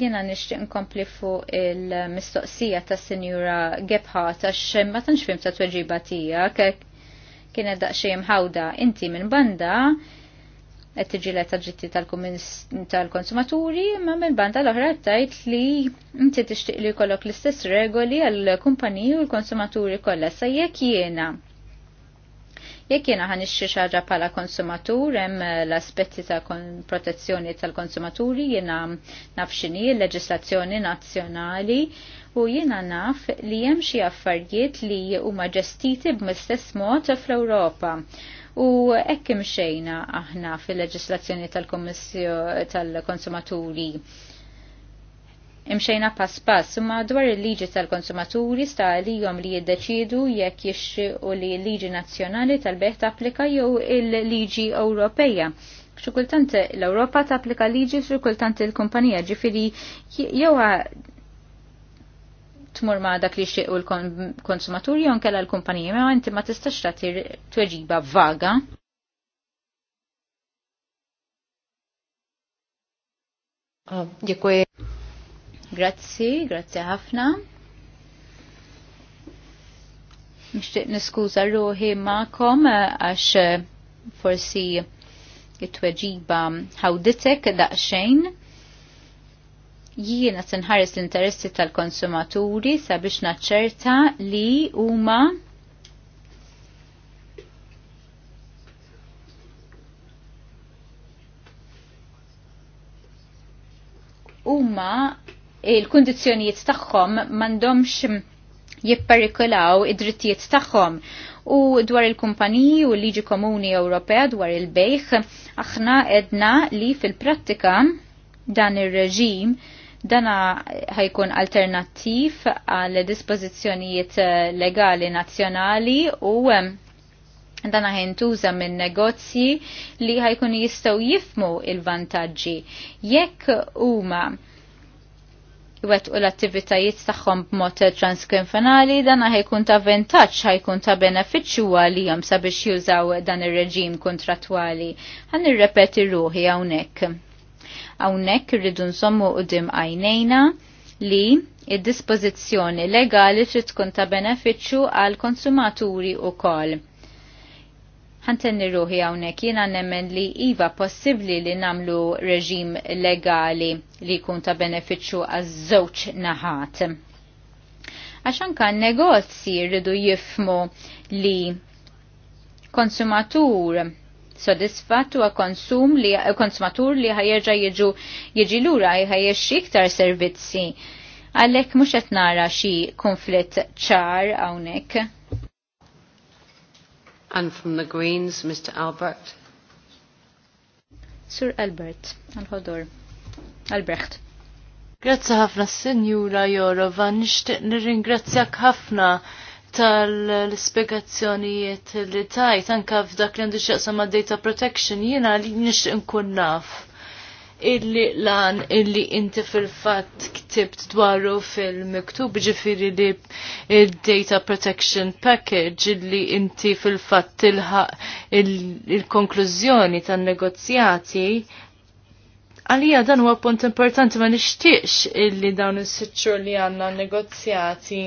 Jena nishtiq nkompli fuq il-mistoqsija ta' Sinjura Gebhardt għax ma tanx fim ta' tweġiba tiegħek kienet daqsxejn ħawda inti minn banda qed tiġilet ġitti tal-konsumaturi, ma minn banda l-oħra tajt li inti tixtieq li jkollok l-istess regoli għall kumpaniji u l-konsumaturi kollha sa jekk jiena Jekk jiena ħan ixxi xaġa bħala konsumatur hemm eh, l-aspetti ta' protezzjoni tal-konsumaturi jiena nafxini l-leġislazzjoni nazzjonali u jiena naf li hemm xi affarijiet li huma ġestiti b'mistess mod fl-Ewropa. U hekk imxejna aħna fil-leġislazzjoni tal-Konsumaturi. Tal imxejna pass pass imma dwar il-liġi tal-konsumaturi sta jom li jiddeċidu jekk jixxi u li l-liġi nazzjonali tal-beħ tapplika jew il-liġi Ewropeja. Xukultant l-Ewropa tapplika liġi xukultant il-kumpanija ġifiri jew tmur ma dak li xieq u l-konsumaturi jew kella l-kumpanija ma inti ma tistax tagħti tweġiba vaga. Ah, Grazzi, grazzi ħafna. Nixtieq niskuża ruħi ma'kom eh, għax eh, forsi it-tweġiba ħawditek daqsxejn. Jiena tinħares l-interessi tal-konsumaturi sabiex naċċerta li huma huma il-kondizjonijiet tagħhom m'għandhomx jipperikolaw id-drittijiet tagħhom. U dwar il-kumpaniji u l-liġi komuni Ewropea dwar il-bejħ, aħna edna li fil-prattika dan ir-reġim dana ħajkun alternattiv għal dispożizzjonijiet legali nazzjonali u dan ħintuża minn negozji li ħajkun jistgħu jifmu il-vantaġġi. Jekk huma jwettqu l-attivitajiet tagħhom b'mod transkrinfanali dan ħajkun ta' vantaġġ ħajkun ta' benefiċċju għalihom sabiex jużaw dan ir-reġim kontrattwali. Ħan irrepeti ruħi hawnhekk. Hawnhekk irridu nsommu qudiem għajnejna li id-dispożizzjoni legali trid tkun ta' benefiċċju għal konsumaturi wkoll ħantenni ruħi għawnek jina nemmen li iva possibli li namlu reġim legali li kun ta' beneficju għaż-żewġ naħat. Għaxan kan negozji rridu jifmu li konsumatur sodisfattu għa konsum li konsumatur li ħajerġa jiġu jiġi lura ħajerx iktar servizzi. Għalek mux nara xi konflitt ċar għawnek And from the Greens, Mr. Albert. Sir Albert, al hodor Albrecht. Grazzi ħafna Signora Jorova, nishtiq nirringrazzjak ħafna tal-spiegazzjonijiet li tajt anka f'dak li għandu ma' data protection jiena li nishtiq nkun naf illi lan illi inti fil-fat ktibt dwaru fil-miktub ġifiri li il-Data Protection Package illi inti fil-fat tilħa il-konklużjoni il tan-negozjati għalija dan huwa punt importanti ma nixtieqx illi dawn is-sitxur li għandna negozjati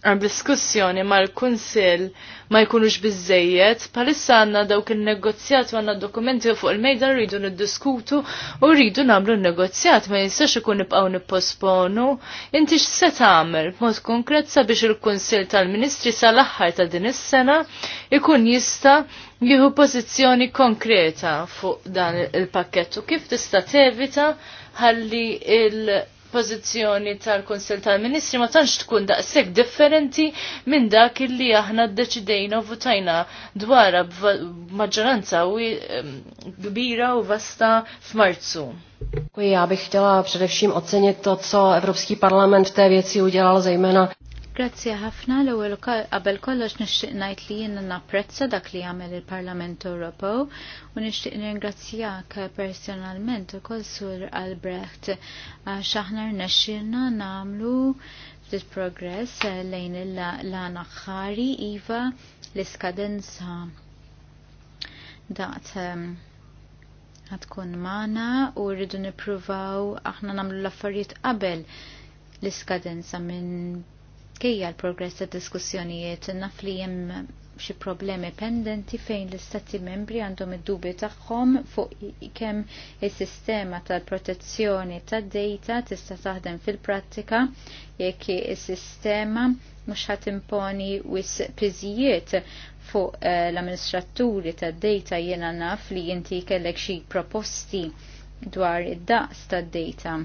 għan diskussjoni mal kunsil ma jkunux bizzejiet, palissa għanna dawk il-negozjat u għanna dokumenti u fuq il-mejda rridu niddiskutu u rridu namlu il-negozjat, ma jistax ikun nibqaw nipposponu. Inti x'set tagħmel b'mod konkret sabiex il-Kunsil tal-Ministri sal-aħħar ta' din is-sena ikun jista' jieħu pożizzjoni konkreta fuq dan il-pakkett u kif tista' tevita ħalli il- pozizjoni tal konsil tal-Ministri ma tantx tkun daqshekk differenti minn dak li aħna ddeċidejna u votajna dwarha b'maġġoranza kbira u vasta f'Marzu. Děkuji, já bych chtěla především ocenit to, co Evropský parlament v té věci udělal, zejména Grazzi ħafna l ewwel qabel kollox nixtieq ngħid li jien napprezza dak li jagħmel il-Parlament Ewropew u nixtieq ringrazzjak personalment ukoll sur Albrecht għax aħna rnexxielna nagħmlu ftit progress lejn il-lana ħari iva l-iskadenza daqt ehm, ħatkun mana u rridu nippruvaw aħna nagħmlu l-affarijiet qabel l-iskadenza minn Kejja l-progress ta' diskussjonijiet naf li hemm xi problemi pendenti fejn l-istati membri għandhom id-dubi tagħhom fuq kemm is-sistema tal-protezzjoni tad-data tista' taħdem fil-prattika jekk is-sistema mhux ħadd imponi wis piżijiet fuq eh, l-amministraturi tad-data jiena naf li inti kellek xi proposti dwar id-daqs tad-data.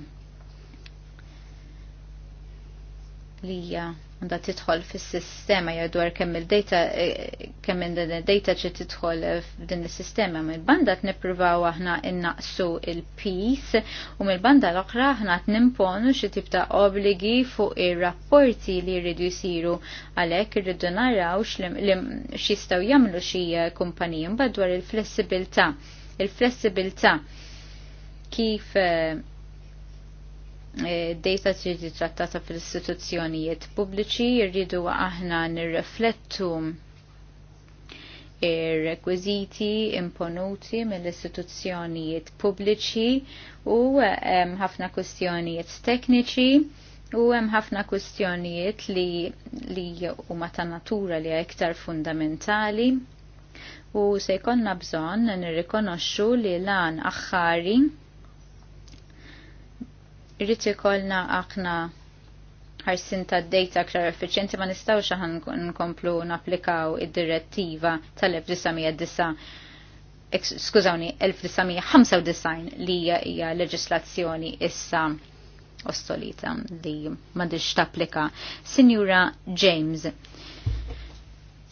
Lija da titħol fis-sistema jew dwar kemm il-data eh, kemm il data ġi tidħol f'din is-sistema mill-banda t-nipruvaw aħna innaqsu il-peace u mill-banda l-oħra aħna t nimponu xi tibta obligi fuq ir-rapporti li jridu jsiru għalhekk irridu naraw x'jistgħu jagħmlu xi kumpaniji mbagħad dwar il flessibilta Il-flessibilità kif uh, Eh, data trid trattata fil-istituzzjonijiet pubbliċi jirridu aħna nirreflettu ir-rekwiziti imponuti mill-istituzzjonijiet pubbliċi u hemm ħafna kwistjonijiet tekniċi u hemm ħafna kwistjonijiet li li huma ta' natura li iktar fundamentali u se jkollna bżonn nirrikonoxxu li lan aħħari Irrid ikollna aħna ħarsin ta' data aktar effiċenti ma nistgħux aħna nkomplu napplikaw id-direttiva tal-1909 skużawni 1995 li hija leġislazzjoni issa ostolita li m'għandix tapplika. Signora James,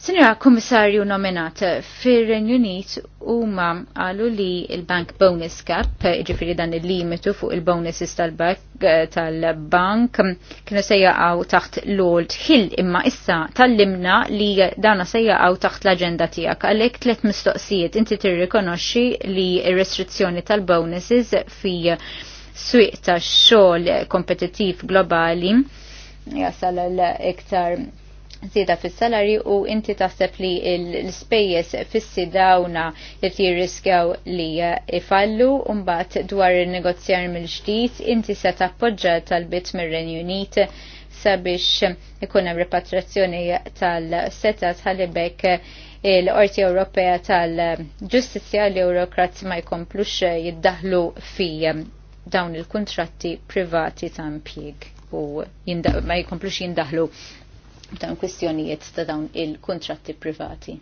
Sinjora Komissarju nominat fir-Renju Unit huma għalu li il-Bank Bonus Cap, ġifiri dan il-limitu fuq il-bonuses tal-bank tal-bank kienu sejjaqgħu taħt l-old hill imma issa tal-limna li dana sejjaqgħu taħt l-aġenda tiegħek għalhekk tliet mistoqsijiet inti tirrikonoxxi li r-restrizzjoni tal-bonuses fi swieq tax-xogħol kompetittiv globali jasal l-iktar zieda fis-salari u inti taħseb li l-spejjeż fissi dawna irid jirriskjaw li ifallu u mbagħad dwar in-negozjar mill-ġdid inti se tappoġġa talbit mir-Renju Unit sabiex ikun hemm repatrazzjoni tal-seta tħallibek l-Qorti Ewropea tal-Ġustizzja li Eurokrat ma jkomplux jiddaħlu fi dawn il-kontratti privati ta' impjieg u ma jkomplux jindaħlu b'dawn kwistjonijiet ta' dawn il-kontratti privati.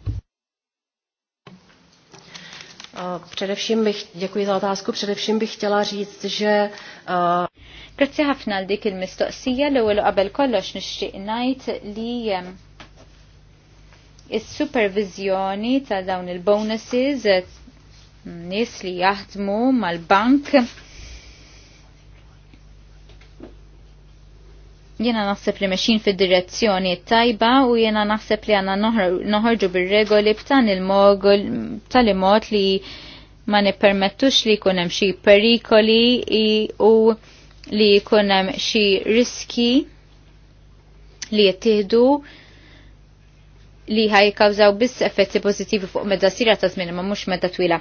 Především bych, děkuji za otázku, především bych chtěla říct, že... Grazie ħafna għal dik il-mistoqsija l ewwel qabel kollox nixtieq ngħid li is-supervizjoni ta' dawn il-bonuses nies li jaħdmu mal-bank Jena naħseb li meċin fi direzzjoni tajba u jena naħseb li għanna noħorġu bil-regoli b'tan il-mogol tal-imot li ma nipermettux li kunem xi perikoli u li kunem xi riski li jittihdu li ħaj kawżaw biss effetti pozitivi fuq medda sira ta' żmien ma mhux medda twila.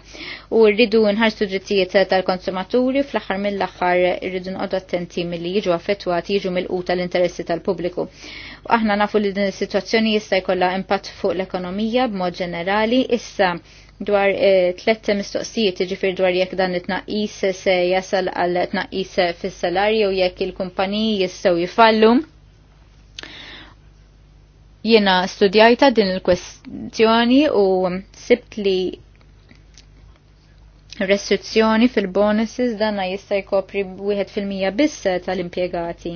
U rridu nħarsu drittijiet tal-konsumaturi fl-aħħar mill-aħħar rridu nqogħdu attenti milli jiġu affettwati jiġu mill-quta tal interessi tal-pubbliku. U aħna nafu li din is-sitwazzjoni jista' jkollha impatt fuq l-ekonomija b'mod ġenerali issa dwar eh, tlet mistoqsijiet ġifir dwar jekk dan it-tnaqqis se jasal għal tnaqqis fis-salarju jekk il-kumpaniji jistgħu jifallu Jiena studjajta din il-kwestjoni u sibt li restrizzjoni fil-bonuses danna jista' jkopri wieħed fil-mija biss tal-impjegati.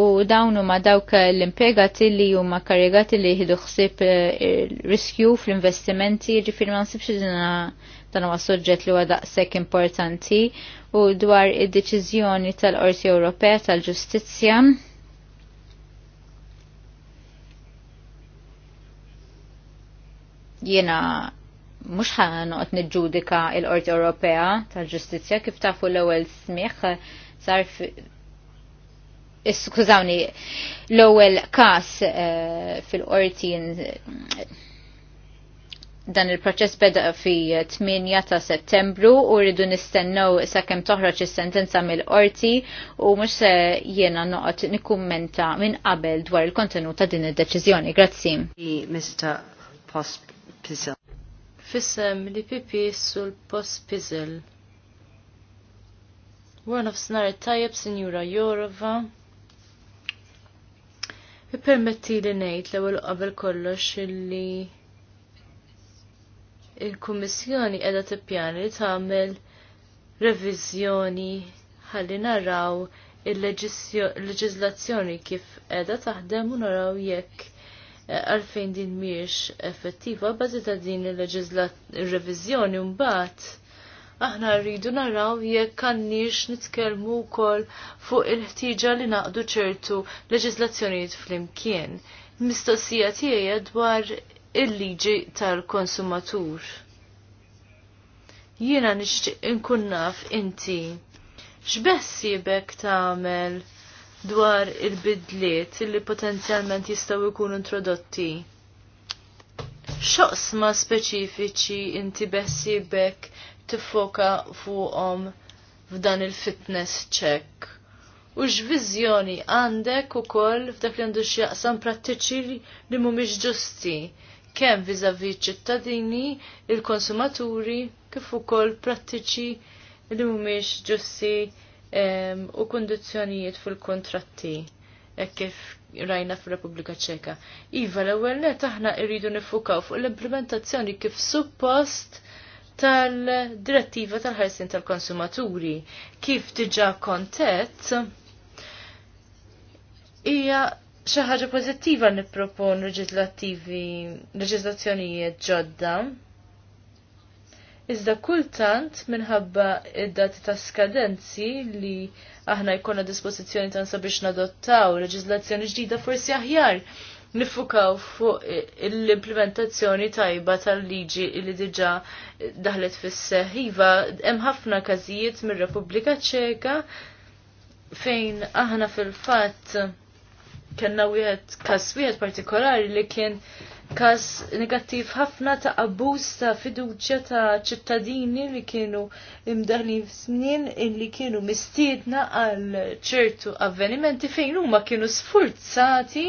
U dawn huma dawk l-impjegati li huma karigati li jieħdu xsib eh, riskju fl-investimenti, ġifieri ma nsibx dinha dan huwa suġġett li huwa daqshekk importanti u dwar id-deċiżjoni tal-Qorti Ewropea tal-Ġustizzja Jiena mhux ħanoqgħod niġġudika l-Qorti Ewropea tal-Ġustizzja kif tafu l-ewwel smieħ sar Iskużawni, l-ewwel każ eh, fil-qorti eh, dan il-proċess beda fi 8 ta' settembru u rridu nistennew sakemm toħroġ is-sentenza mill-qorti u mhux se jiena noqgħod nikkummenta minn qabel dwar il-kontenut ta' din id-deċiżjoni. Grazzi. Mr. Post pizza. Fissem li pipi sul post pizzel. One of snar tajab sinjura Jorova. Ipermetti li nejt l ewwel qabel kollox illi il-Kummissjoni qiegħda tippjana li tagħmel reviżjoni ħalli naraw il-leġiżlazzjoni kif qiegħda taħdem u naraw jekk għalfejn din miex effettiva bazi ta' din il-reviżjoni mbagħad aħna rridu naraw jekk għandniex nitkellmu wkoll fuq il-ħtieġa li naqdu ċertu leġiżlazzjonijiet flimkien. Mistoqsija tiegħi dwar il-liġi tal-konsumatur. Jiena nixtieq inkun naf inti x'beħsiebek tagħmel ta dwar il-bidliet li potenzjalment jistgħu jkunu introdotti. X'oqsma speċifiċi inti bessibek tiffoka fuqhom f'dan il-fitness check? u x'viżjoni għandek ukoll f'dak li għandu x'jaqsam prattiċi li mhumiex ġusti kemm viżavi ċittadini, il-konsumaturi kif ukoll prattiċi li mhumiex ġusti u kondizjonijiet fil-kontratti e kif rajna fil-Repubblika Ċeka. Iva l-ewwel net aħna irridu nifukaw fuq l-implementazzjoni kif suppost tal-direttiva tal-ħarsin tal-konsumaturi. Kif diġa kontet, hija xi ħaġa pożittiva nippropon leġislattivi leġislazzjonijiet ġodda Iżda kultant minħabba id-dati ta' skadenzi li aħna jkollna dispożizzjoni tansa biex nadottaw leġislazzjoni ġdida forsi aħjar nifukaw fuq l-implementazzjoni tajba tal-liġi li diġa daħlet fis-seħiva hemm ħafna każijiet mir-Repubblika Ċeka fejn aħna fil-fatt kellna wieħed każ wieħed partikolari li kien kas negattiv ħafna ta' abbuż ta' fiduċja ta' ċittadini li kienu imdaħni f'snin illi kienu mistiedna għal ċertu avvenimenti fejn huma kienu sfurzati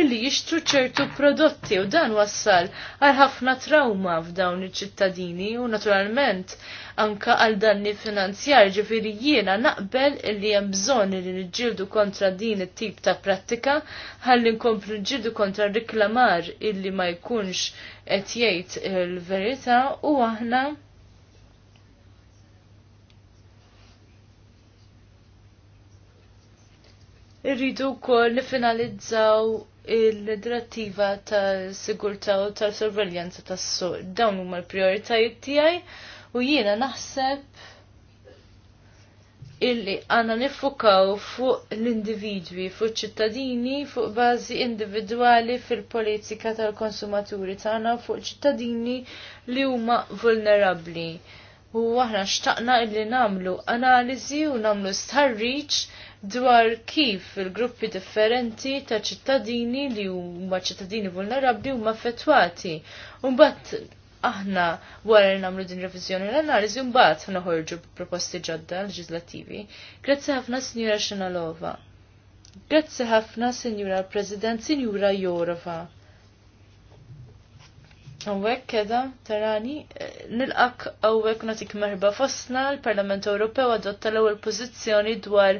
illi jixtru ċertu prodotti u dan wassal għal ħafna trauma f'dawn iċ-ċittadini u naturalment anka għal danni finanzjar ġifiri jiena naqbel li hemm bżonn li niġġieldu kontra din it-tip ta' prattika ħalli nkomplu nġildu kontra riklamar illi ma jkunx qed jgħid il-verità u aħna irridu kol nifinalizzaw il-direttiva ta' sigurta u ta' sorveljanza ta' s-sur. Dawn huma l-prioritajiet tiegħi U jiena naħseb illi għanna nifukaw fuq l-individwi, fuq ċittadini, fuq bażi individwali fil-politika tal-konsumaturi tagħna fuq ċittadini li huma vulnerabbli. U aħna xtaqna illi namlu analiżi u namlu starriċ dwar kif il-gruppi differenti ta' ċittadini li huma ċittadini vulnerabbli huma affettwati. Imbagħad aħna wara li nagħmlu din revizjoni l-analiżi mbagħad noħorġu proposti ġodda leġislattivi. Grazzi ħafna Sinjura Xinalova. Grazzi ħafna Sinjura President Sinjura Jorova. Għawek keda, tarani, nil-ak għawek natik merba fosna l-Parlament Ewropew adotta l-ewel pozizjoni dwar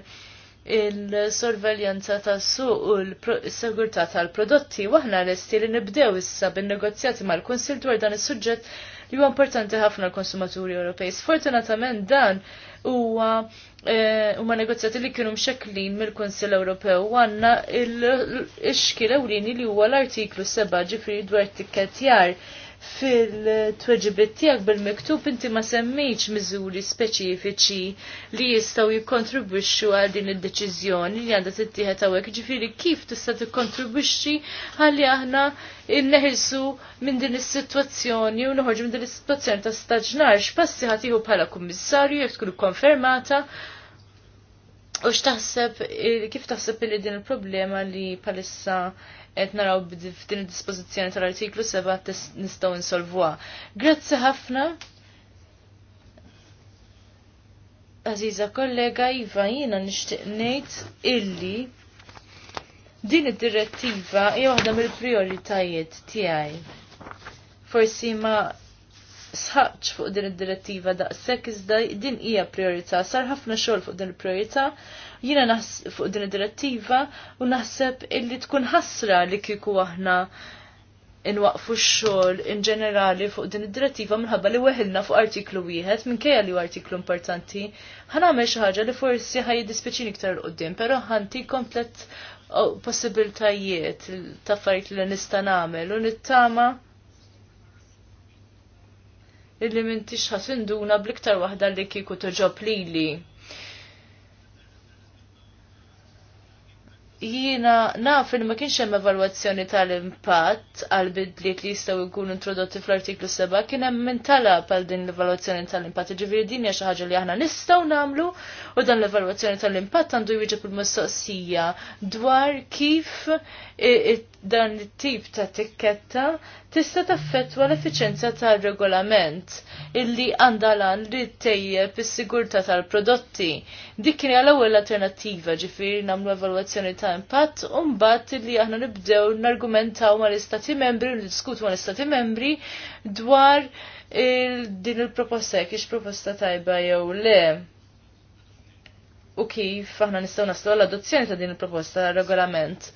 il-sorveljanza tas suq u l-segurtà tal-prodotti waħna lesti li nibdew issa bin-negozjati mal l-Konsil dwar dan is-suġġett li huwa importanti ħafna l-konsumaturi Ewropej. Sfortunatament dan huwa eh, huma negozjati li kienu mxekklin mill-Kunsill Ewropew u għandna l-ixkil ewlieni li huwa l-artiklu 7 ġifri dwar t jar fil tweġibet tiegħek bil-miktub inti ma semmiċ miżuri speċifiċi li jistgħu jikkontribwixxu għal din id-deċiżjoni li għandha tittieħed hawnhekk. ġifiri kif tista' tikkontribwixxi għalli aħna nneħilsu minn din is-sitwazzjoni u noħorġu minn din is situazzjoni ta' staġnar x'passi ħatiħu bħala kummissarju jekk tkun konfermata u x'taħseb kif taħseb il din il-problema li palissa qed naraw f'din id-dispożizzjoni tal-artiklu 7 nistgħu insolvuha. Grazzi ħafna. Aziza kollega Iva, jiena nixtieq ngħid illi din id-direttiva hija waħda mill prioritajiet tiegħi. Forsi ma sħaċ fuq din id-direttiva daqshekk iżda din hija priorità. Sar ħafna xogħol fuq din il-priorità, jiena fuq din id-direttiva u naħseb illi tkun ħasra li kieku aħna inwaqfu x-xogħol in ġenerali fuq din id-direttiva minħabba li weħilna fuq artiklu wieħed minkejja li hu artiklu importanti. Ħanagħmel xi ħaġa li forsi ħajdispiċini iktar qudiem, però ħanti komplet oh, possibiltajiet ta' affarijiet li nista' nagħmel u nittama' illi m'intix ħasinduna bliktar waħda li kieku toġob lili. jiena naf li ma kienx hemm evalwazzjoni tal-impatt għal bidliet li jistgħu jkunu introdotti fl-artiklu 7 kien hemm min talab għal din l-evalwazzjoni tal-impatt. Ġifieri din xi ħaġa li aħna nistgħu nagħmlu u dan l-evalwazzjoni tal-impatt għandu jwieġeb il-mistoqsija dwar kif dan it-tip ta' tikketta tista taffettwa l efficienza tal-regolament illi għandalan li tejjeb is-sigurta tal-prodotti. Dik kien l-ewwel alternattiva ġifiri nagħmlu evalwazzjoni ta' impatt u mbagħad illi aħna nibdew nargumentaw mal-istati membri u ma' mal-istati membri dwar il din il-proposta kiex proposta tajba jew le u kif aħna nistgħu naslu l adozzjoni ta' din il-proposta regolament.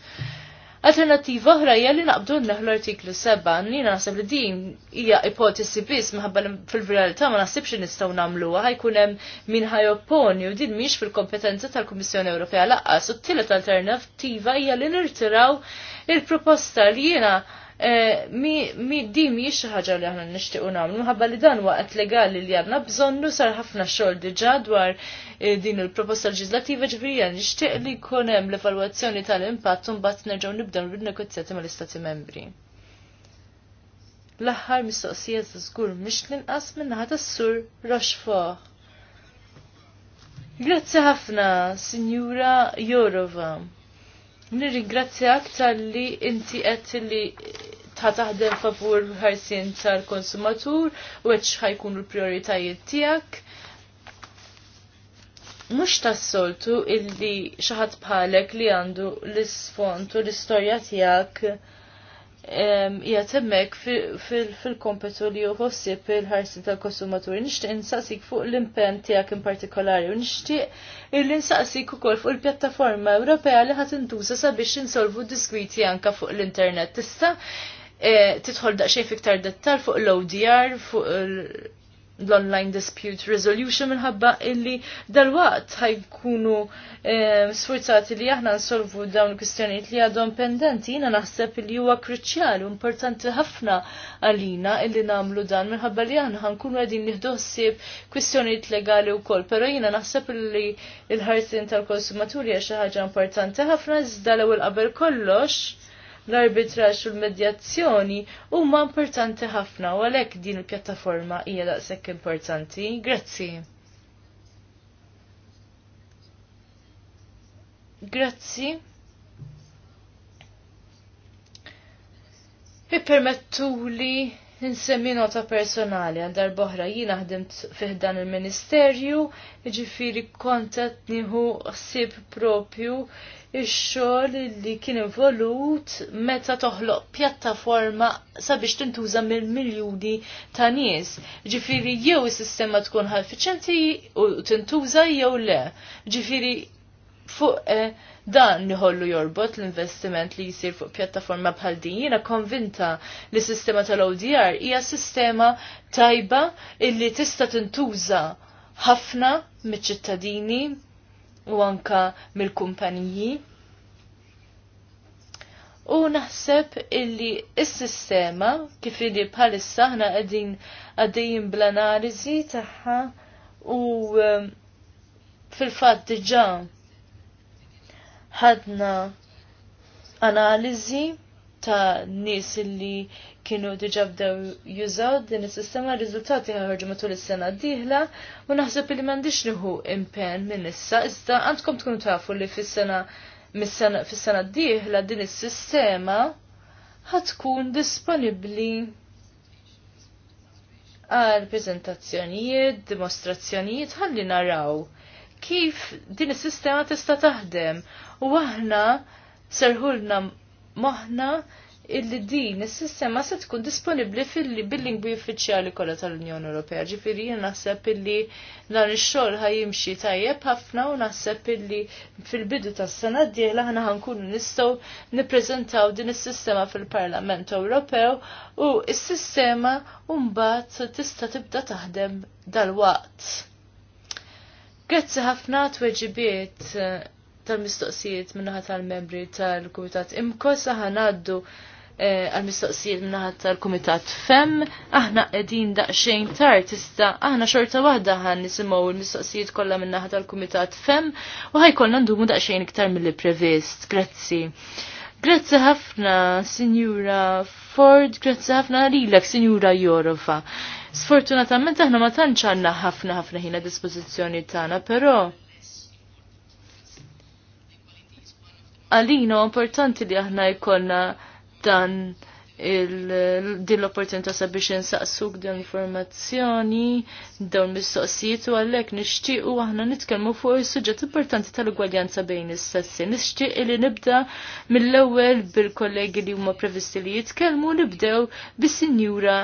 Alternativa oħra hija li naqbdu nleħ l-artiklu 7, nina naħseb li din hija ipotesi biss minħabba fil-verità ma naħsibx nistgħu nagħmluha ħajkun hemm min ħajopponi u din mhix fil-kompetenza tal-Kummissjoni Ewropea laqqas u t-tielet alternattiva hija li nirtiraw il-proposta li jiena Eh, mi di mi ħaġa li aħna nixtiequ nagħmlu minħabba li dan waqt legali li għandna bżonnu sar ħafna xogħol diġà dwar eh, din il-proposta leġislattiva ġifieri nixtieq li jkun hemm l-evalwazzjoni tal-impatt u mbagħad nerġgħu nibdew bin-negozjati mal-Istati Membri. L-aħħar mistoqsija ta' żgur mhix linqas minnaħa tas-sur Rochefort. Grazzi ħafna, Sinjura Jorova. Nirringrazzjak tal-li inti qed li ta' taħdem favur ħarsien tal-konsumatur u għedx ħajkun l-prioritajiet tijak. Mux tassoltu soltu illi xaħat bħalek li għandu l-sfont u l-istorja tijak jatemmek fil-kompetu li uħossi il-ħarsin tal-konsumaturi. Nixtieq insaqsik fuq l-impenn tiegħek in partikolari u nixtieq illi nsaqsik ukoll fuq il-pjattaforma Ewropea li ħat intuża sabiex insolvu diskwiti anka fuq l-internet. Tista' eh, titħol daqsxejn fiktar dettal fuq l-ODR, fuq l-online dispute resolution minħabba illi dal-waqt ħajkunu eh, sforzati li aħna nsolvu dawn kwistjonijiet li għadhom pendenti, jina naħseb li huwa kruċjali, u importanti ħafna għalina illi namlu dan minħabba li aħna ħankunu għedin nieħdu ħsieb kwistjonijiet legali wkoll, però jina naħseb li l-ħarsin tal-konsumaturi hija xi ħaġa importanti ħafna iżda l-ewwel qabel kollox l-arbitraġġ u l-medjazzjoni huma importanti ħafna u għalhekk din il-pjattaforma hija daqshekk importanti. Grazzi. Grazzi. Ippermettu li Nsemmi nota personali għal darboħra jina ħdimt fiħdan il-ministerju, ġifiri kontat nieħu ħsib propju ix-xogħol li kien involut meta toħloq pjattaforma sabiex tintuża mill-miljuni ta' nies. Ġifieri jew is-sistema tkun ħalfiċenti u tintuża jew le. Ġifieri fuq eh, dan niħollu jorbot l-investiment li jisir fuq pjattaforma bħal din. Jiena konvinta li sistema tal-ODR hija sistema tajba illi tista' tintuża ħafna miċ-ċittadini u anka mill-kumpaniji. U naħseb illi is-sistema kif li bħalissa ħna qegħdin għaddejjin bl-analiżi tagħha u um, fil-fatt diġà ħadna analiżi ta' nies illi kienu diġa bdew jużaw din is-sistema r-riżultati ħarġu matul is-sena d-dieħla u naħseb li m'għandix nieħu impenn minn issa iżda għandkom tkunu tafu li fis-sena fis-sena d-dieħla din is-sistema ħatkun disponibbli għal prezentazzjonijiet, dimostrazzjonijiet ħalli naraw kif din is-sistema tista' taħdem u aħna serħulna moħna illi din is-sistema se tkun disponibbli bil-lingwi uffiċjali kollha tal-Unjoni Ewropea. Ġifieri jien naħseb illi dan ix-xogħol ħajjimxi tajjeb ħafna u naħseb illi fil-bidu tas-sena d-dieħla aħna ħankunu nistgħu nippreżentaw din is-sistema fil-Parlament Ewropew u s-sistema mbagħad tista' tibda taħdem dal-waqt. Grazzi ħafna tweġibiet eh, tal-mistoqsijiet minnaħat tal-membri tal-Kumitat Imkosa ħanaddu Eh, għal-mistoqsijiet minnaħat tal-Kumitat FEM, aħna qegħdin daqsxejn tard tista' aħna xorta waħda ħan nisimaw l-mistoqsijiet kollha minnaħat tal-Kumitat FEM u kolla ndumu daqsxejn iktar milli previst. Grazzi. Grazzi ħafna, Sinjura Ford, grazzi ħafna lilek, Sinjura Jorofa. Sfortunatament aħna ma tantx għandna ħafna ħafna ħina dispozizjoni tagħna, però għalina importanti li aħna jkollna dan din l-opportunità sabiex insaqsuk dan informazzjoni dawn mistoqsijiet u għallek nixtieq u aħna nitkellmu fuq is-suġġett importanti tal-ugwaljanza bejn is-sessi. Nixtieq li nibda mill-ewwel bil-kollegi li huma previsti li jitkellmu nibdew bis-Sinjura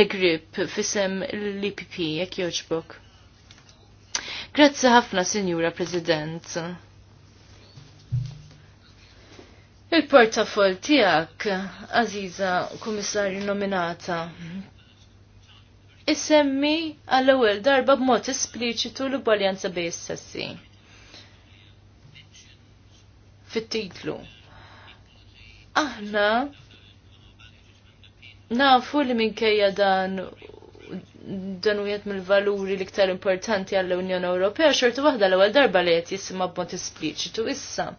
Legrip fisem l-IPP jekk jogħġbok. Grazzi ħafna, Sinjura President. Il-portafol tijak, Aziza, komissarju nominata, Isemmi għall ewwel darba b'mod espliċitu l-ugwaljanza bej sessi fit-titlu. Aħna nafu li minkejja dan dan ujiet mill-valuri l-iktar importanti għall-Unjoni Ewropea xortu waħda l-ewwel darba li qed jisimha b'mod espliċitu issa.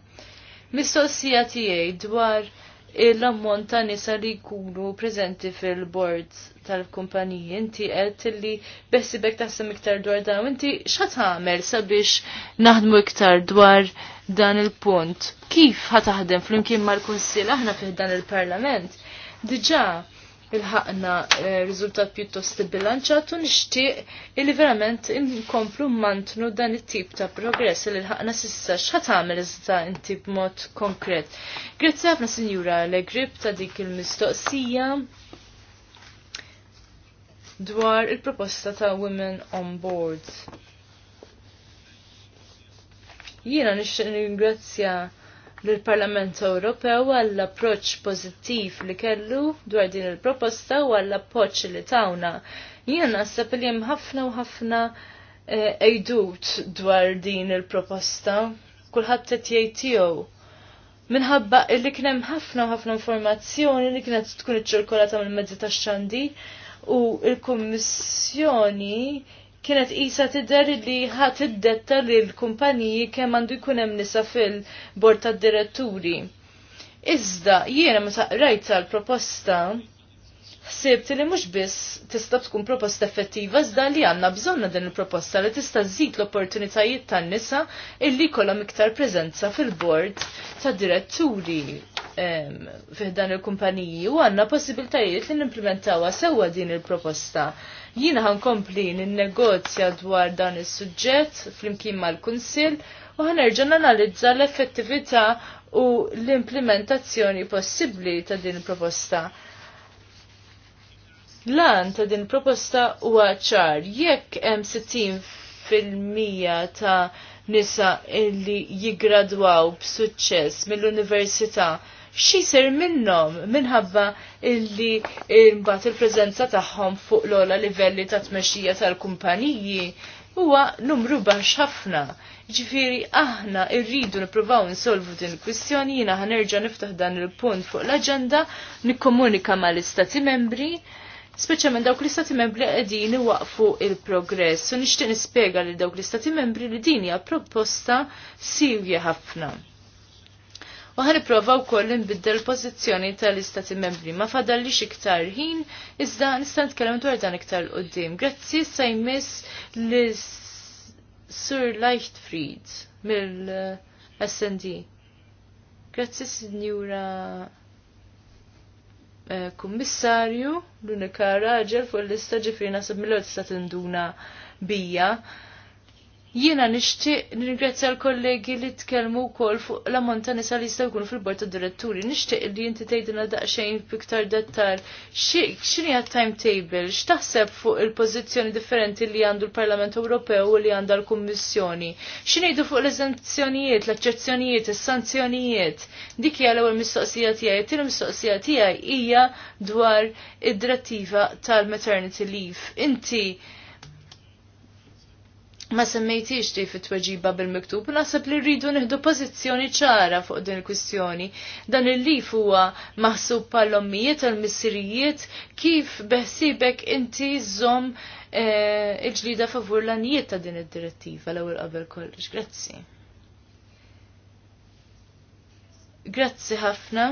Mistoqsija tiegħi dwar l-ammont ta' nisa li jkunu preżenti fil-boards tal-kumpaniji, inti qed li beħsibek taħsem iktar dwar dan, inti x'ħat tagħmel sabiex naħdmu iktar dwar dan il-punt. Kif ħataħdem flimkien mal-Kunsill aħna fih dan il-Parlament? Diġà, il-ħakna eh, riżultat pjuttost bilanċat u nixtieq li verament inkomplu mantnu dan it-tip ta' progress li l-ħakna sissa x'ħat għamil iżda inti b'mod konkret. Grazzi ħafna Sinjura Legrib ta' dik il-mistoqsija dwar il-proposta ta' Women on Board. Jiena nixtieq ningrazzja l-Parlament Ewropew għall approċ pozittiv li kellu dwar din il-proposta u għall appoċ li tawna. Jien naħseb li hemm ħafna u ħafna eh, ejdut dwar din il-proposta. Kulħadd qed jgħid minħabba li hemm ħafna ħafna informazzjoni li kienet tkun iċ-ċirkolata mill-mezzi tax-xandi u l kummissjoni kienet isa tidder li ħat iddetta li l-kumpaniji kemm għandu jkun hemm nisa fil-bord tad-diretturi. Iżda jiena ma qrajt tal-proposta ħsibt li mhux biss tista' tkun proposta effettiva iżda li għandna bżonna din il-proposta li tista' żid l-opportunitajiet tan-nisa illi jkollhom iktar preżenza fil-bord tad-diretturi fiħdan il-kumpaniji u għanna possibiltajiet li n-implementawa sewa din il-proposta. Jina kompli n-negozja dwar dan il-sujġet fl-imkien mal-Kunsil u erġan nanalizza l-effettività u l-implementazzjoni possibli ta' din il-proposta. Lan ta' din proposta huwa ċar jekk hemm 60 fil-mija ta' nisa illi jigradwaw b'suċċess mill-università xisir minnom minħabba illi mbagħad il-preżenza tagħhom fuq l-ola livelli ta' tmexxija tal-kumpaniji huwa numru baxx ħafna. Ġifiri, aħna irridu nippruvaw nsolvu din il-kwistjoni, jina ħanerġa niftaħ dan il-punt fuq l-agenda, nikkomunika ma l-istati membri, speċjalment dawk l-istati membri qegħdin waqfu il-progress u nixtieq nispjega lil dawk l-istati membri li din hija proposta sirja ħafna u ħan iprova wkoll nbiddel pożizzjoni tal-istati membri. Ma fadalli iktar ħin, iżda nista' nitkellem dwar dan iktar l-qoddim. Grazzi sa jmiss li Sir Leichtfried mill-SND. Grazzi Signora eh, Kummissarju, l-unika raġel fuq l-lista ġifri nasib mill-għod tinduna bija. Jiena nixtieq nirringrazzja l-kollegi li tkellmu wkoll fuq l-ammont nisa li jistgħu jkunu fil-bord tad diretturi. Nixtieq li inti tgħidilna daqsxejn b'iktar dettal x'inhi timetable, x'taħseb fuq il-pożizzjoni differenti li għandu l-Parlament Ewropew u li għandha l-Kummissjoni. X'inhidu fuq l-eżenzjonijiet, l aċċezzjonijiet is-sanzjonijiet. Dik hija l-ewwel mistoqsija tiegħi, it-tieni mistoqsija tiegħi hija dwar id-direttiva tal-maternity leave. Inti ma semmejtix ti fit tweġiba bil-miktub, naħseb li rridu nieħdu pożizzjoni ċara fuq din il-kwistjoni. Dan il-lif huwa maħsub pal-ommijiet tal-missirijiet kif beħsibek inti zom eh, il-ġlida favur l-anijiet ta' din id-direttiva l-ewwel qabel kollox. Grazzi. Grazzi ħafna.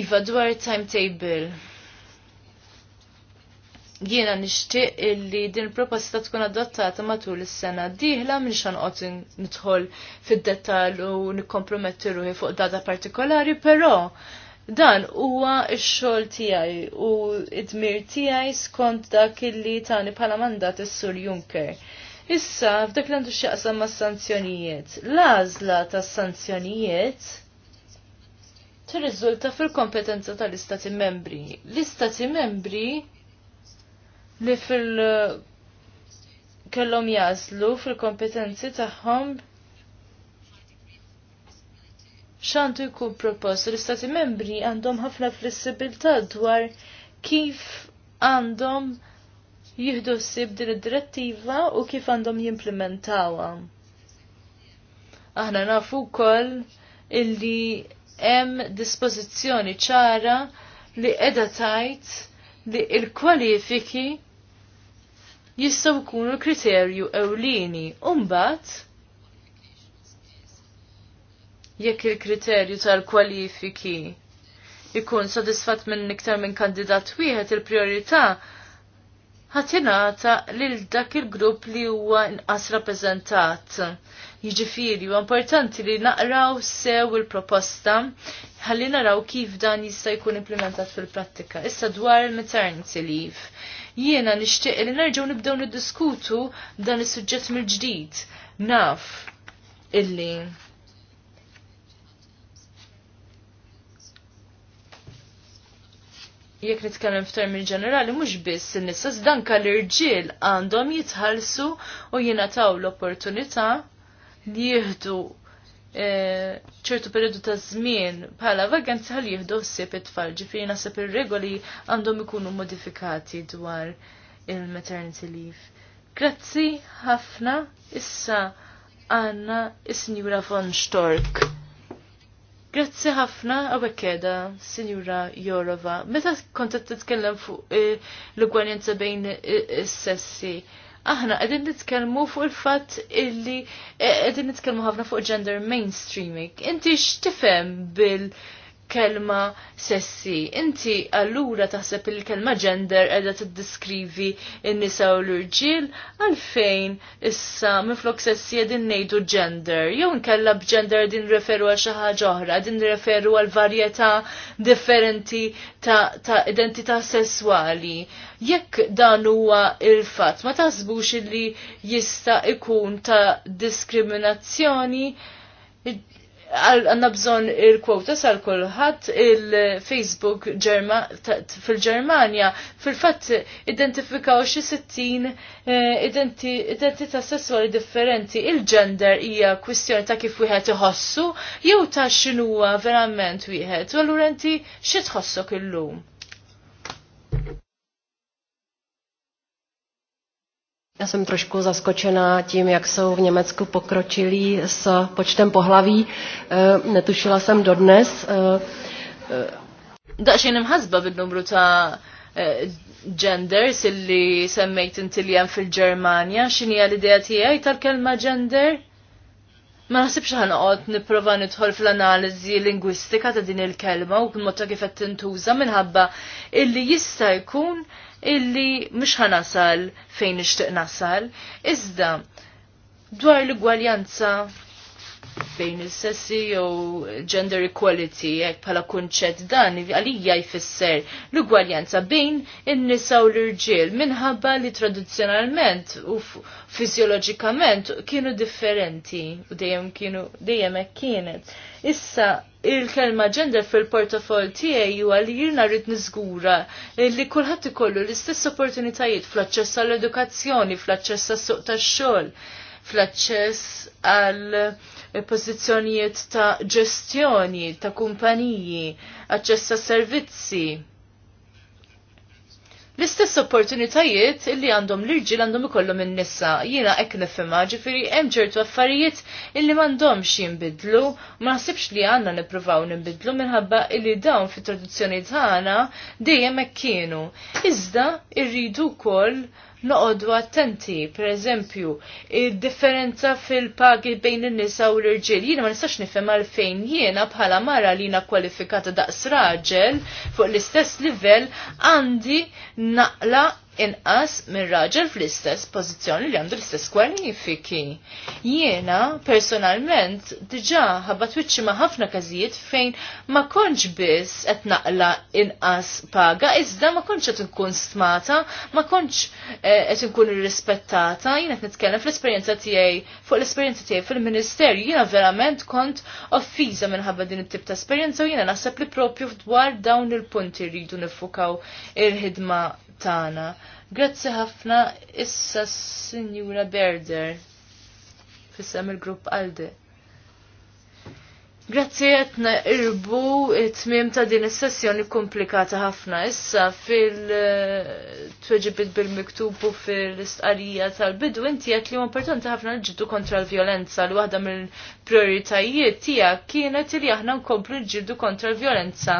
Iva, dwar timetable jiena nixtieq illi din il-proposta tkun adottata matul is-sena diħla minn xanqot nidħol fid-dettall u nikkompromettu ruħi fuq data partikolari, però dan huwa x-xogħol tiegħi u id-dmir tiegħi skont dak illi tani bħala mandat is-Sur Juncker. Issa, f'dak l għandu x'jaqsam ma' sanzjonijiet. L-għażla tas sanzjonijiet tirriżulta fil-kompetenza tal-Istati membri. L-Istati membri li fil- kellhom jaslu fil-kompetenzi tagħhom xantu jkun propost l-istati membri għandhom ħafna flessibilità dwar kif għandhom jihdu ssib din id-direttiva u kif għandhom jimplementawa. Aħna nafu wkoll illi hemm dispożizzjoni ċara li qiegħda tajt li l-kwalifiki jistgħu jkunu kriterju ewlieni. Umbat, jekk il-kriterju tal-kwalifiki ikun sodisfatt minn iktar minn kandidat wieħed il-priorità ħatinata lil dak il-grupp li huwa inqas rappreżentat. Jiġifieri huwa importanti li naqraw sew il-proposta ħalli naraw kif dan jista' jkun implementat fil-prattika. Issa dwar il-maternity leave jiena nixtieq li nerġgħu nibdew niddiskutu dan is-suġġett mill-ġdid. Naf illi jekk nitkellem f'termin ġenerali mhux biss in-nisa żdanka l-irġiel għandhom jitħallsu u jingħataw l-opportunità li jieħdu E, ċertu periodu ta' żmien bħala vaganza ħalli jieħdu ħsieb it-tfal, ġifiri naħseb ir-regoli għandhom ikunu modifikati dwar il-maternity leave. Grazzi ħafna issa għanna is-Sinjura von Stork. Grazzi ħafna għawekeda, Sinjura Jorova. Meta kontet titkellem fuq e, l-ugwanjenza bejn is-sessi, e, aħna qegħdin nitkellmu fuq il-fatt illi eh, qegħdin nitkellmu ħafna fuq gender mainstreaming. Inti x'tifhem bil- kelma sessi. Inti allura taħseb il-kelma gender edha tiddiskrivi n-nisa u l urġil għalfejn issa minflok sessi edin nejdu gender. Jew nkella b'gender din referu għal xi ħaġa oħra, din referu għal varjetà differenti ta', ta identità sesswali. Jekk dan huwa il-fatt, ma taħsbux li jista' ikun ta' diskriminazzjoni għanna bżon il-kwota sal kulħadd il-Facebook fil-Ġermanja fil-fatt identifikaw xi 60 eh, identità sessuali differenti. Il-gender hija kwistjoni ta' kif wieħed iħossu jew ta' x'inhuwa verament wieħed. U allura inti xi tħossok illum? Já jsem trošku zaskočená tím, jak jsou v Německu pokročilí s počtem pohlaví. E, netušila jsem dodnes. E, e, Daqxin imħazba bil-numru ta' genders illi semmejt inti li fil-Germania, xini għal-idea tijaj tal-kelma gender? Ma naħsibx ħanqot niprofa nidħol fl-analiżi lingwistika ta' din il-kelma u b'mod ta' kif qed tintuża minħabba illi jista' jkun illi mhux ħanasal fejn nixtieq nasal, iżda dwar l-igwaljanza bejn il-sessi jew gender equality jekk bħala kunċett dan għalija jfisser l gwaljanza bejn in-nisa u l-irġiel minħabba li tradizzjonalment u fizjoloġikament kienu differenti u dejjem kienu dejjem hekk kienet. Issa il-kelma gender fil-portofol tiegħi huwa li jirna rrid niżgura li kulħadd ikollu l-istess opportunitajiet fl-aċċess għall-edukazzjoni, fl-aċċess għas-suq tax-xogħol, fl-aċċess għal pożizzjonijiet ta' ġestjoni, ta' kumpaniji, aċċess tas servizzi l-istess opportunitajiet illi għandhom l-irġil għandhom ikollhom in-nisa. Jiena hekk nifhimha, ġifieri hemm ċertu affarijiet illi m'għandhomx jinbidlu, ma naħsibx li għandna nippruvaw ninbidlu minħabba illi dawn fit-traduzzjoni tagħna dejjem hekk kienu. Iżda rridu wkoll noqodu attenti, per eżempju, il-differenza fil-pagi bejn in-nisa u l-irġiel. Jiena ma nistax nifhem għalfejn jiena bħala mara li kwalifikata daqs raġel fuq l-istess livell għandi naqla inqas minn raġel fl-istess pożizzjoni li għandu l-istess kwalifiki. Jiena personalment diġà ħabat wicċi ma' ħafna każijiet fejn ma konċ biss qed naqla inqas paga, iżda ma konċ qed inkun stmata, ma konċ eh, qed inkun irrispettata, jiena qed nitkellem fl-esperjenza tiegħi fuq l-esperjenza tiegħi fil-Ministerju, jiena verament kont offiża minħabba din it-tip ta' esperjenza u jiena naħseb li propju dwar dawn il-punti rridu nifukaw il-ħidma Tana, Grazzi ħafna issa Sinjura Berder fissam il-grupp Alde. Grazzi għetna irbu it-tmim ta' din is-sessjoni komplikata ħafna. Issa fil-tweġibit bil-miktubu fil-istqarija tal-bidu inti għet li importanti ħafna nġiddu kontra l-violenza li waħda mill-prioritajiet tijak kienet li aħna nkomplu l-ġiddu kontra l-violenza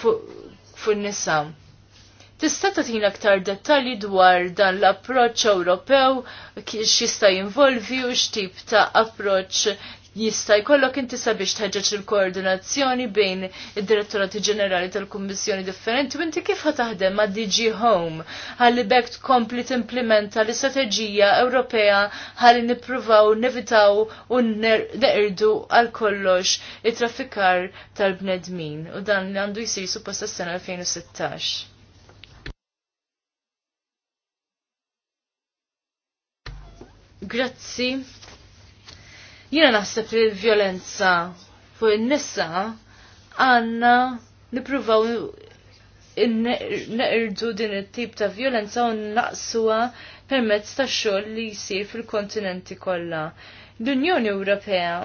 fuq fu nisa Tista' tagħtina aktar dettalji dwar dan l-approċċ Ewropew x'jista' jinvolvi u x'tip ta' approċċ jista' jkollok inti sabiex tħeġġeġ il-koordinazzjoni bejn id-Direttorati Ġenerali tal-Kummissjoni differenti u inti kif taħdem ma' DG Home ħalli bekk tkompli timplementa l-istrateġija Ewropea ħalli nippruvaw nevitaw u neqirdu għal kollox it-traffikar tal-bnedmin u dan li għandu jsir suppost sena 2016. Grazzi. Jiena naħseb li l-vjolenza fuq in-nisa għandna n neqirdu din it-tip ta' violenza u naqsuha permezz ta' xogħol li jsir fil-kontinenti kollha. L-Unjoni Ewropea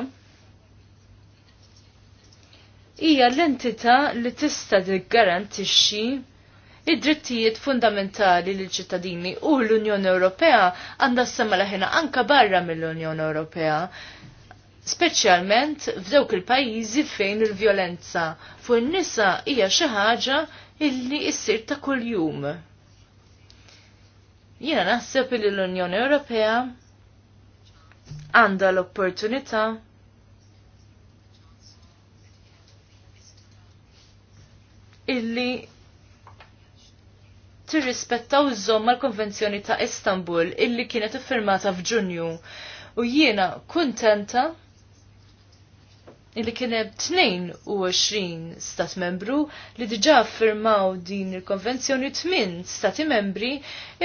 hija l-entità li tista' tiggarantixxi id-drittijiet fundamentali li ċittadini u l-Unjoni Ewropea għandha s-sema laħina anka barra mill-Unjoni Ewropea. Speċjalment f'dawk il-pajjiżi fejn il-vjolenza fuq in-nisa hija xi ħaġa illi issir ta' kuljum. Jiena naħseb li l-Unjoni Ewropea għandha l-opportunità illi tirrispettaw iżomm mal-Konvenzjoni ta' Istanbul illi kienet iffirmata f'Ġunju. U jiena kuntenta illi hemm 22 stat membru li diġa firmaw din il-konvenzjoni 8 stati membri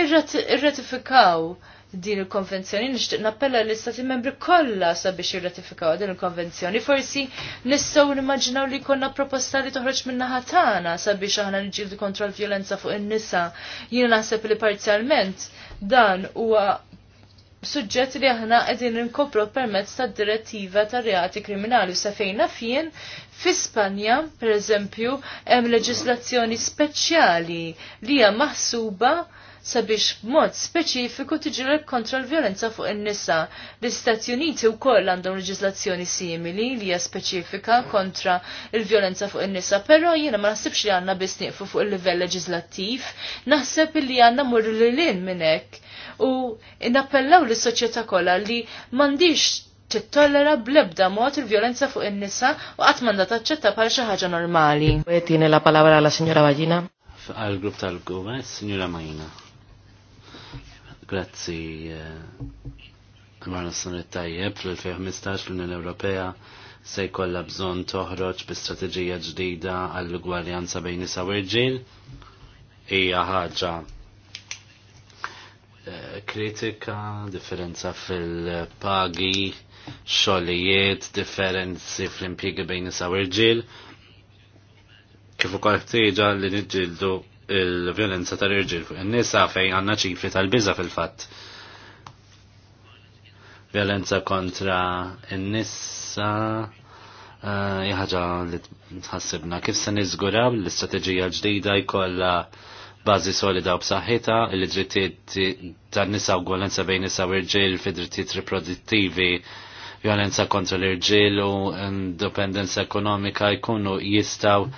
irratifikaw din il-konvenzjoni, nixtieq nappella l-istati membri kollha sabiex jirratifikaw din il-konvenzjoni. Forsi nistgħu nimmaġinaw li jkollna proposta li toħroġ minna naħa tagħna sabiex aħna niġġieldu kontra l-vjolenza fuq in-nisa. Jina naħseb li parzjalment dan huwa suġġett li aħna qegħdin inkopru permezz tad-direttiva tar reati kriminali sa fejna fien fi Spanja, pereżempju, hemm leġislazzjoni speċjali li hija maħsuba sabiex b'mod speċifiku tiġri kontra l-violenza fuq in-nisa. L-Istati Uniti wkoll għandhom leġislazzjoni simili li hija speċifika kontra l-violenza fuq in-nisa, però jiena ma naħsibx li għandna biss nieqfu fuq il-livell leġislattiv, naħseb li għandna mmur lilin minn hekk u nappellaw lis-soċjetà kollha li m'għandix tittollera blebda mod il-violenza fuq in-nisa u qatt m'għandha taċċetta bħal xi ħaġa normali. Tieni la palabra la signora Vagina. Għal grupp tal-Gomez, signora Majina. Grazzi eh, għamar s-sunit tajjeb fl-2015 l-Unjoni Ewropea se jkollha bżonn toħroġ bi strateġija ġdida għall-gwaljanza bejn nisa u rġiel. Hija ħaġa eh, kritika, differenza fil-pagi, xogħlijiet, differenzi fl-impjiegi bejn nisa u rġiel kif ukoll ħtieġa li niġġieldu il-violenza tal-irġil fuq in-nisa fejn għandna ċifri tal-biża fil-fatt. Violenza kontra in-nisa eh, ħaġa li tħassibna kif se niżguraw l-istrateġija ġdida jkollha bażi solida u b'saħħitha li drittijiet tan-nisa u violenza bejn nisa u irġiel fi drittijiet riproduttivi violenza kontra l-irġiel u indipendenza ekonomika jkunu jistaw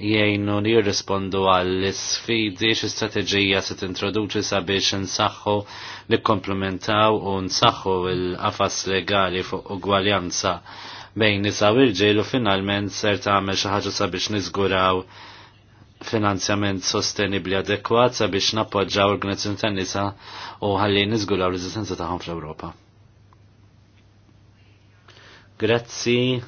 jgħinu li jirrispondu għall sfidi x-strategija se t-introduċi sabiex nsaxħu li komplementaw u nsaxħu l qafas legali fuq ugwaljanza bejn nisa u irġiel u finalment ser tagħmel xi ħaġa sabiex niżguraw finanzjament sostenibli adekwat sabiex nappoġġaw organizzazzjoni tan nisa u ħalli nizguraw l-eżistenza tagħhom fl-Ewropa. Grazzi.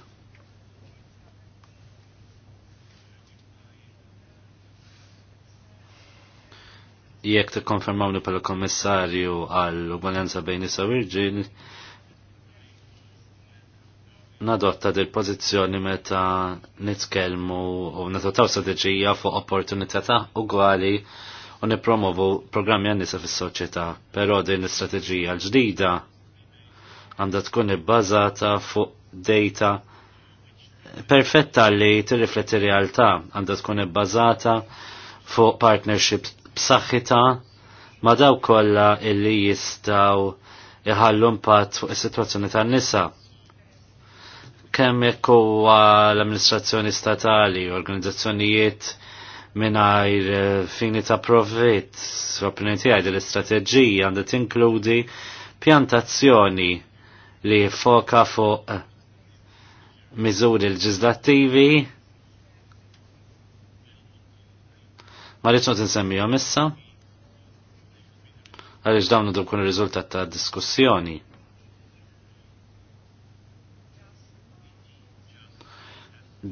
jekk tikkonfermawni pala kommissarju għall uguaglianza bejn nisa u irġiel, nadotta dil pożizzjoni meta nitkellmu u natotaw strateġija fuq opportunità ta' ugwali u nipromovu programmi għan-nisa fis-soċjetà, però din l-istrateġija l-ġdida għandha tkun ibbażata fuq data perfetta li tirrifletti realtà għandha tkun ibbażata fuq partnerships b'saħħitha ma daw kollha illi jistgħu iħallu impatt fuq is-sitwazzjoni tan-nisa. Kemm hekk huwa l-amministrazzjoni statali, u organizzazzjonijiet mingħajr eh, fini ta' profitt, s-opinjoni tiegħi l-istrateġija għandha tinkludi pjantazzjoni li foka fuq miżuri leġislattivi Ma rridx noqgħod insemmihom issa għaliex dawn idu kun ir-riżultat ta' diskussjoni.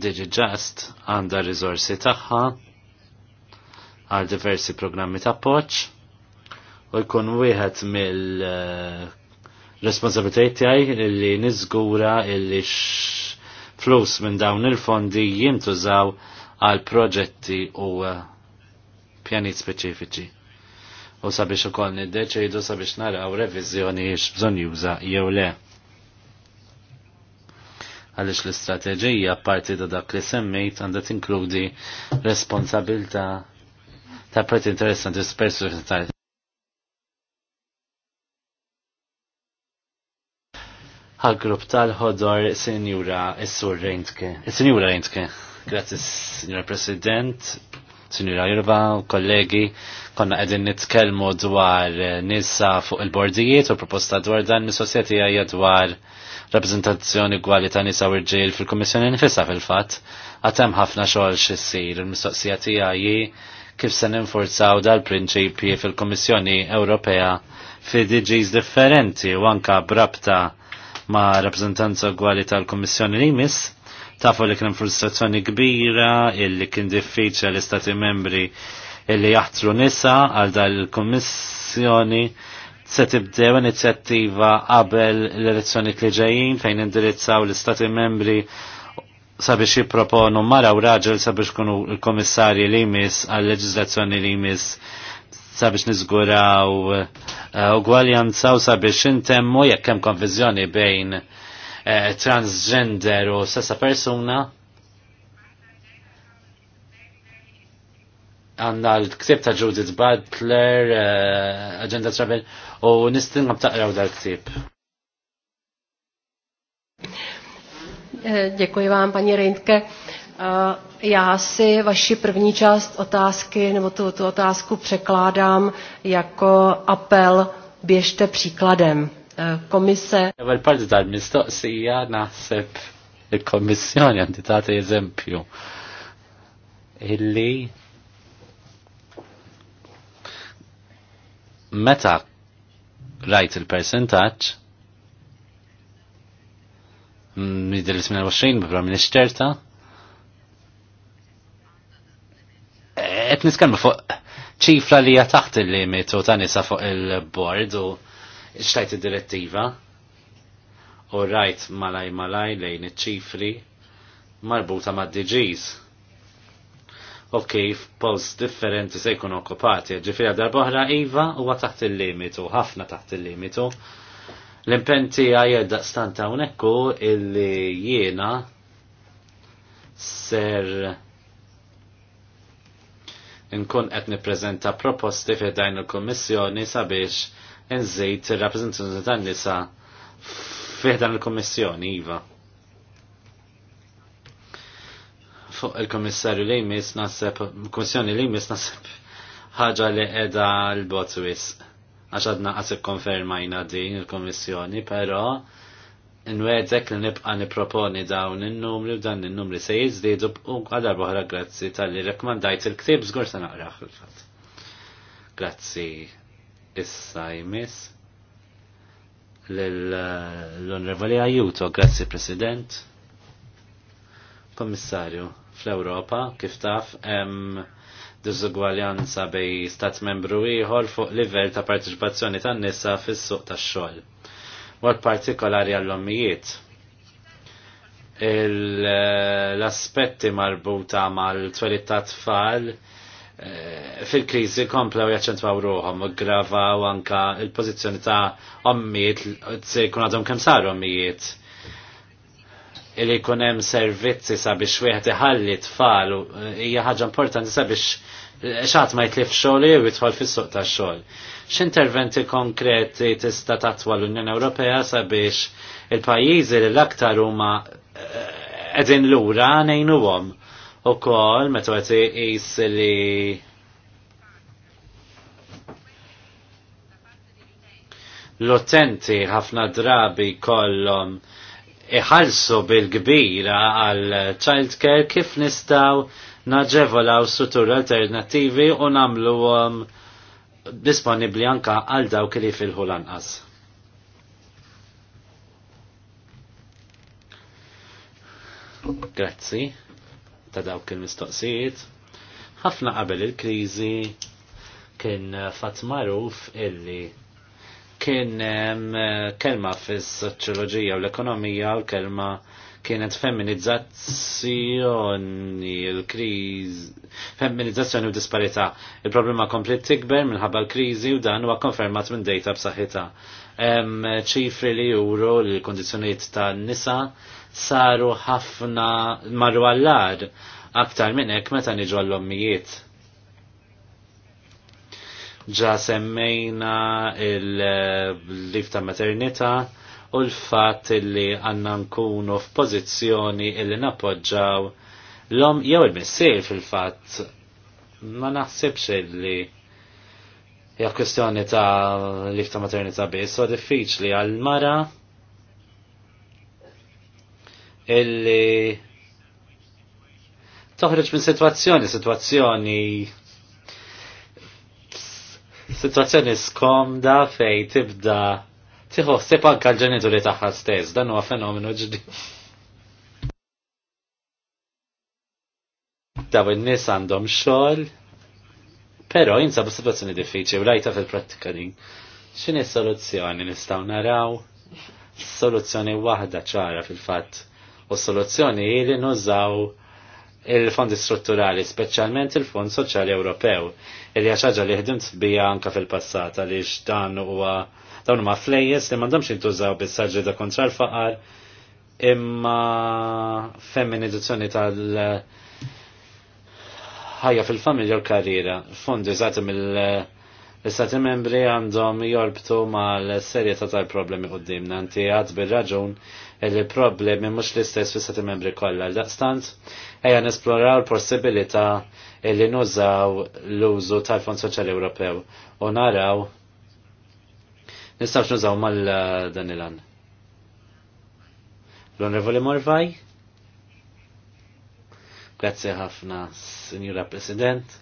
Digi Just għandha riżorsi tagħha għal diversi programmi ta' poċ u jkun wieħed mill responsabilitajiet tiegħi li niżgura illi flus minn dawn il-fondi jintużaw għal proġetti u pjanit speċifiċi. U sabiex ukoll niddeċidu sabiex naraw reviżjoni x bżon juża jew le. Għaliex l-istrateġija parti da dak li semmejt għandha tinkludi responsabilta ta' parti interessanti spesso tal għal-grupp tal-ħodor Senjura Is-Sur Reintke. Senjura Reintke, grazie Senjura President, Sinjura Jirba u kollegi konna qegħdin nitkellmu dwar eh, nisa fuq il-bordijiet u proposta dwar dan mis-sosjeti għajja dwar rappresentazzjoni gwali ta' nisa u rġil fil komissjoni nifissa fil-fatt għatem ħafna xogħol xissir il-mistoqsija tiegħi kif se ninforzaw dal-prinċipji fil-Kummissjoni Ewropea fi DGs differenti u anka brabta ma' rappresentanza gwali tal-Kummissjoni li Tafu li kien frustrazzjoni kbira illi kien diffiċa l-istati membri illi jaħtru nisa għal dal-kommissjoni se tibdew inizjattiva qabel l-elezzjoni li ġejjin fejn indirizzaw l-istati membri sabiex jipproponu mara u raġel sabiex kunu l-komissarji li jmiss għal leġizlazzjoni li jmiss sabiex nizguraw eh, ugwaljanza u sabiex intemmu jekk hemm konfiżjoni bejn Eh, transgender u sessa persuna għanna l-ktib ta' Judith Butler, eh, Agenda Travel, u nistin nistingam taqraw dal-ktib. Eh, děkuji vám, paní Reintke. Já si vaši první část otázky, nebo tu, tu otázku překládám jako apel běžte příkladem. Eh, kommissar. Għal parti tal-mistoqsija naħseb il komissjoni għandi tagħti eżempju illi meta rajt il-percentaċ midil 20 bibra minn iċċerta et eh, niskalma fuq ċifra li jataħt il-limit u ta' nisa fuq il-bord u Ixtajt id-direttiva u rajt malaj malaj lejn iċ-ċifri marbuta ma' DGs. U kif post differenti se jkun okkupati, ġifiri boħra Iva huwa taħt il-limitu, ħafna taħt il-limitu. L-impenti għajed daqstanta unekku illi jiena ser nkun qed nippreżenta proposti fi dajn il-Kummissjoni sabiex nżejt il-rappresentanti tan nisa fiħdan il-kommissjoni, Iva. Fuq il-kommissarju li jmiss nasib, kommissjoni li jmiss nasib ħaġa li edha l-Botswis. Għax għadna għasib konfermajna din il-kommissjoni, pero nwedek li nibqa niproponi dawn il-numri u dan il-numri se jizdidu u għadar boħra grazzi tal-li rekomandajt il-ktib zgur sa naqraħ il-fat. Grazzi issa jmiss eh, l-Onrevoli Ajuto, grazzi President, Kommissarju, fl-Europa, kif taf, em diżugwaljanza bej stat membru ieħor fuq livell ta' partiċipazzjoni tan nisa fis-suq tax-xogħol. Mod partikolari għall-ommijiet, eh, l-aspetti marbuta mal-twelit tat tfal Eh, fil-krizi komplew jaċċentwaw ruħom u gravaw anka il-pozizjoni ta' ommijiet, se kun għadhom kem saru ommijiet. Illi kun hemm servizzi sabiex wieħed iħalli tfal eh, hija ħaġa importanti sabiex eh, xatt ma jitlif xogħol u jitħol fis-suq tax-xogħol. X'interventi konkreti tista' tatwa l-Unjoni Ewropea sabiex il-pajjiżi li l-aktar huma qegħdin lura ngħinuhom u kol meta għet jis li l-utenti ħafna drabi kollom iħalsu bil-kbira għal child care kif nistaw naġevolaw sutur alternativi u namlu għom um, disponibli anka għal dawk li filħu lanqas. Grazzi ta' dawk il-mistoqsijiet. Ħafna qabel il-kriżi kien eh, fatt magħruf illi kien eh, kelma fis-soċjoloġija u l-ekonomija u kelma kienet femminizzazzjoni l-kriż femminizzazzjoni u disparità. Il-problema komplet tikber minħabba l-kriżi u dan huwa konfermat minn dejta b'saħħitha. Ċifri li juru l kondizjonijiet tan-nisa saru ħafna marru għallar aktar minn hekk meta niġu għall-ommijiet. Ġa semmejna il-lif ta' maternità u l-fatt li għanna nkunu f'pożizzjoni illi nappoġġaw l-om jew il messir fil-fatt ma naħsibx illi hija kwestjoni ta' lif ta' maternità biss, so diffiċli għal-mara illi toħroġ minn situazzjoni, situazzjoni situazzjoni skomda fej tibda tiħossib anka l-ġenituri tagħha stess, dan huwa fenomenu ġdi. Daw in-nies għandhom xogħol, però jinsabu situazzjoni diffiċli u rajta fil-prattika din. X'inhi soluzzjoni nistgħu naraw? Soluzzjoni waħda ċara fil-fatt U soluzzjoni li nużaw il-fondi strutturali, speċjalment il-Fond Soċjali Ewropew, li ħaġa li ħdimt bija anka fil-passat għaliex dan huwa dawn huma flejjes li m'għandhomx jintużaw bis-saġġida kontra l-faqar imma femminizzazzjoni tal- ħajja fil-familja u l-karriera. Fondi żgħati mill- Is-Sati membri għandhom jorbtu mal serjetà tal-problemi għoddim nanti għad bil-raġun li problemi mhux l-istess fl-istati membri kollha l-daqstant ejja nesploraw l-possibilità li nużaw l-użu tal-Fond Soċjali Ewropew u naraw nistax nużaw mal-dan il-għan. l onrevoli Morvaj? Grazie ħafna, Signora President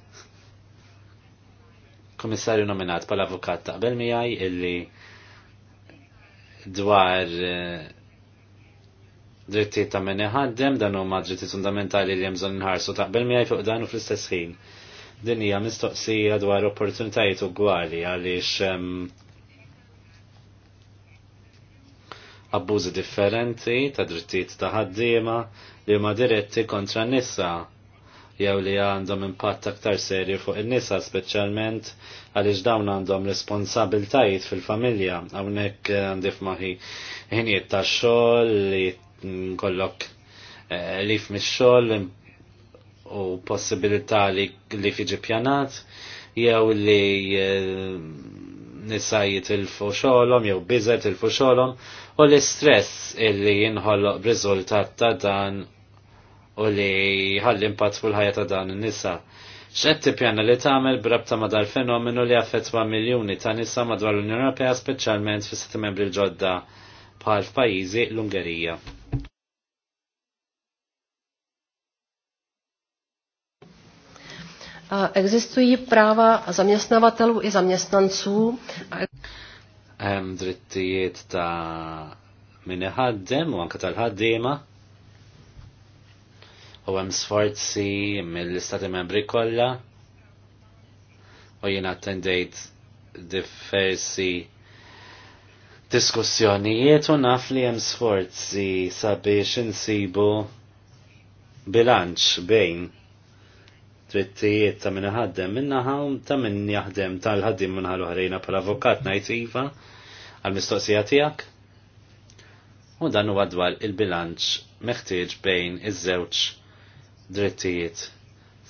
komissarju nominat pal avukat taqbel Mijaj illi dwar eh, drittijiet ta' minn iħaddem dan huma drittijiet fundamentali li jemżon nħarsu inħarsu taqbel miegħi fuq dan u fl-istess ħin. Din hija mistoqsija dwar opportunitajiet ugwali għaliex ehm, abbużi differenti ta' drittijiet ta' ħaddiema li huma diretti kontra nisa' jew li għandhom impatt aktar serju fuq in-nisa speċjalment għaliex dawn għandhom responsabiltajiet fil-familja hawnhekk għandif maħi ħinijiet tax-xogħol li kollok eh, lif mix-xogħol u possibilità li li fiġi pjanat jew li eh, nisa jitilfu xogħolhom jew biża jitilfu xogħolhom u l-istress illi jinħolloq b'riżultat ta' dan u li ħalli impatt fuq il-ħajja ta' dan in-nisa. X'qed tippjana li tagħmel brabta madar fenomenu li affettwa miljuni ta' nisa madwar l-Unjoni Ewropea speċjalment fis sitt membri l-ġodda bħal pajjiżi l-Ungerija. Eżistu práva zaměstnavatelů i zaměstnanců. Dritti drittijiet ta' min ħaddem u anke tal-ħaddiema u hemm sforzi mill-Istati Membri kollha u jien attendejt diversi diskussjonijiet u naf li hemm sforzi sabiex insibu bilanċ bejn drittijiet ta' minna ħaddem minna ħawm ta' minn jaħdem tal-ħaddim minna ħalu oħrejna pal avukat najtiva għal-mistoqsija tiegħek. U dan huwa dwar il-bilanċ meħtieġ bejn iż-żewġ drittijiet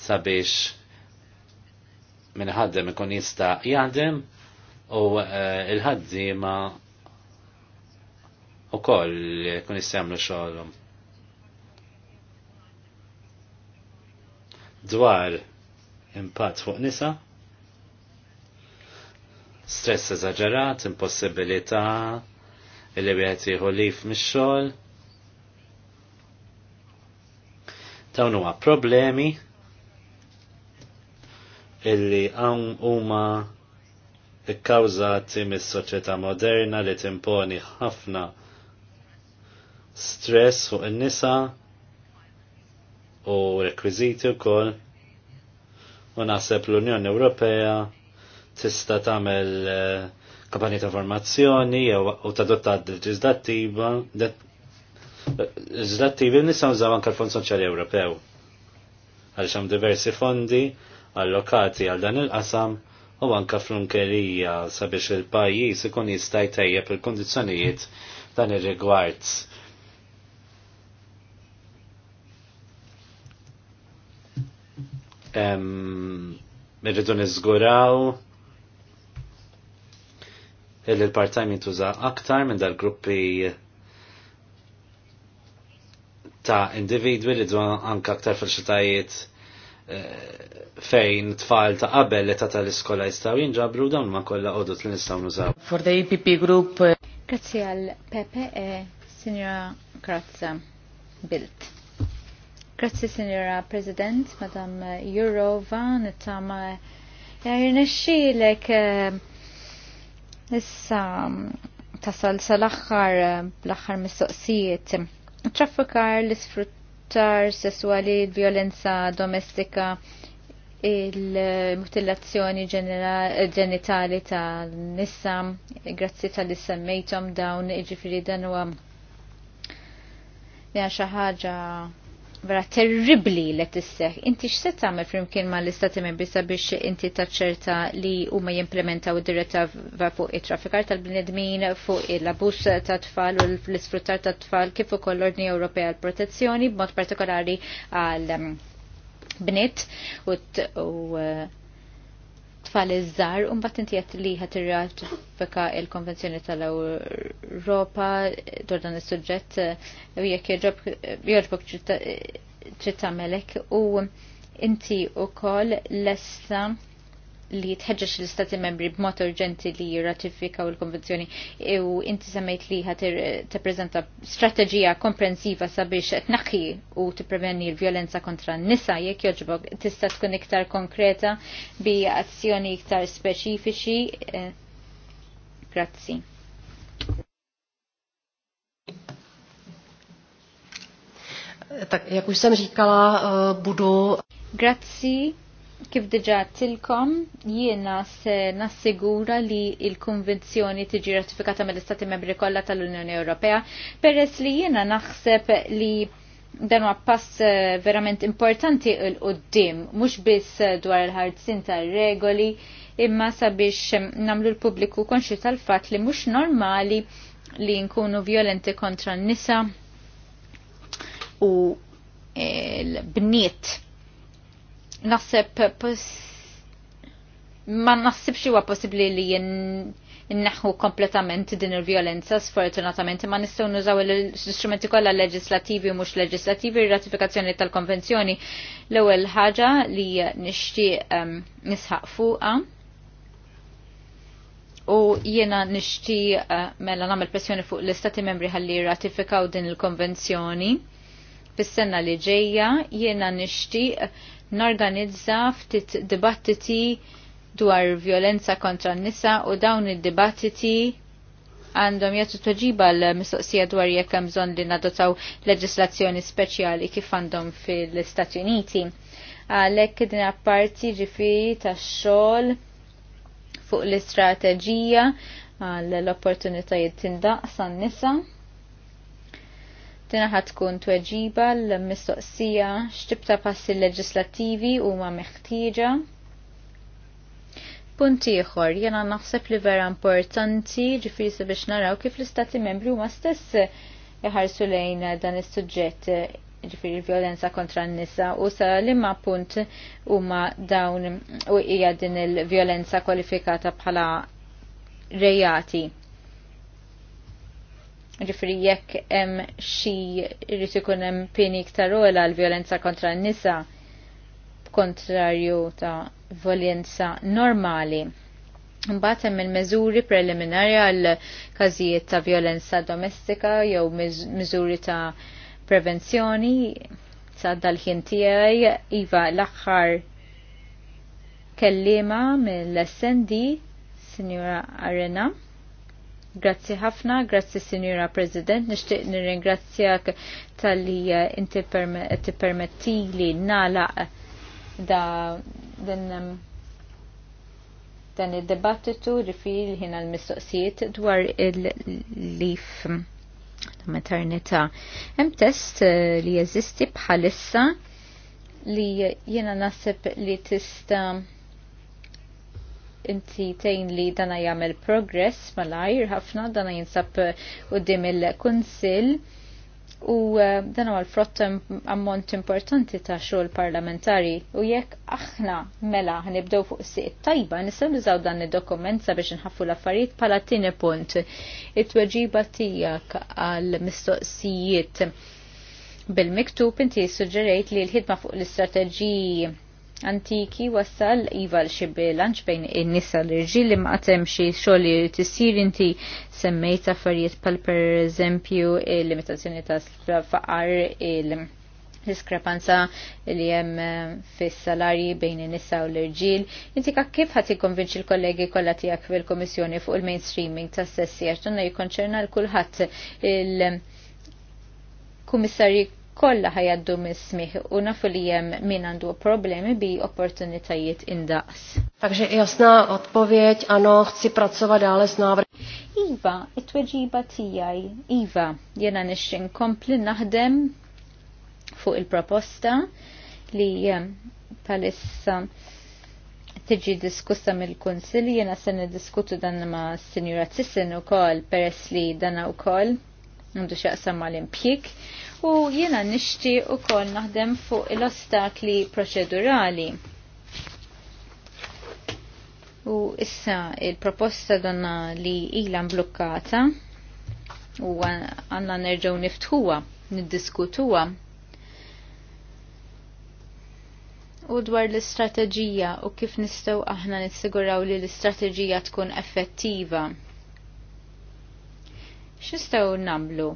sabiex minħaddem ikun jista jaħdem u eh, il-ħaddima u koll kun jistamlu xoħlum. Dwar impatt fuq nisa, stress eżagġerat, impossibilità, il-li bieħet jieħu lif mix-xogħol, Dawn huwa problemi illi hawn huma ikkawżati mis-soċjetà moderna li timponi ħafna stress fuq in-nisa u rekwiżiti wkoll u naħseb l-Unjoni Ewropea tista' tagħmel eh, kampanja ta' formazzjoni jew u tadotta leġislattiva leġislattivi nistgħu nżaw anka l-Fond Soċjali Ewropew. Għaliex hemm diversi fondi allokati għal dan il-qasam u anke flunkerija sabiex il-pajjiż ikun jista' jtejjeb il-kondizzjonijiet dan ir-rigward. Irridu niżguraw il l-part-time jintuża aktar minn dal-gruppi ta' individwi li dwan anka aktar fil-xitajiet eh, fejn tfal ta' qabel li ta' tal-iskola jistaw jinġabru dawn ma' kolla għodut li nistaw nużaw. For the EPP group. Eh. Grazie għal PPE, e Signora Grazza Bilt. Grazie, Signora President, Madam Jurova, nittama jirnexxilek eh, issa tasal sal-axħar bl-axħar mistoqsijiet traffikar l-isfruttar sessuali, l-violenza domestika, il-mutilazzjoni ġenitali ta' nissa, grazzi tal-li semmejtom dawn, iġifiri dan u għam. Ja, xaħġa vera terribli li tisseħ. Inti x'se tagħmel flimkien mal istati membri sabiex inti taċċerta li huma jimplementaw id-direttiva fuq it-traffikar tal-bnedmin fuq il abus ta' tfal u l-isfruttar ta' tfal kif ukoll l-Ordni Ewropea għall protezzjoni b'mod partikolari għal mm, bnet u uh, tfal iż-żar u mbagħad inti qed li ħadd l-Konvenzjoni tal-Ewropa dwar dan is-suġġett u jekk jogħġbok trid tagħmelek u inti wkoll lesta li tħeġġeġ l-istati membri b'mod urġenti li jirratifikaw il-konvenzjoni u inti semmejt li ħatir t-prezenta strategija komprensiva sabiex tnaħħi u t-preveni l-violenza kontra n-nisa jek joġbog tista tkun iktar konkreta bi azzjoni iktar speċifiċi. Eh, grazzi. Tak, jak už jsem říkala, eh, budu... Grazzi Kif diġa tilkom, jiena se nassigura li il-konvenzjoni tiġi ratifikata mill-Istati Membri kollha tal-Unjoni Ewropea, peress li jiena naħseb li dan huwa pass eh, verament importanti l qoddim mhux biss dwar il ħarsin tar-regoli, imma sabiex eh, namlu l-pubbliku konxi tal-fatt li mhux normali li nkunu violenti kontra n-nisa u eh, l-bniet naħseb ma naħsibx huwa possibbli li inneħħu kompletament din il-violenza sfortunatament ma nistgħu nużaw l-istrumenti kollha leġislativi u mhux leġislativi ratifikazzjoni tal-konvenzjoni l-ewwel ħaġa li nixtieq ehm, nisħaq fuqha u jiena nixtieq eh, mela nagħmel pressjoni fuq l-istati membri ħalli ratifikaw din il-konvenzjoni fis-sena li ġejja jiena nixtieq norganizza ftit dibattiti dwar violenza kontra n-nisa u dawn id-dibattiti għandhom jagħtu toġiba l-mistoqsija dwar jekk hemm bżonn li nadotaw leġislazzjoni speċjali kif għandhom fil-Istati Uniti. Għalhekk din apparti ġifieri tax-xogħol fuq l-istrateġija għall l-opportunitajiet tindaqsa n-nisa. Tinaħat tkun tweġiba l-mistoqsija x'tibta passi leġislattivi huma meħtieġa. Punt ieħor, jena naħseb li vera importanti ġifieri sabiex naraw kif l-istati membri huma stess iħarsu lejn dan is-suġġett ġifiri violenza kontra n-nisa u sa limma punt huma dawn u hija din il-violenza kwalifikata bħala rejati. Ġifri jekk hemm xi jrid ikun hemm pieni iktar ola l-vjolenza kontra n-nisa kontrarju ta' violenza normali. Mbagħad hemm il-meżuri preliminari għal każijiet ta' violenza domestika jew miżuri ta' prevenzjoni sa' dal-ħin tiegħi iva l-aħħar kellima mill-SND, Signora Arena. Grazzi ħafna, grazzi Sinjura President, nishtiq nirringrazzjak tal-li eh, inti permetti li nala eh, da dan dan il-debattitu rifil ħin l mistoqsijiet dwar il-lif mm, maternita. Hemm test eh, li jeżisti bħalissa li jena nasib li tista' inti tejn li dana jagħmel progress malajr ħafna dana jinsab qudiem il-Kunsill u eh, dan huwa l-frott ammont importanti ta' xogħol parlamentari u jekk aħna mela ħnibdew fuq siq tajba nisem nużaw dan id-dokument sabiex inħaffu l-affarijiet bħala tieni punt it-tweġiba tiegħek għall mistoqsijiet bil-miktub inti suġġerejt li l-ħidma fuq l-istrateġiji antiki wassal iva l lanċ bejn in-nisa l-irġil li ma xie xi xogħol li inti semmejt affarijiet pal per eżempju il-limitazzjoni ta' faqar il- diskrepanza li hemm eh, fis-salarji bejn in-nisa u l-irġiel. Inti kif ħadd ikkonvinċi l-kollegi kollha tiegħek fil-Kummissjoni fuq il-mainstreaming tas-sessi għax jikonċerna jikkonċerna l kulħadd il-kummissarji kollha ħajaddu mis-smih u nafu li jem min għandu problemi bi opportunitajiet indaqs. Takže jasna odpowiedź, għano chci pracovat dále s Iva, it-tweġiba tiegħi, Iva, jiena nixin kompli naħdem fuq il-proposta li eh, palissa tiġi diskussa mill-Kunsilli, jena se diskutu dan ma' Sinjura Tissin u kol peress li dan u kol għandu xaqsam mal l-impjik u jiena nishti u kol naħdem fuq l-ostakli proċedurali. U issa il-proposta donna li ilan mblukkata u għanna nerġaw niftħuwa, niddiskutuwa. U dwar l-istrateġija u kif nistaw aħna nissiguraw li l-istrateġija tkun effettiva. X'nistgħu nagħmlu?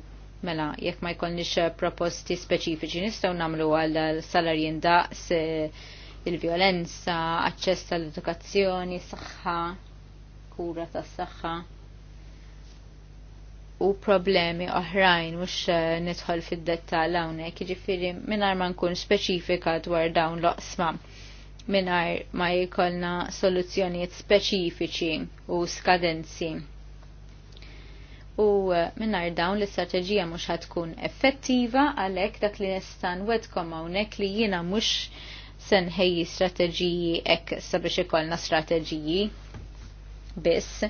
Mela, jekk ma jkollniex eh, proposti speċifiċi nistgħu nagħmlu għal salarjin daqs eh, il-violenza, aċċess tal-edukazzjoni, saħħa, kura tas-saħħa u problemi oħrajn mhux eh, nidħol fid-dettall hawnhekk, jiġifieri mingħajr ma nkun speċifika dwar dawn l-oqsma mingħajr ma jkollna soluzzjonijiet speċifiċi u skadenzi u eh, minnar dawn l-istrateġija mux ħatkun effettiva għalek dak li nistan wedkom għawnek li jina mux senħeji strateġiji ek sabiex ikollna strateġiji biss.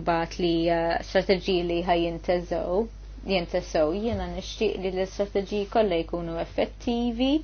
Mbaħt li eh, strateġiji li ħajjintezzaw jintessaw jena nishtiq li l-istrateġiji kollha jkunu effettivi